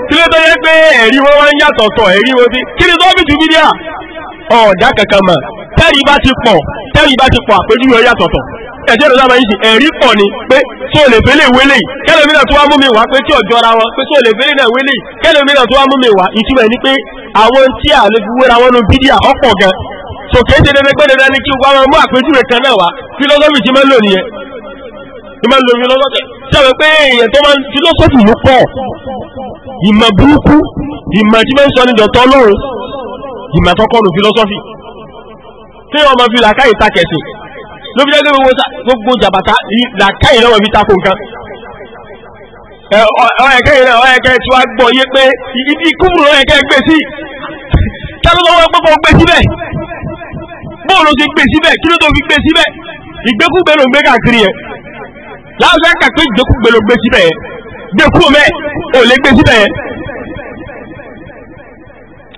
kí ló tó yẹ pé ẹ̀rí wọn wá ń yàtọ̀ tọ̀ ẹ̀rí wọn sí kí ni tó fi tù bídíà ọ̀dá kankan mọ̀ tẹ́rì bá ti pọ̀ tẹ́rì bá ti pọ̀ àpéjúwe ọ̀yà tọ̀tọ̀ ẹ̀jẹ̀ ìrọ̀lá máa ń ṣe ẹ̀rí pọ̀ ni pé tó lè fẹ́lẹ̀ wélé kẹlòmíràn tó wá mú mi wá pé tí ọ̀jọ́ ra wọn pé tó lè fẹ́lẹ̀ náà wélé kẹlòmíràn tó wá mú mi wá ìtumọ̀ ni pé àwọn tí a lè fi wéra wọn nu bídíà ọ̀pọ̀ gan so kìí ṣe dandan pé dandan ni kí wọ́n máa mú àpéjúwe kan náà wá fílọ́sọ́fì ti máa ń lò nìyẹn ti máa ń lo fílọ́sọ́fì sábẹ̀ pé èèyàn tó máa ń fílọ́sọ́fì ló pọ̀ ìmọ̀ burúkú ìmọ̀ tí máa ń sọ ní dọ̀tọ́ lóhùn ìmọ̀ àkọ́kọ́ nù philosophy tí ọmọ fi làákàyè ta kẹ̀sìn ló fi jẹ́ gbogbo jàbàtà làákàyè lọ́wọ́ fi tako nǹkan ọ̀ẹ̀kẹ́ yìí náà ọ̀ẹ̀kẹ́ tí wàá gbọ́ yé pé ibi kúrò ọ̀ẹ̀kẹ́ gbé sí tẹ́lú lọ́wọ́ gbogbo gbé síbẹ̀ bóun ló ti gbé síbẹ̀ kí ló tó fi gbé síbẹ̀ ìgbékúgbé ló ń gbé káàkiri yẹn láwọn fẹ́ kà pé ìgbékúgbé ló gbé síbẹ̀ yẹn gbé kú mẹ́ ò lè gbé síbẹ̀ yẹn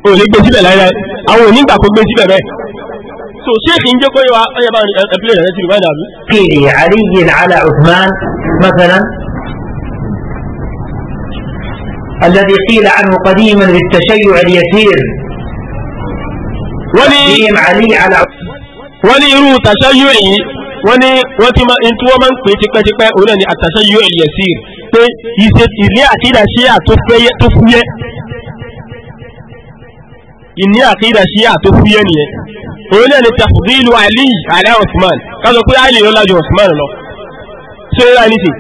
o le gbe sibe lai lai awon ni gba ko gbe sibe be so sheikh nje ko yo an ya ba play na ti wa bi ki ali bin ala uthman mathala الذي قيل عنه قديما للتشيع اليسير ولي علي على ولي رو تشيع ولي وتي ما انت ومن كنت كنت كنت التشيع اليسير تي يسير يلي اتي لا شيء تفكي تفكي ìní àkídà ṣíà tó fúyẹ́ nìyẹn òun náà ni tafdilu ali ala usman kásọ pé ali ló lájọ usman lọ ṣé ó rà ní sí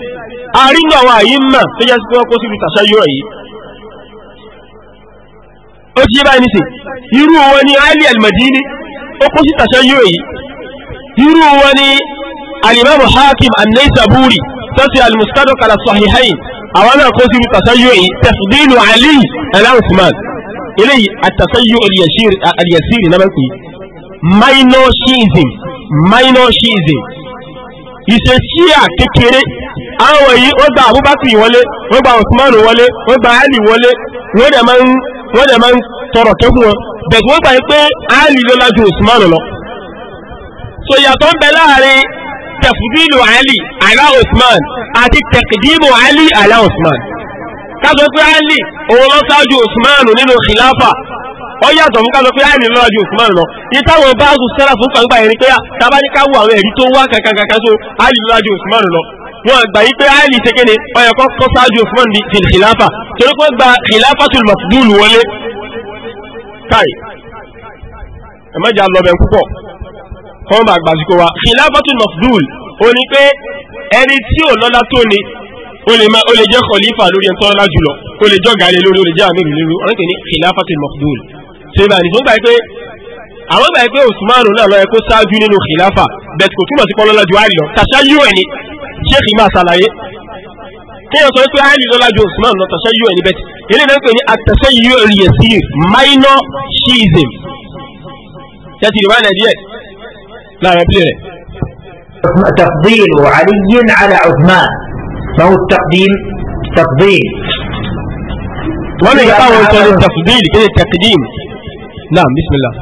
àárín àwọn àyè mà tó yẹ kí wọ́n kó síbi tàṣáyúrọ̀ yìí ó ti yé báyìí ní sí irú wọn ni ali al-madini ó kó sí tàṣáyúrọ̀ yìí irú wọn ni alimamu hakim an-naysaburi tó ti àwọn náà kó síbi tàṣáyúrọ̀ yìí tafdilu ali ala usman eléyìí àtàsáyò àlìyàsírì náà máa ń pè minor shiism minor shiism ìṣe ṣíà kékeré àwọn yìí ó gba Abubakar wọlé wọ́n gba Usman wọlé wọ́n gba Ali wọlé wọ́n dẹ̀ máa ń tọrọ kẹ́kùn wọn bẹ̀tù wọ́n gbà pé Ali ló lájú Usman lọ so yàtọ̀ ń bẹ láàrin tẹ̀fùdílù Ali ala Usman àti tẹ̀kìdímù Ali ala osman kásọ pé ali òun lọ sáájú Usman nínú khilafa ó yàtọ̀ fún kásọ pé ali lọ sáájú Usman lọ ní táwọn bá sùn sẹ́ra fún kàǹgbà yẹn ni pé ah, tábà ní ká wo àwọn ẹ̀rí tó wá kankankan so ali lọ sáájú Usman lọ wọn gbà yí pé ali ṣe kéde ó yẹ kó sáájú Usman di khilafa torí pé gba ó lè máa ó lè jẹ́ khalifa lórí ẹni tọ́lá jùlọ ó lè jọ́ gàlẹ́ lórí ó lè jẹ́ àmìrì lórí ọ̀rẹ́ kìíní khilafatul maqdul ṣe ìbàdí tó gbà pé àwọn gbà pé Usman náà lọ yẹ kó ṣáájú nínú khilafa bẹ́ẹ̀ kò túmọ̀ sí pọ́nlọ́lá ju àìlọ tàṣà yóò ẹni ṣéèkì máa ṣàlàyé kéèyàn sọ pé àìlì lọ́lá ju Usman lọ tàṣà yóò ẹni bẹ́ẹ̀ ilé náà pè ní àtàṣà yóò rí èsì minor schism tẹ́tì ìwà nàìjíríà láàrin pílẹ̀ rẹ̀. تفضيل علي على عثمان فهو التقديم تفضيل وانا يقاول التفضيل كده التقديم نعم بسم الله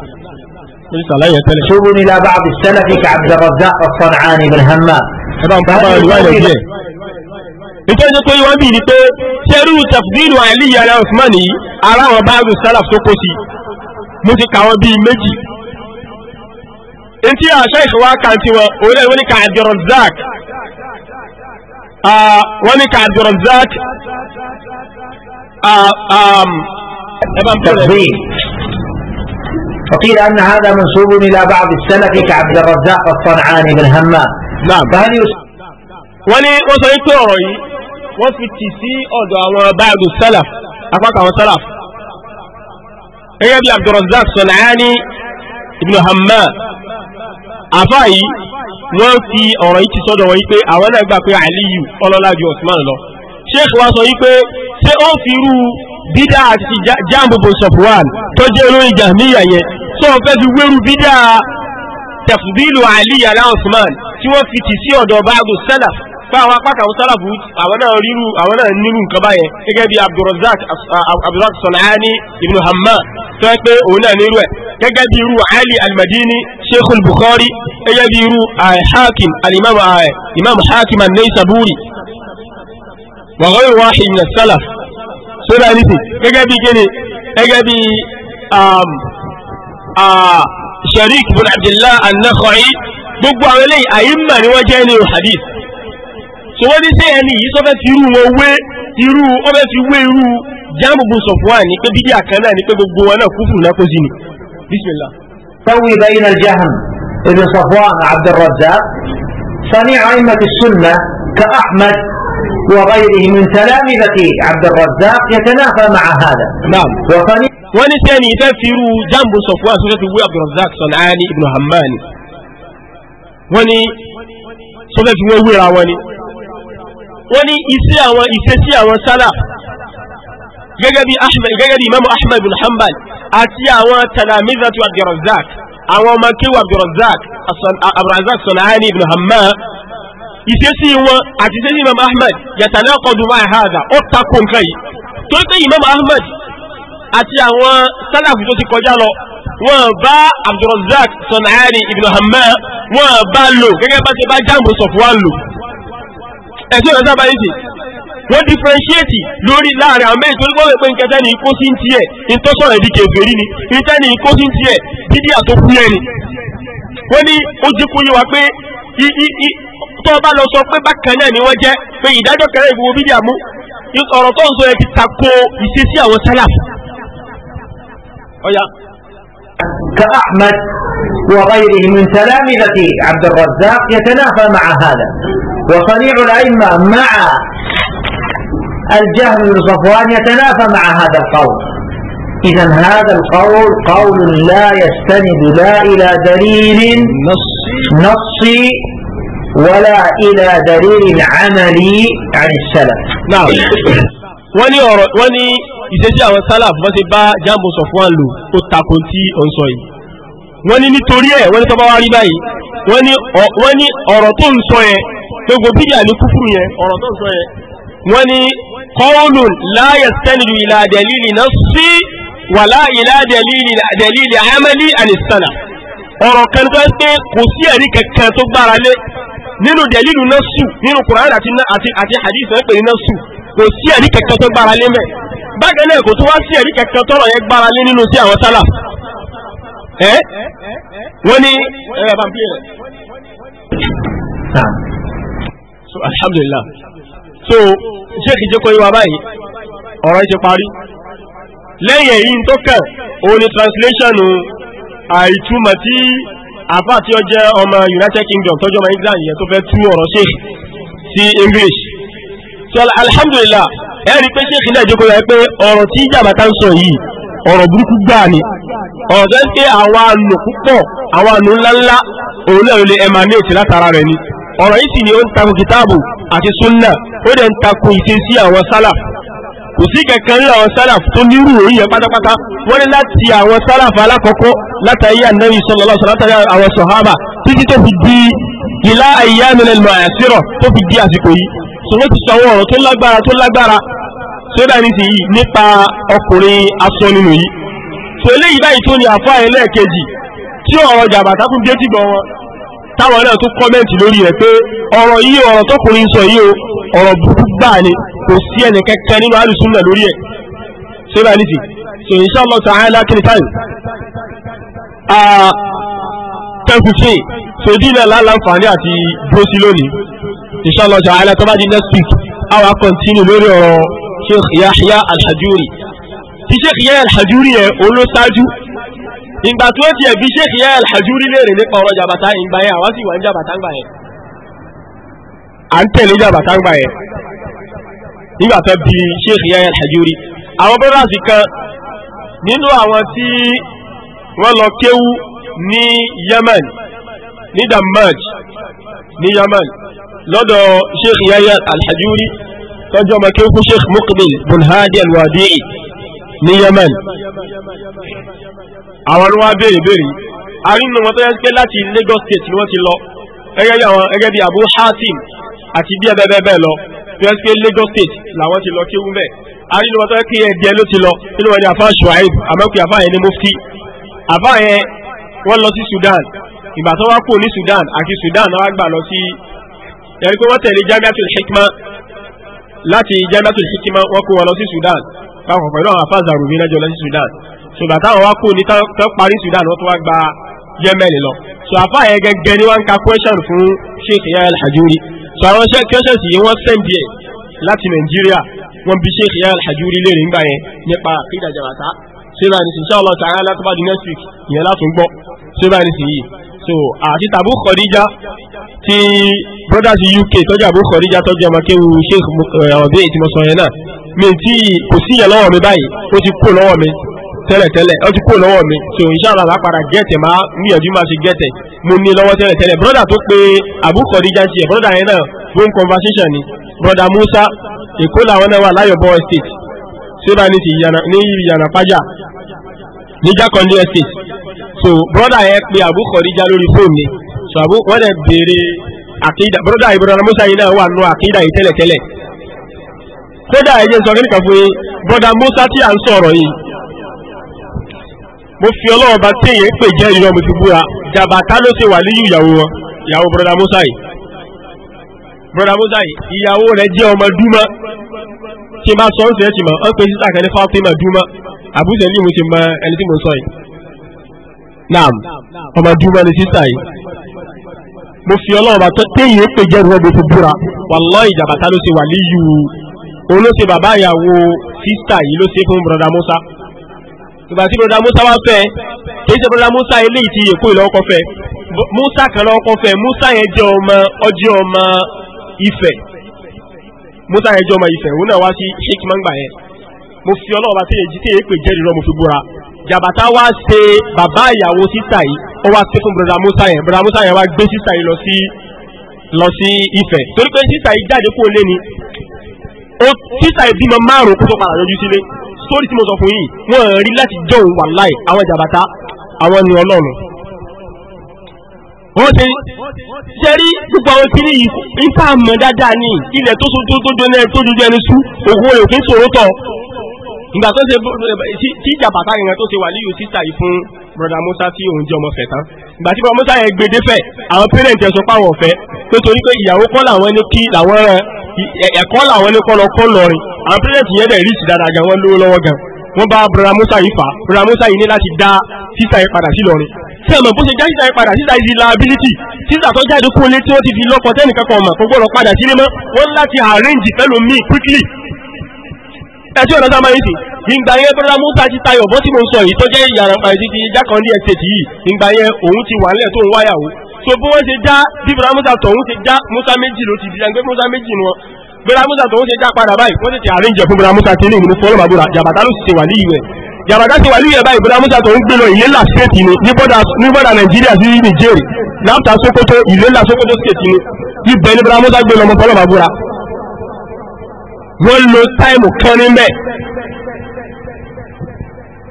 شوب إلى بعض السلف كعبد الرزاق الصنعاني بن همام nítorí tó yíwá bíi ni pé ṣerú tafdílù àìlíyà ara usman yìí ara àwọn báàgù sálàf tó kó sí mo ti kà wọn bíi méjì. etí àṣà ìṣòwò àkàǹtì wọn orílẹ̀-èdè wọn ni kà Abdurrazzaq wọ́n ní ká Abdulrazak تفضيل فقيل أن هذا منسوب إلى بعض السلف كعبد الرزاق الصنعاني بن همام نعم فهل ولي وصلت روي وفي التيسي أو بعض السلف أفاق وسلف هي إيه عبد الرزاق الصنعاني بن همام àfáà yìí wọ́n fi ọ̀rọ̀ yìí ti sọ́dọ̀ wọn wípé àwọn náà gbà pé àìlíyù ọlọ́lá ju Usman lọ sheikh wa sọ wípé ṣé ó fi irú bídà àti jambobo sọfwan tó jẹ́ olórin jahmiya yẹn tó ń fẹ́ fi wéru bídà tẹ̀fùbílù àìlíyà lá Usman tí wọ́n fi tì sí ọ̀dọ̀ báàgù sálàfù pa àwọn apá kàwọn sálàfù àwọn náà ríru àwọn náà nírú nǹkan báyẹn gẹ́gẹ́ bí abdulrazak abdulrazak sọ̀nàání ibn hammam tó yẹ pé òun náà nírú ẹ̀ gẹ́gẹ́ bí irú ali almadini sheikh bukhari gẹ́gẹ́ bí irú hakim alimami imam hakim an-naysaburi wa ghayru salaf sórí àníṣe gẹ́gẹ́ bí kíni gẹ́gẹ́ bí um, sharik bin abdullah an gbogbo àwọn eléyìí àyínmà ni wọ́n jẹ́ ní hadith so wọ́n ní sẹ́yìn ẹni yìí tó fẹ́ fi irú wọn wé irú ó be fi wé irú jáàmù bu sọ fún wa ní pé bidia kan na ní pé gbogbo wọn náà kúfù na kó sí ni bismillah. سوي بين الجهم ابن صفوان عبد الرزاق صنيع أئمة السنة كأحمد وغيره من تلامذة عبد الرزاق يتنافى مع هذا نعم وصنيع ولثاني يدفر جنب صفوان سورة أبو عبد الرزاق صنعاني ابن هماني وني سورة أبو عبد wọ́n ní iṣẹ́ àwọn ìṣesí àwọn sálà gẹ́gẹ́ bí ahmed gẹ́gẹ́ bí imamu ahmed bin hanbal àti àwọn talamizatu abdulrazak àwọn ọmọ kéwù abdulrazak abdulrazak sanani ibn hammam ìṣesí wọn àti ìṣesí imamu ahmed yatanaqadu ma'a hadha ó takò nǹkan yìí torí pé imamu ahmed àti àwọn sálàfù tó ti kọjá lọ wọ́n bá abdulrazak sanani ibn hammam wọ́n bá lò gẹ́gẹ́ bá ti bá jáàmù sọ̀fù wa lò ẹ̀sùn ìrọ̀lẹ́ sábà yìí wọ́n differentiate lórí láàrin àwọn méjì tó ní gbọ́dọ̀ pé nǹkan tẹ́ni kó sí ti ẹ̀ ìtọ́sọ̀rọ̀ ẹ̀dí kèfèrí ni ìtẹ́ni kó sí ti ẹ̀ dídí àtòkúyẹ ni. wọ́n ní ó jí kúyẹ wa pé tó o bá lọ sọ pé bákan náà ni wọ́n jẹ́ pé ìdájọ́ kẹrẹ́ ìfowó bídí àmú ọ̀rọ̀ tó ń sọ yẹn ti tako ìṣesí àwọn sálàf. ọ̀ya. ka Ahmed وغيره من تلامذة عبد الرزاق يتنافى مع هذا وصنيع الأئمة مع الجهل بن صفوان يتنافى مع هذا القول إذا هذا القول قول لا يستند لا إلى دليل نصي ولا إلى دليل عملي عن السلف نعم ولي ní ọ̀rọ̀ wọ́n ní ìṣesí جنب صفوان wọ́n تاكونتي أنصوي wọ́n ní nítorí ẹ̀ wọ́n ní tọ́ba wá rí báyìí wọ́n ní ọ̀rọ̀ tó ń sọ yẹn gbogbo bídíà ní kúfùrù yẹn ọ̀rọ̀ tó ń sọ yẹn wọ́n ní qawlun la yastanidu ila dalili nassi wala ila dalili dalili amali anisana ọ̀rọ̀ kan tó ń pé kò sí ẹ̀rí kankan tó gbára lé nínú dalilu náà kò nínú sí àwọn sálà ẹ́ eh? wọ́n ní ẹ̀rọ bá rẹ̀. so alhamdulillah so sheikh jẹ́kọ̀ọ́ yìí wá báyìí ọ̀rọ̀ yìí ti parí lẹ́yìn èyí tó kàn òun ni translation àìtumọ̀ tí àfà tí ó ọmọ United Kingdom tọ́jú ọmọ England yẹn tó fẹ́ tú ọ̀rọ̀ sheikh sí English so alhamdulillah ẹ̀rí pé sheikh náà jẹ́kọ̀ọ́ yẹ pé ọ̀rọ̀ tí ìjàmbá ta ń sọ yìí ọ̀rọ̀ burúkú gbáà ni ọ̀rọ̀ tó ń pé àwọn àlò púpọ̀ àwọn àlò ńláńlá òun náà lè emanate látara rẹ̀ ni ọ̀rọ̀ yìí sì ni ó ń takò kìtáàbù àti súnnà ó dẹ̀ ń takò ìṣesí àwọn sálà kò sí kankan nínú àwọn sálàf tó nírú òun yẹn pátápátá wọ́n ní láti àwọn sálàf alákọ̀ọ́kọ́ látàrí ànábì sallallahu alaihi látàrí àwọn sọ̀hábà títí tó fi di ìlà ayyamil ma'asira tó fi di àsìkò yìí sọ ti sọ àwọn ọ̀rọ̀ tó lágbára tó lágbára tó bá ní sí yìí nípa ọkùnrin aṣọ nínú yìí tó eléyìí báyìí tó ní àfá ẹlẹ́ẹ̀kejì tí ọ̀rọ̀ jàbàtà tún dé tìgbọ̀n wọn táwọn náà tún kọ́mẹ́ǹtì lórí rẹ̀ pé ọ̀rọ̀ yìí ọ̀rọ̀ tọkùnrin sọ yìí o ọ̀rọ̀ burúkú gbà ni kò sí ẹnì kẹ́kẹ́ nínú alùsùnà lórí ẹ̀ tó bá ní sí so insha Allah ta'ala kiri time ah, tẹ́kùtì so dínà láǹfààní àti dúró sí lónìí insha Allah ta'ala tó bá di next week àwa continue lórí ọ̀rọ̀ sheikh yahya alhajuri tí sheikh yahya alhajuri yẹn òun ló ṣáájú ìgbà tí wọ́n ti ẹ̀bí sheikh yahya alhajuri léèrè nípa ọ̀rọ̀ jàbàtà ìgbà yẹn àwọn sì wà ní jàbàtà ńgbà yẹn à ń tẹ̀lé jàbàtà ńgbà yẹn nígbà tó bí sheikh yahya alhajuri àwọn brothers kan nínú àwọn tí wọ́n lọ kéwú ní yemen ní damaj ní yemen lọ́dọ̀ sheikh yahya alhajuri tọ́jú ọmọ kí ó fún sheikh muqbil bin hadi alwadi'i ní yemen àwọn wa béèrè béèrè arínú wọn tó yẹ pé láti lagos state ni wọ́n ti lọ gẹ́gẹ́ bí àwọn gẹ́gẹ́ bí abu hatim àti bí ẹbẹ bẹ́ẹ̀ bẹ́ẹ̀ lọ tó yẹ pé lagos state làwọn ti lọ kí wúmbẹ arínú wọn tó yẹ pé ẹdìẹ ló ti lọ nínú wọn ni afa shuaib amẹkùn afa yẹn ni mufti afa yẹn wọ́n lọ sí sudan ìgbà tó wá kú ní sudan àti sudan náà wá gbà lọ sí yẹn pé wọ́n tẹ̀lé jamiatul láti jamiatu sikima wọ́n kó wọn lọ sí Sudan káwọn pẹ̀lú àwọn afáàzà rùmí náà jọ lọ sí Sudan ṣùgbọ́n táwọn wá kú ní tán parí Sudan wọ́n tún wá gba Yemen lọ so àfáà yẹn gẹ́gẹ́ ni wọ́n ń ka question fún Sheikh Yahya Al-Hajuri so àwọn questions yìí wọ́n sẹ́ndì ẹ̀ láti Nàìjíríà wọ́n bí Sheikh Yahya Al-Hajuri léèrè ńgbà yẹn nípa àkídà jàbàtà ṣé báyìí ní sìn so àti tàbú kọ̀díjà ti brothers UK tọ́jú àbú kọ̀díjà tọ́jú ọmọ kéwu sheikh eh, ọ̀bí èyí tí mo sọ yẹn náà mi tí kò sí yẹn lọ́wọ́ mi báyìí ó ti kó lọ́wọ́ mi tẹ́lẹ̀tẹ́lẹ̀ ó ti kó lọ́wọ́ mi so inshallah lápára gẹ́tẹ̀ máa gbìyànjú máa ṣe gẹ́tẹ̀ mo ní lọ́wọ́ tẹ́lẹ̀tẹ́lẹ̀ brother tó pe àbú kọ̀díjà ti ẹ̀ brother yẹn náà phone conversation ni brother Musa Èkó làwọn náà wà láyọ̀bọ̀ estate síbà ní ti ní ìyànà pàjá níjà kan ní estate so broda yẹn pe Abu Khadija lórí fóònù mi so àbú wọ́n dẹ̀ béèrè àkídà broda yìí broda Musa yìí náà wà nù àkídà yìí tẹ́lẹ̀tẹ́lẹ̀ kódà ẹ jẹ́ sọ kí nìkan fún yín broda Musa tí à ń sọ̀rọ̀ yìí mo fi ọlọ́wọ́ bá tí èyí ń pè jẹ́ ìrọ̀ mo fi búra jàbàtà ló ṣe wà níyù ìyàwó wọn ìyàwó broda Musa yìí broda Musa yìí ìyàwó rẹ̀ jẹ́ ọmọ dúmọ́ tí ma sọ ń sẹ́yìn tì mọ́ ọ́n pe sísà kẹ́lẹ́ Fatima dúmọ́ àbúṣe ní mo ṣe mọ ẹni tí mo sọ yìí naam ọmọ dúró ní sísá yìí mo fi ọlọ́run bá téyìn èpè jẹ́rù ọ̀bẹ tó búra wàlláhì ìjàmbá ló ṣe wà líyù òun ló ṣe bàbá ìyàwó sísá yìí ló ṣe fún broda musa ìgbà tí broda musa wá fẹ́ kìí ṣe broda musa eléyìí ti èkó ìlọ́kọ́ fẹ́ musa kan lọ́kọ́ fẹ́ musa yẹn jẹ́ ọmọ ọjọ́ ọmọ ifẹ̀ musa yẹn jẹ́ ọmọ ifẹ̀ òun náà wá sí sheikh mangba yẹn mo fi ọlọ́run bá téyìn èpè jẹ́rù ọ̀bẹ tó búra Jabata wa se bàbá ìyàwó sísà yìí ó wá ké fún broda musa yẹn broda musa yẹn wá gbé sísà yìí lọ sí lọ sí Ifẹ̀ torí pé sísà yìí jáde kúrò lé ni ó sísà yìí bímọ márùn kó tó padà yọjú sílé sórí tí mo sọ fún yìí wọn rí láti jọ òun wà àwọn jàbàtà àwọn ni Ọlọ́run wọ́n ṣe ṣe rí gbogbo àwọn kiri yìí nípa àmọ́ dáadáa ní ilẹ̀ tó tó tó tó jójú ẹni sú òkú òkè sòrótọ̀ ìgbà tó ṣe tí ìjà bàtà yẹn tó ṣe wà líyù sísà yìí fún broda musa tí òun jẹ ọmọ fẹ tán ìgbà tí broda musa yẹn gbèdé fẹ àwọn parent ẹ sọ pé àwọn ọfẹ pé torí pé ìyàwó kọ́ làwọn ní kí làwọn rẹ ẹ̀kọ́ làwọn ní kọ́ lọ kọ́ lọrin àwọn parent yẹn dẹ̀ rí ìsì dáadáa gan wọn lówó lọ́wọ́ gan wọn bá broda musa yìí fà broda musa yìí ní láti dá sísà yìí padà sí lọrin tí a bó ṣe já sísà yìí padà sísà yìí di liability sísà tó jáde kó lé ó ti di lọ́kọ tẹ́nìkan kan kó gbọ́dọ̀ padà sílé mọ́ wọ́n láti arrange pẹ̀lú míì quickly ẹtí ọ̀nà sáà máa yìí sí ìgbà yẹn bọ́dá musa ti tayọ̀ bọ́ tí mo ń sọ yìí tó jẹ́ ìyàrá àìsí ti jákàndí ẹ̀sẹ̀tì yìí ìgbà yẹn òun ti wà nílẹ̀ tó ń wáyàwó so bí wọ́n ṣe já bí bọ́dá musa tọ̀hún ṣe já musa méjì ló ti di ẹgbẹ́ musa méjì ni wọn bọ́dá musa tọ̀hún ṣe já padà báyìí wọ́n ti ti àríjẹ fún bọ́dá musa tẹ́lẹ̀ ìmú fọ́lọ́ màbúrà jàbàtà ló ṣe wà ní ìwẹ̀ jàbàtà ṣe wà ní ìwẹ̀ báyìí bọ́dá musa tọ̀hún gbé lọ ìlélà stéètì ni ní bọ́dà nàìjíríà sí nìjẹ́rì láàpùtà sókótó ìlélà sókótó stéètì ni ibẹ̀ ní bọ́dá musa gbé lọ mọ́ fọ́lọ́ màbúrà wọ́n lo táìmù kan níbẹ̀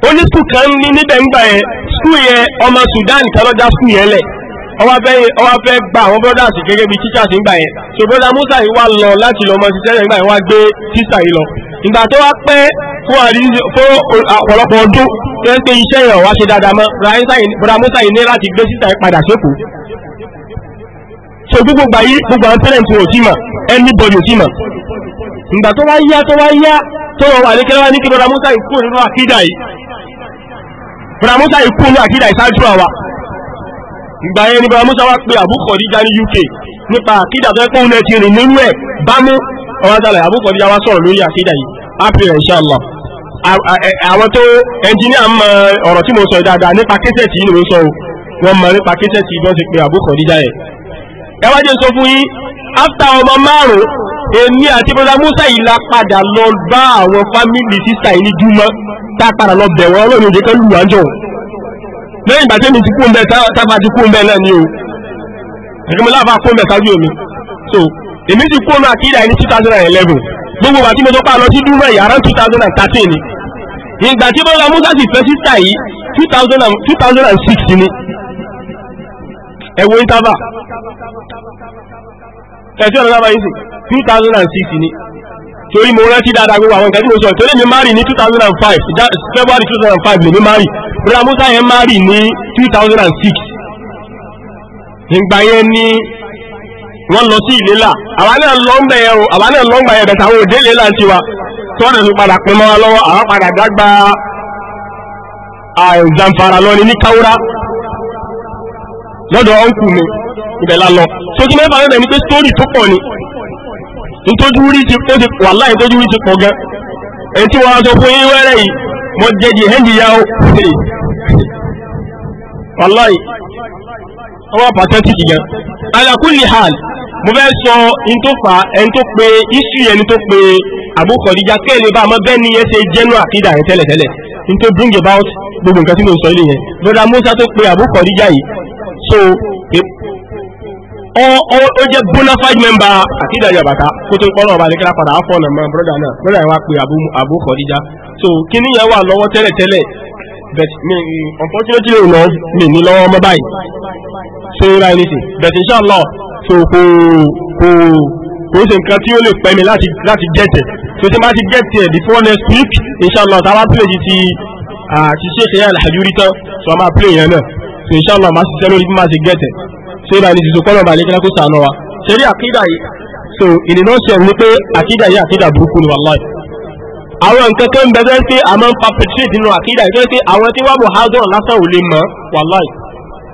onísù kan ní níbẹ̀ ńgbà yẹn sùn yẹn ọmọ Sudan kan lọ́jà sùn yẹn lẹ̀ ọwọ́ fẹ́ gba àwọn brothers gẹ́gẹ́ bí teachers ńgbà yẹn so brother Musa yìí wá lọ láti lọ ọmọ ṣiṣẹ́ ńgbà yẹn wá gbé teacher yìí lọ ìgbà tó wá pẹ́ fún ọ̀pọ̀lọpọ̀ ọdún tó ń pé iṣẹ́ yẹn wá ṣe dáadáa mọ́ brother Musa yìí ní láti gbé teacher yìí padà sékòó so gbogbo gbà yí gbogbo àwọn parents wò ó tí mà anybody ò tí mà ìgbà tó wá yá tó wá yá tó wọ àlékẹ́lẹ́ wá ní kí brother Musa ìkú nínú àkídà yìí brother Musa ìkú nínú àkídà yìí ṣáájú àwa ìgbà yẹn ni brother Musa wá pe àbúkọ̀díjà ní UK nípa àkídà tó ẹkún náà ti rìn nínú ẹ̀ bámú ọwọ́ sálẹ̀ àbúkọ̀díjà wá sọ̀rọ̀ lórí àkídà yìí ápìlẹ̀ inshallah àwọn tó ẹnjíníà ń mọ ọ̀rọ̀ tí mo sọ dáadáa nípa kẹsẹ̀tì yìí ni mo sọ o wọ́n mọ nípa kẹsẹ̀tì yìí bọ́n ti pe àbúkọ̀díjà yẹn ẹ wá jẹ́ sọ fún yín after ọmọ márùn-ún èmi àti bọ́dá Musa yìí la padà lọ bá àwọn fámìlì sísà yìí ní júmọ́ tá a padà lọ bẹ̀ wọ́n ọlọ́run òjò kan lù wá jọ lẹ́yìn ìgbà tẹ́mi ti kú ń bẹ tábà ti kú ń bẹ náà ni o ẹ̀gbọ́n láàbà kú ń bẹ sáájú omi so èmi ti kú ọ̀nà àkídà yìí ní two thousand and eleven gbogbo wa tí mo tó pa lọ sí dúró yàrá two thousand and thirteen ni ìgbà tí bọ́lá Musa sì fẹ́ sísà yìí two thousand and two thousand and six ni ẹ̀wọ̀ ìtàbà ẹ̀jọ́ ìrọ̀lábà yìí sì. 2006 ni torí mo rántí dáadáa gbogbo àwọn nǹkan tí mo sọ torí mi mari ní two february 2005 thousand and five lèmi mari brother musa yẹn mari ní two ìgbà yẹn ni wọ́n lọ sí ìlélà àwa náà lọ ń bẹ̀yẹ o àwa náà lọ ń gbàyẹ̀ bẹ̀tà àwọn òde ìlélà ti wa tí padà pín mọ́ wa lọ́wọ́ àwa padà dágbà Zamfara lọ ni ní Kaura lọ́dọ̀ ọ̀nkù mi ìbẹ̀ la lọ. sojú mẹ́fà mẹ́fà ni pé sítórì tó pọ̀ ni ntójú rí ti ó ti wà láì tójú rí ti pọ̀ gan èyí tí wọ́n sọ fún yín wẹ́rẹ́ yìí mo jẹ jì hẹ́ǹdì ya ó wàláì ọwọ́ pàtẹ́tìkì gan ala kulli hal mo fẹ́ sọ in tó fa ẹni tó pe isu ẹni tó pe àbúkọ̀díjà kéèlè bá àmọ́ bẹ́ẹ̀ ni yẹn ṣe jẹ́nu àkídà yẹn tẹ́lẹ̀tẹ́lẹ̀ in bring about gbogbo nǹkan tí mo sọ ilé yẹn broda musa tó pe àbúkọ̀díjà yìí so ó jẹ́ bona fide member àkídà yabata kó tó ń pọ́nà ọba àdékẹ́lá padà á fọ́ọ̀nà mọ́ broda náà broda yẹn wá pé Abu Khadija so kíní yẹn wà lọ́wọ́ tẹ́lẹ̀tẹ́lẹ̀ but mi unfortunately ò lọ mi ní lọ́wọ́ mọ́ báyìí so ra ẹni sè but inshallah so kò kò kò ṣe nǹkan tí ó lè pẹ́ mi láti láti gẹ̀tẹ̀ so tí ma ti gẹ̀tẹ̀ before next week inshallah tá a bá pèlè ti ah, ti ṣe ṣe yẹn àlàjú rí tán so a máa pèlè yẹn náà so inshallah ma ṣiṣẹ́ lórí bí ma ṣe gẹ̀tẹ̀ ṣé ibà ní jùsùn kọ́nà balẹ̀ kílákó sànù wa ṣeré àkídà yìí so ìnìyàn ṣe ní pé àkídà yìí àkídà burúkú ni wàláì àwọn nǹkan kan bẹ̀rẹ̀ pé a máa ń pa patriot nínú àkídà yìí tó ṣe àwọn tí wà mọ̀ hádọ́rọ̀ lásán ò lè mọ̀ wàláì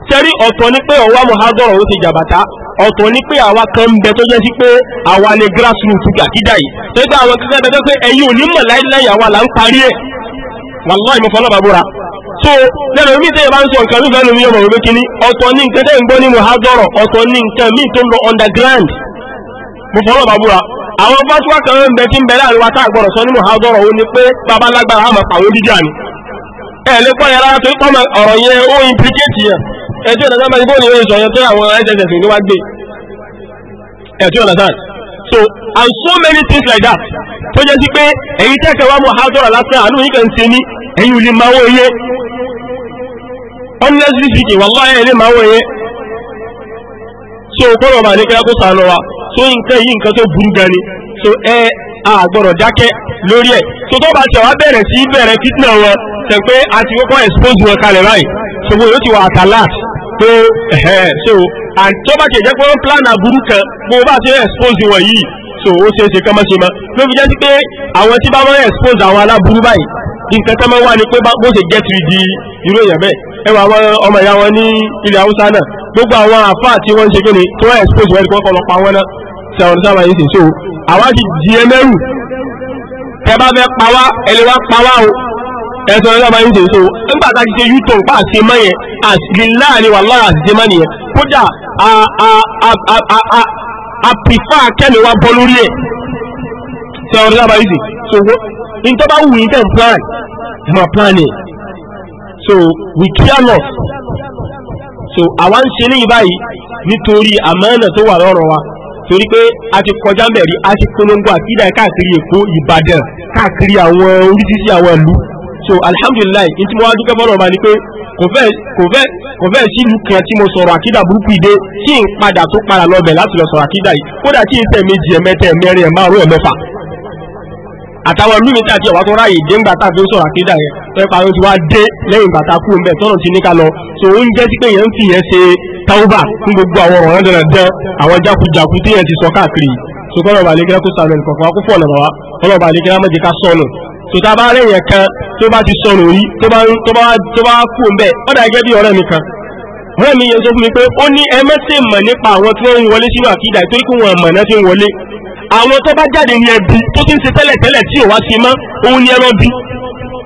ṣeré ọ̀tọ̀ ni pé ọ̀wà mọ̀ hádọ́rọ̀ ó ti jàbàtà ọ̀tọ̀ ni pé àwa kan ń bẹ tó jẹ́ sí pé àwa ni grassroots àkídà yìí tó àwọn kankan bẹ wàláì mo fọlọ́ bàbúra so lẹ́nu mi tẹ́yẹ̀ bá ń sọ nǹkan mi fẹ́ẹ́ lómi yọ̀bọ̀ wípé kíní ọ̀tọ̀ ní nǹkan tẹ́yẹ̀ ń gbọ́ nínú hazọ́rọ̀ ọ̀tọ̀ ní nǹkan mi tó ń lọ underground mo fọlọ́ bàbúra àwọn fásitì kan ń bẹ tí ń bẹ tá a gbọ́dọ̀ sọ nínú hazọ́rọ̀ ó ní pé bàbá lágbára àmọ́ àwọn ẹ lè pọ́ tó ọ̀rọ̀ yẹn ó implicate yẹn so and so many things like that tó jẹ́ sí pé ẹ̀yin tẹ́kẹ̀ wá muhadara lásán àánú yìí kàn ṣe ní ẹ̀yin ò lè máa wọ iye honestly speaking wallahi ẹ̀ lè máa wọ iye so kọ́nà ọba àlékẹ́lá kó sànù wa so nǹkan yìí nǹkan tó burú gan ni so ẹ àgbọ̀rọ̀ dákẹ́ lórí ẹ̀ so tó bá tẹ̀ wá bẹ̀rẹ̀ sí bẹ̀rẹ̀ fitna wọn tẹ̀ pé a ti kọ́kọ́ expose wọn kalẹ̀ báyìí so gbogbo yóò ti wà àtàláàtì pé ẹ̀hẹ́ eh, so and tó bá ti jẹ́ pé wọ́n plan aburú kan bó bá ti expose wọn yìí so ó ṣe é ṣe kán mọ́ ṣe mọ́ ló fi jẹ́ sí pé àwọn tí bá wọ́n expose àwọn aláburú báyìí nǹkan tán máa wà ní pé bó ṣe jẹ́ ti di irú èèyàn bẹ́ẹ̀ ẹ wà àwọn ọmọ ìyá wọn ní ilẹ̀ haúsá náà gbogbo àwọn àfáà tí wọ́n ṣe kí tí wọ́n expose wọn kọ́ kọ́ lọ wọn náà sẹ̀wọ̀n sábà yìí sì so àwa ti di ẹmẹ́rù tẹ bá fẹ́ pa wá ẹlẹ́wà ẹ̀sọ́ ẹ̀rọ máa ń dè so nígbà tá ti ṣe yúùtọ̀ nípa àṣe mọ́ yẹn àṣìlè láàrin wà lára àṣìṣe mọ́ nìyẹn kódà a pìfà bọ́ lórí ẹ̀ ṣe ọ̀rọ̀ ẹ̀rọ máa ń dè so nǹkan bá wù yín tẹ̀ ń plan ẹ̀ máa plan ẹ̀ so we care not so àwa ń ṣe léyìn báyìí nítorí àmọ́nà tó wà lọ́rọ̀ wa torí pé a ti kọjá mẹ́rin a ti polongo àti ìdá káàkiri Èkó Ìbàdàn káàkiri àwọn oríṣiríṣi àwọn ìlú so alhamdulilayi n tí mo wá dúpẹ́ bọ́lọ̀ ọba ni pé kò fẹ́ kò fẹ́ kò fẹ́ sílùú kan tí mo sọ̀rọ̀ àkídà burúkú ìdé tí n padà tó padà lọ bẹ̀ láti lọ sọ̀rọ̀ àkídà yìí kódà tí n tẹ̀méjì ẹ̀mẹ́tẹ̀ ẹ̀mẹ́rin ẹ̀márùn ẹ̀mẹ́fà àtàwọn ìlú mi tí àti ọ̀wá tó ráàyè dé ńgbà tá a fi ń sọ̀rọ̀ àkídà yẹn fẹ́ parí ti wá dé lẹ́yìn bàtà kú ńbẹ tọ́nà ti ní ká lọ so ó ń jẹ́ sí pé yẹn ń fi yẹn ṣe tauba fún gbogbo àwọn ọ̀rọ̀ rẹ̀ dandan àwọn jákujàku tí yẹn ti sọ káàkiri so kọ́nà ọba àlekẹ́rẹ́ kó sànù ẹnì kọ̀ọ̀kan wá kó fọ̀ ọ̀nà wa kọ́nà ọba sọnù tòtá bá rẹ̀ yẹn kan tó bá ti sọnù rí tó bá kú ń bẹ̀ ó dà gẹ́gẹ́ bí ọ̀rẹ́ mi kan ọ̀rẹ́ mi yẹn sọ fún mi pé ó ní ẹ mẹ́sẹ̀ mọ̀ nípa àwọn tí wọ́n ń wọlé sínú àkídà torí kí wọ́n mọ̀ náà ti ń wọlé àwọn tó bá jáde ní ẹbí tó ti ń ṣe tẹ́lẹ̀ tẹ́lẹ̀ tí ò wá sí mọ́ òun ni ẹran bí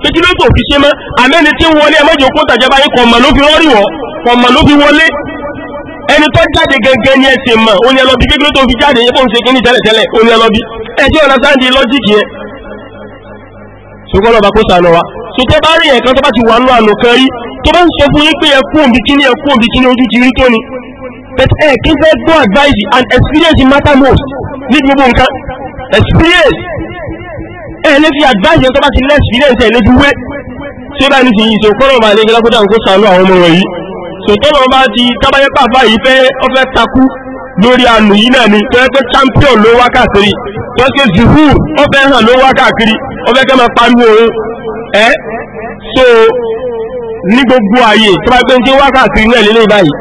kéjì ló tó fi ṣe mọ́ àmẹ́ni tí ń wọlé ẹmọ́jọ kó tàjọba yìí kọ̀ọ̀mọ̀ ló fi rọ́rì wọ̀ kọ̀ọ̀mọ̀ ló fi wọlé ẹni tó jáde gẹ́gẹ́ ní ẹsẹ̀ mọ̀ ni ẹran bí kéjì ló tó fi jáde yẹ fóun ṣe kí ní tẹ́lẹ̀ tẹ́lẹ̀ òun ni ẹran bí ẹjọ́ ọ̀nà sáńdì lọ́jíìkì ṣùgbọ́n ọba kó sànù wa tó tẹ́ bá rí ẹ̀kan tó bá ti wà ní àná kan rí tó bá ń sọ fún yín pé ẹkú òbí kíní ojú ti rí tó ni but ẹ kí fẹ́ gbọ́ advice and experience matter most ní gbogbo nǹkan experience ẹ lè fi advice yẹn tó bá ti lẹ́ experience ẹ lè fi wé tí ó bá ní ti yìí So kọ́nà ọba àlejò lápẹ́jà ń kó sànù àwọn ọmọ wọ̀nyí tó tọ́nà ọba ti tábáyẹ́pà báyìí fẹ́ ọ fẹ́ takú lórí àlù yìí náà ni tó yẹ pé champion ló wá káàkiri tó yẹ pé zuhur ọbẹ̀ hàn ló wá káàkiri ọbẹ̀ kẹ́ máa pariwo òun ẹ́ so ní gbogbo ààyè tó bá gbé ń ké wá káàkiri náà lélẹ́ báyìí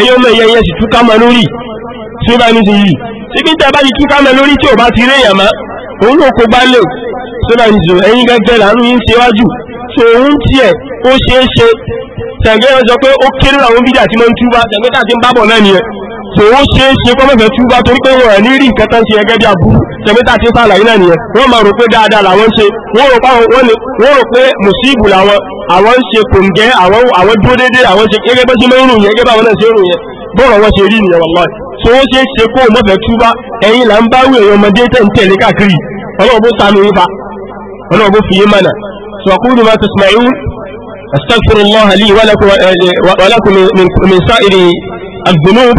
ẹ̀yọ́ mọ̀ ẹ̀yẹ ẹ̀yẹ sì túká mọ́ lórí tí ó bá ní ti yìí tí bí tẹ́ bá ti túká mọ́ lórí tí ò bá ti rí èèyàn mọ́ òun ló kó bá lè tó bá ní ti ẹ̀yìn gẹ́gẹ́ làánú ṣe wájú so tó ó ṣe é ṣe kọ́mọ̀fẹ́ túbá torí pé wọ́n ní rí nǹkan tán ṣe ẹgẹ́ bí aburú tẹ̀mẹ́ta ti fà láyé náà nìyẹn wọ́n máa rò pé dáadáa làwọn ṣe wọ́n rò pé mùsíìbù làwọn àwọn ń ṣe kòǹgẹ́ àwọn dúró déédéé àwọn ṣe gẹ́gẹ́ bá ṣe máa ń rùn yẹn gẹ́gẹ́ bá wọn náà ṣe ń rùn yẹn bọ́ọ̀rọ̀ wọn ṣe rí nìyẹn wàláì tó ó ṣe é ṣe kó o mọ̀fẹ́ túbá ẹ̀yin là ń bá wí èèyàn ọmọdé tẹ̀ ń tẹ̀lé káàkiri ọlọ́run bó sanu yín fa ọlọ́run bó fi yín mọ̀nà sọ̀kúrú ma tẹ̀sùmáyún astagfirullah li wa lakum eh, eh, min sa'iri الذنوب